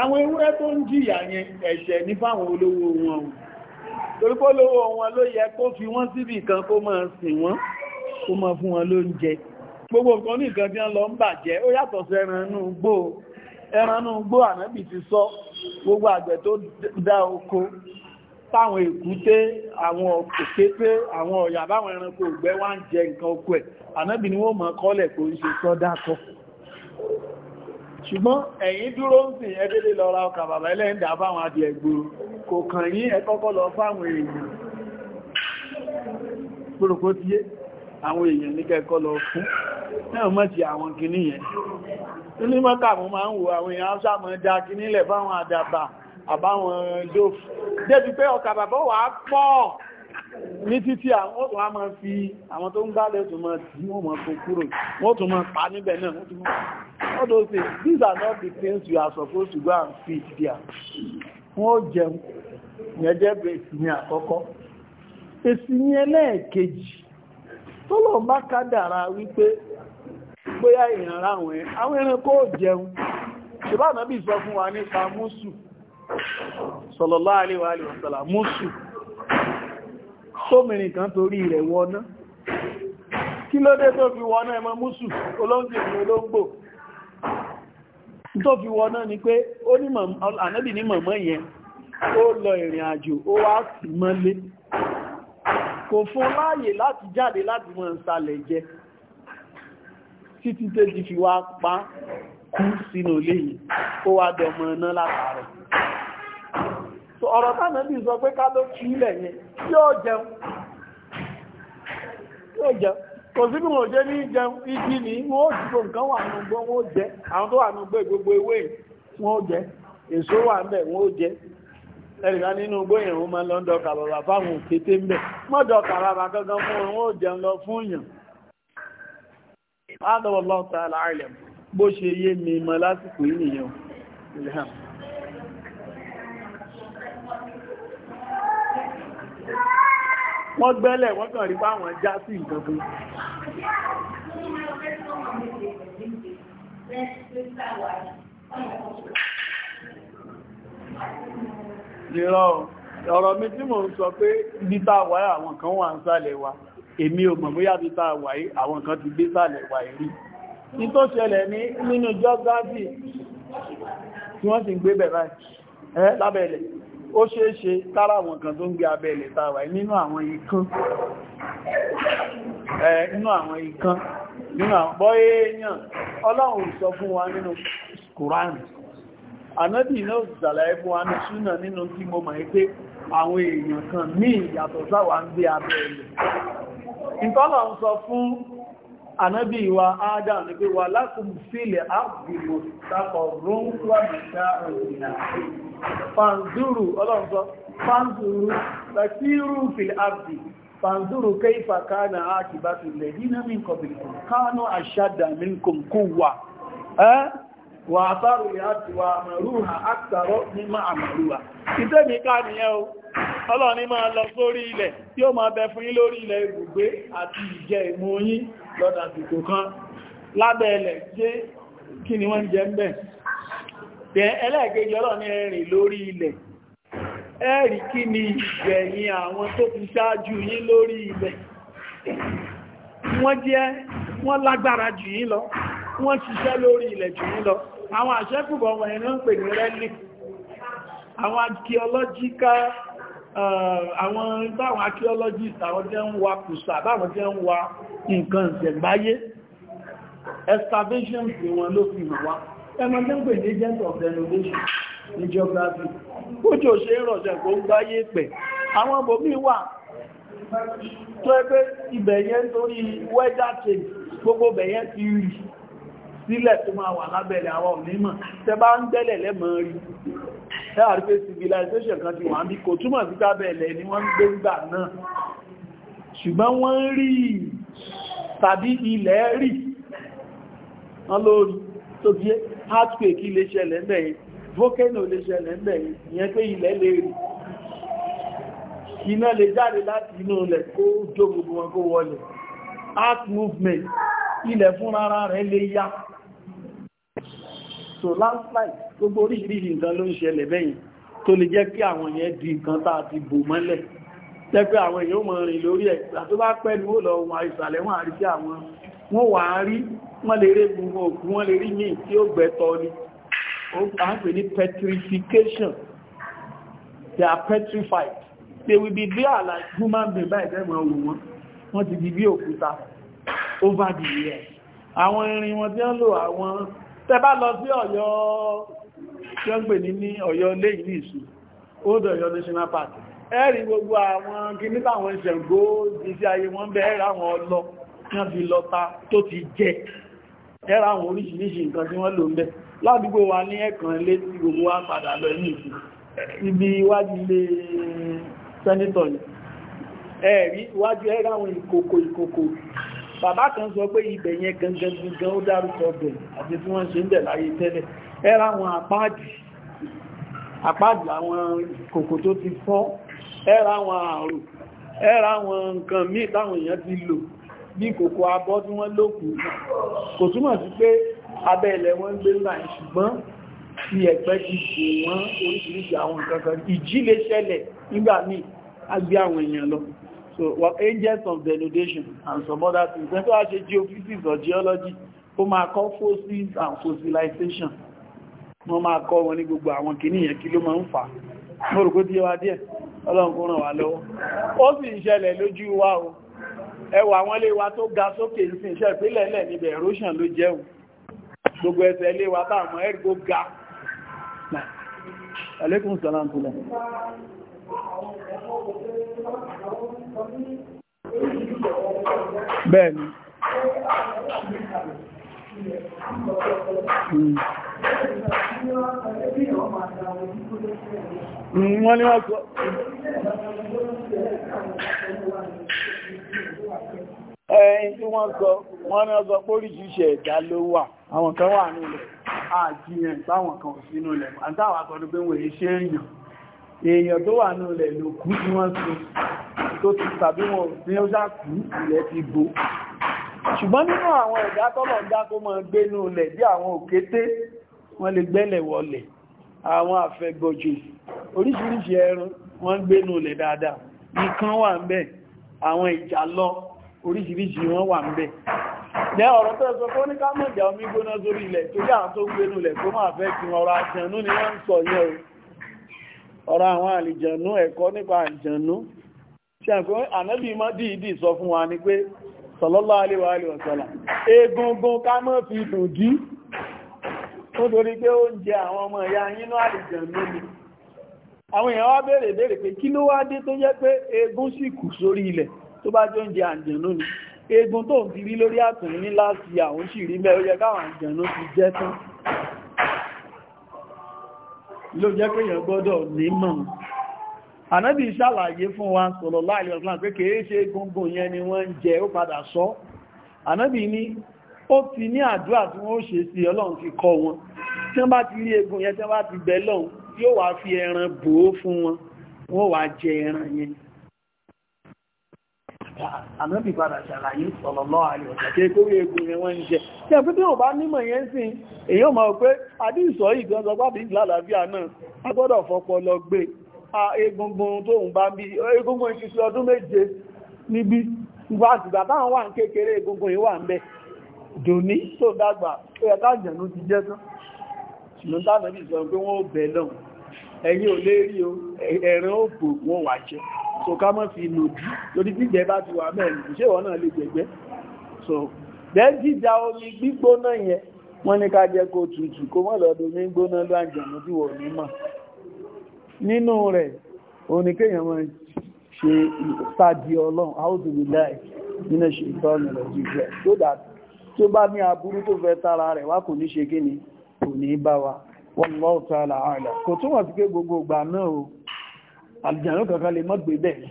àwọn ewúrẹ́ tó ń jìyà yẹn ẹ̀ṣẹ̀ ní fáwọn olówó wọn o torí pé olówó wọn ló yẹ kó fi wọ́n síbì kan kó máa sìn wọ́n kó máa fún wọn lóúnjẹ gbogbo nǹkan ní nǹkan tí wọ́n lọ ń bàjẹ́ ó yàtọ̀ sí ẹranú gbó ẹranú gbó ànábì ti sọ gbogbo àgbẹ̀ tó dá oko táwọn èkúté àwọn òkété àwọn ọ̀yà báwọn ẹranko ìgbẹ́ wá ń jẹ nǹkan oko ẹ̀ ànábì ni wọ́n mọ̀ kọ́lẹ̀ kò ń ṣe sọ́dá kọ́ ṣùgbọ́n ẹ̀yin dúró ń sìn ẹdẹ́lé lọ ra ọkà bàbá ẹlẹ́ndà fáwọn adìẹ gbòrò kò kàn yín ẹ kọ́kọ́ lọ fáwọn èèyàn gbòròkó ti yé àwọn èèyàn ní kẹ́kọ́ lọ fún náà mọ́ ti àwọn kìíní yẹn ní mọ́ta mọ́ máa ń wo àwọn èèyàn áṣà dá kìíní lẹ̀ fáwọn àdàbà àbáwọn dófù débi pé ọkà bàbọ́ wà pọ̀ ní títí àwọn tó ń gbálẹ̀ tó mọ́ tí these are not the things you are supposed to go and feed there ẹlẹ́ẹ̀kejì tọ́lọ̀ bá kádàrà wípé bóyá ìrànlá àwọn ẹ̀ àwọn ẹranko jẹun ṣùgbọ́n bí sọ fún wa nípa mùsù sallallahu alaihi wa sallam mùsù sómìnrin kan torí rẹ̀ wọná kí ló dé tó fi wọná ẹmọ mùsù olóńgbò ní olóńgbò tó fi wọná ni pé ànábì ní mọ̀mọ́ yẹn ó kò fún láàyè láti jáde láti mọ̀ ìsàlẹ̀ jẹ títí tó ti fi wá pa kú sínú ilé yìí ó wá dọmọ iná látàrẹ so ọ̀rọ̀ táwọn bí sọ pé ká ló kí ilẹ̀ yẹn yóò jẹun yóò jẹun kò sí bí wọ́n jẹ́ ní jẹun igi ní wọ́n ó jùlọ nǹkan wà nù gbọ́ wọ́n ó jẹ àwọn tó wà nù gbé gbogbo ewé wọ́n ó jẹ èso wà ń bẹ̀ wọ́n ó jẹ ẹ̀rìnká nínú gbóyìn òun máa lọ ń dọ̀kà bàbà fáwọn òkété ń bẹ̀ mọ́ dọ̀kà bàbà gangan fún òun ó jẹun lọ fún yàn ádọ́wọ̀ lọ́ta láàrẹ̀ bó ṣe wọ́n gbẹ́lẹ̀ wọ́n kàn rí báwọn já sí nǹkan fún lérọ́ ọ̀rọ̀ mi tí mò ń sọ pé ibi tá wà àwọn kan wà ń sàlẹ̀ wa èmi ò mọ̀ bóyá bí tá wà yí àwọn kan ti gbé sàlẹ̀ wa rí ní tó ṣẹlẹ̀ ní nínú jọ́gáàdì tí wọ́n sì ń gbé bẹ̀rẹ̀ lábẹ́lẹ̀ ó ṣeé ṣe tára àwọn kan tó ànábì náà ṣàlàyé fún wa ní ṣúnà nínú tí mo mọ̀ pé àwọn èèyàn kan ní ìyàtọ̀ sáwà ń gbé abẹ́ ilẹ̀ ìtọ́lọ̀ ń sọ fún ànábì wa Adam ní pé wà lákùn sílẹ̀ áàbìlò fàǹdúrù ọlọ́nzọ́ fàǹdúrù tàkírù fìlẹ̀ áàbì fàǹdúrù kẹfà kánà àṣádà mínkùn kúwà ẹ́ wà àtàrù ìhàtì wà àmàrúhà àtàrọ ní máa àmàrúhà ìtẹ́ mi ká nìyẹn o ọlọ́ni máa lọ sórí ilẹ̀ tí ó máa bẹ fún yín lórí ilẹ̀ ibùgbé àti ìjẹ ìmú yín lọ́dà tìtò kan lábẹ́ ilẹ̀ jẹ́ kí ni wọ́n jẹ ń bẹ̀ tẹ ẹlẹ́ẹ̀kejì ọlọ́ni ẹ̀rìn lórí ilẹ̀ ẹ̀rì kí ni ìgbẹ̀yìn jẹ́ wọ́n lágbára jù yín lọ wọ́n ṣiṣẹ́ lórí ilẹ̀ jù yín lọ àwọn àṣẹ́kùbọ̀ wọn ẹ̀nà ń pè ní relic àwọn archaeological uh, àwọn ìbáwọn archaeologist àwọn jẹ́ ń wa kùsà báwọn jẹ́ ń wa nǹkan ìṣẹ̀gbáyé excavation pè wọn ló fi wá ẹmọ jẹ́ ń pè ní agent of renovation ní geography kójò ṣe ń rọ̀ṣẹ̀ kó ń gbáyé pẹ̀ àwọn bòmí wà tó ẹgbẹ́ ibẹ̀ yẹn torí weather change gbogbo bẹ̀yẹn ti rí sílẹ̀ tó máa wà lábẹ́lẹ̀ àwọn onímọ̀ tẹ bá ń gbẹ́lẹ̀ lẹ́mọ̀ rí ẹ̀rọ pé civilization kan ti wà ń kò túmọ̀ sí tábẹ́lẹ̀ ni wọ́n ń gbé gbà náà ṣùgbọ́n wọ́n rí tàbí ilẹ̀ rí wọ́n lórí tó bí earthquake lè ṣẹlẹ̀ mẹ́yìn volcano lè ṣẹlẹ̀ mẹ́yìn ìyẹn movement ilẹ̀ fún rárá rẹ̀ lè yá so landslide gbogbo oríṣiríṣi nǹkan ló ń ṣẹlẹ̀ bẹ́yìn tó lè jẹ́ kí àwọn yẹn di nǹkan tá a ti bò mọ́lẹ̀ jẹ́ pé àwọn èèyàn mọ̀ rìn lórí ẹ̀ àti bá pẹ́ ni ó lọ wọn ìsàlẹ̀ wọn àrí sí àwọn wọn wà á rí wọn lè rí gbogbo òkú wọn lè rí yìn tí ó gbẹ tọ ni ó à ń pè ní petrification they are petrified they will be there like human being báyìí fẹ́ mọ̀ wù wọn wọ́n ti di bí òkúta over the years àwọn irin wọn tí wọ́n lò àwọn tẹbá lọ sí ọ̀yọ́ tí ó ń pè ní ní ọ̀yọ́ lé ìlú ìsù old ọ̀yọ́ national park ẹ̀rí gbogbo àwọn kìíní táwọn ìṣẹ̀gbó ìsí ayé wọ́n bẹ́ ẹ̀rà àwọn ọlọ yán fi lọta tó ti jẹ ẹ̀rà àwọn oríṣiríṣi nǹkan tí wọ́n lò ń bẹ ládùúgbò wa ní ẹ̀kan ilé tí gbogbo wa padà lọ ní ìsù ibi iwájú ilé sẹ́nítọ̀ ẹ̀rí iwájú ẹ̀rà àwọn ìkòkò ìkòkò bàbá kan sọ pé ibẹ̀ yẹn gangan gangan ó dárúkọ bẹ̀ àti tí wọ́n ṣe ń bẹ̀ láyé tẹ́lẹ̀ ẹra àwọn àpáàdì àpáàdì àwọn kòkò tó ti fọ́ ẹra àwọn àrùn ẹra àwọn nǹkan míì táwọn èèyàn ti lò bí kòkò abọ́ tí wọ́n lókù kò túmọ̀ sí pé abẹ́ ilẹ̀ wọ́n gbé láì ṣùgbọ́n ti ẹ̀gbẹ́ ti bò wọ́n oríṣiríṣi àwọn nǹkan kan ìjì lè ṣẹlẹ̀ nígbà míì á gbé àwọn èèyàn lọ so what angels of denudation and some other things then tó wá ṣe geophysics or geology ó máa kọ́ fossils and fossilization wọ́n máa kọ́ wọn ní gbogbo àwọn kìíní yẹn kí ló máa ń fà mo rò kó díẹ̀ wá díẹ̀ ọlọ́run kó ràn wá lọ́wọ́ ó sì ń ṣẹlẹ̀ lójú wa o ẹwà àwọn ilé wa tó ga sókè sí iṣẹ́ ìpínlẹ̀ ilẹ̀ níbẹ̀ erosion ló jẹ́ o gbogbo ẹsẹ̀ ilé wa táwọn ẹ̀rí tó ga alaikum salam Bẹ́ẹ̀ni. Hmm. Wọ́n ní wọ́n kọ́. Ẹ̀yìn tí wọ́n kọ, wọ́n ní ọgbọ̀ póríṣìíṣẹ́ ẹ̀dá ló wà, àwọn kan wà nílẹ̀, àjíyàn táwọn kan sínú ilẹ̀, àtàwà kan ní pé wọ́n èé ṣe èèyàn èèyàn tó wà ní ilẹ̀ ló kú tí wọ́n sí tó ti tàbí wọn ní ó já kú ilẹ̀ ti bò ṣùgbọ́n nínú àwọn ẹ̀dá tọ́lọ̀ dá kó mọ́ gbé ní ilẹ̀ bí àwọn òkété wọ́n lè gbẹ́lẹ̀ wọlẹ̀ àwọn àfẹgbọ̀jì oríṣiríṣi ẹran wọ́n gbé ní ilẹ̀ dáadáa ikán wà ń bẹ̀ àwọn ìjàlọ oríṣiríṣi wọ́n wà ń bẹ̀ jẹ́ ọ̀rọ̀ tó ẹ̀sọ́ fún ní ká mọ̀ ìjà omi gbóná sórí ilẹ̀ tó jẹ́ àwọn tó gbénú ilẹ̀ tó máa fẹ́ kí ọrọ̀ ọ̀rọ̀ àwọn àlìjànú ẹ̀kọ́ nípa àlìjànú ṣe àpé ànábì mọ́ dìídì sọ fún wa ní pé sallallahu alaihi wa sallam egungun ká mọ́ fi dùdí nítorí pé oúnjẹ àwọn ọmọ ìyá yínú àlìjànú ni àwọn èèyàn wá béèrè béèrè pé kí ló wá dé tó jẹ́ pé egun sì kù sórí ilẹ̀ tó bá jọ oúnjẹ àlìjànú ni egun tó ń ti rí lórí àtùn ní láti àwọn sì mẹ́ ó yẹ káwọn àlìjànú ti jẹ́ tán ló jẹ́ pé èèyàn gbọ́dọ̀ nímọ̀ ànábì ṣàlàyé fún wa sallallahu alaihi wasallam pé kìí ṣe gungun yẹn ni wọ́n ń jẹ ó padà sọ ànábì ní ó ti ní àdúrà tí wọ́n ó ṣe sí ọlọ́run ti kọ́ wọn tí wọ́n bá ti rí egun yẹn tí wọ́n bá ti bẹ́ lọ́hùn yóò wá fi ẹran bò ó fún wọn wọ́n wá jẹ ẹran yẹn ànábì padà ṣàlàyé sallallahu alaihi wasallam kéèkórí egun ni wọ́n ń jẹ tí ẹ̀kú tí ò bá nímọ̀ yẹn sí èyàn mọ̀ pé àdìsọ́ ìgbọ́n sọ pábí lálàáfíà náà a gbọ́dọ̀ fọpọ̀ lọ gbé egungun tó ń bá bí egungun ìṣiṣẹ́ ọdún méje níbi ìgbà àtìgbà táwọn wà ń kékeré egungun yìí wà ń bẹ dòní tó dàgbà ó yẹ ká jẹ̀nu ti jẹ́ tán ṣùgbọ́n tánàbì sọ pé wọ́n ò bẹ̀ lọ́hùn ẹ̀yin ò lérí o ẹ̀rìn òpò wọn wà jẹ́ so ká mọ́ fi lòdì lórí gbígbẹ́ bá ti wà mẹ́rin kò ṣèwọ́ náà lè gbẹ̀gbẹ́ so bẹ́ẹ̀ jíjà omi gbígbóná yẹn wọ́n ní ká jẹ́ kó tutù kó mọ́ lọ́dọ̀ omi gbóná ló àjẹ̀mú tí wọ́n ní mọ̀ nínú rẹ̀ òní kéèyàn mọ́ ṣe ìsádi so that tí ó bá ní aburú tó fẹ́ kò wa wallahu ta'ala a'lam kò túnmọ̀ sí pé gbogbo ìgbà náà o àlìjànú kankan lè mọ́gbé bẹ́ẹ̀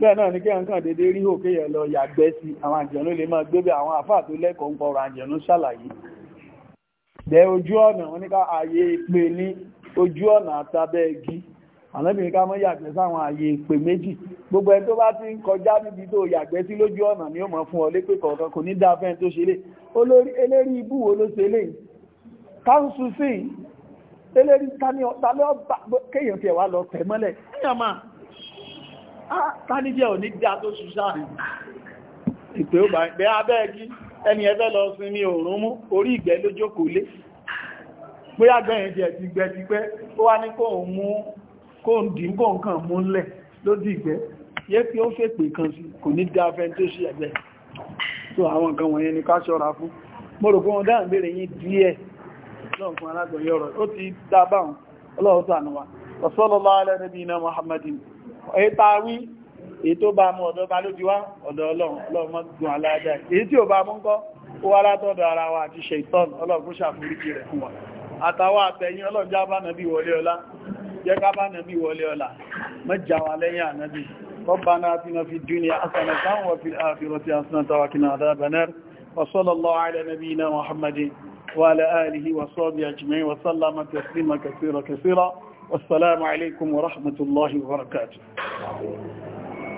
bẹ́ẹ̀ náà ní kí ọ̀n kàn dédé rí òkè yẹ lọ yàgbẹ́ sí àwọn àjẹ̀nú lè máa gbé bẹ́ àwọn àfáà tó lẹ́kọ̀ọ́ ń pọ̀rọ̀ àjẹ̀nú ṣàlàyé bẹ́ ojú ọ̀nà wọn ní ká ààyè ìpè ní ojú ọ̀nà àtàbẹ́ igi ànábìnrin ká mọ́ yàgbẹ́ sáwọn ààyè ìpè méjì gbogbo ẹni tó bá ti ń kọjá níbi tó yàgbẹ́ sí lójú ọ̀nà ni ó mọ̀ fún ọ lépè kọ̀ọ̀kan kò ní dáa fẹ́ni tó ṣe lé olórí eléri ibú wo ló ṣe lé káńsù sí eléri tani ọ̀tàlẹ́ ọba kéèyàn tí ẹ̀wà lọ tẹ̀ mọ́lẹ̀ kéèyàn máa tánijẹ́ òní dí a tó ṣùṣà ìpé ó bá ìpé abẹ́ẹ̀gí ẹni ẹ̀fẹ́ lọ sinmi òòrùn mú orí ìgbẹ́ lójókòó lé bóyá gbẹ̀yìn jẹ́ ti gbẹ ti pẹ́ ó wá ní kóhùn mú kóhùn dín kóhùn kàn mú lẹ̀ lódì ìgbẹ́ yé kí ó fèpè kan sí kò ní dá afẹ́ tó ṣe ẹ̀gbẹ́ so àwọn nǹkan wọ̀nyẹn ni ká ṣọ́ra fún mo ọlọ́run fún alágbòyìn ọ̀rọ̀ ó ti dábáhùn ọlọ́run sànú wa ọ̀sọ́lọ́lọ́ alẹ́rẹ́bí iná Muhammadin ẹ̀tàwí èyí tó bá mú ọ̀dọ́ balójúwá ọ̀dọ̀ ọlọ́run ọlọ́run mọ́gbùn aláàdá èyí tí ò bá mú ń kọ́ ó wá látọ̀dọ̀ ara wa àti ṣèitán ọlọ́run kó fún wa ربنا آتنا في الدنيا حسنة وفي الآخرة حسنة وقنا عذاب النار وصلى الله على نبينا محمد وعلى آله وصحبه أجمعين وسلم تسليما كثيرا كثيرا والسلام عليكم ورحمة الله وبركاته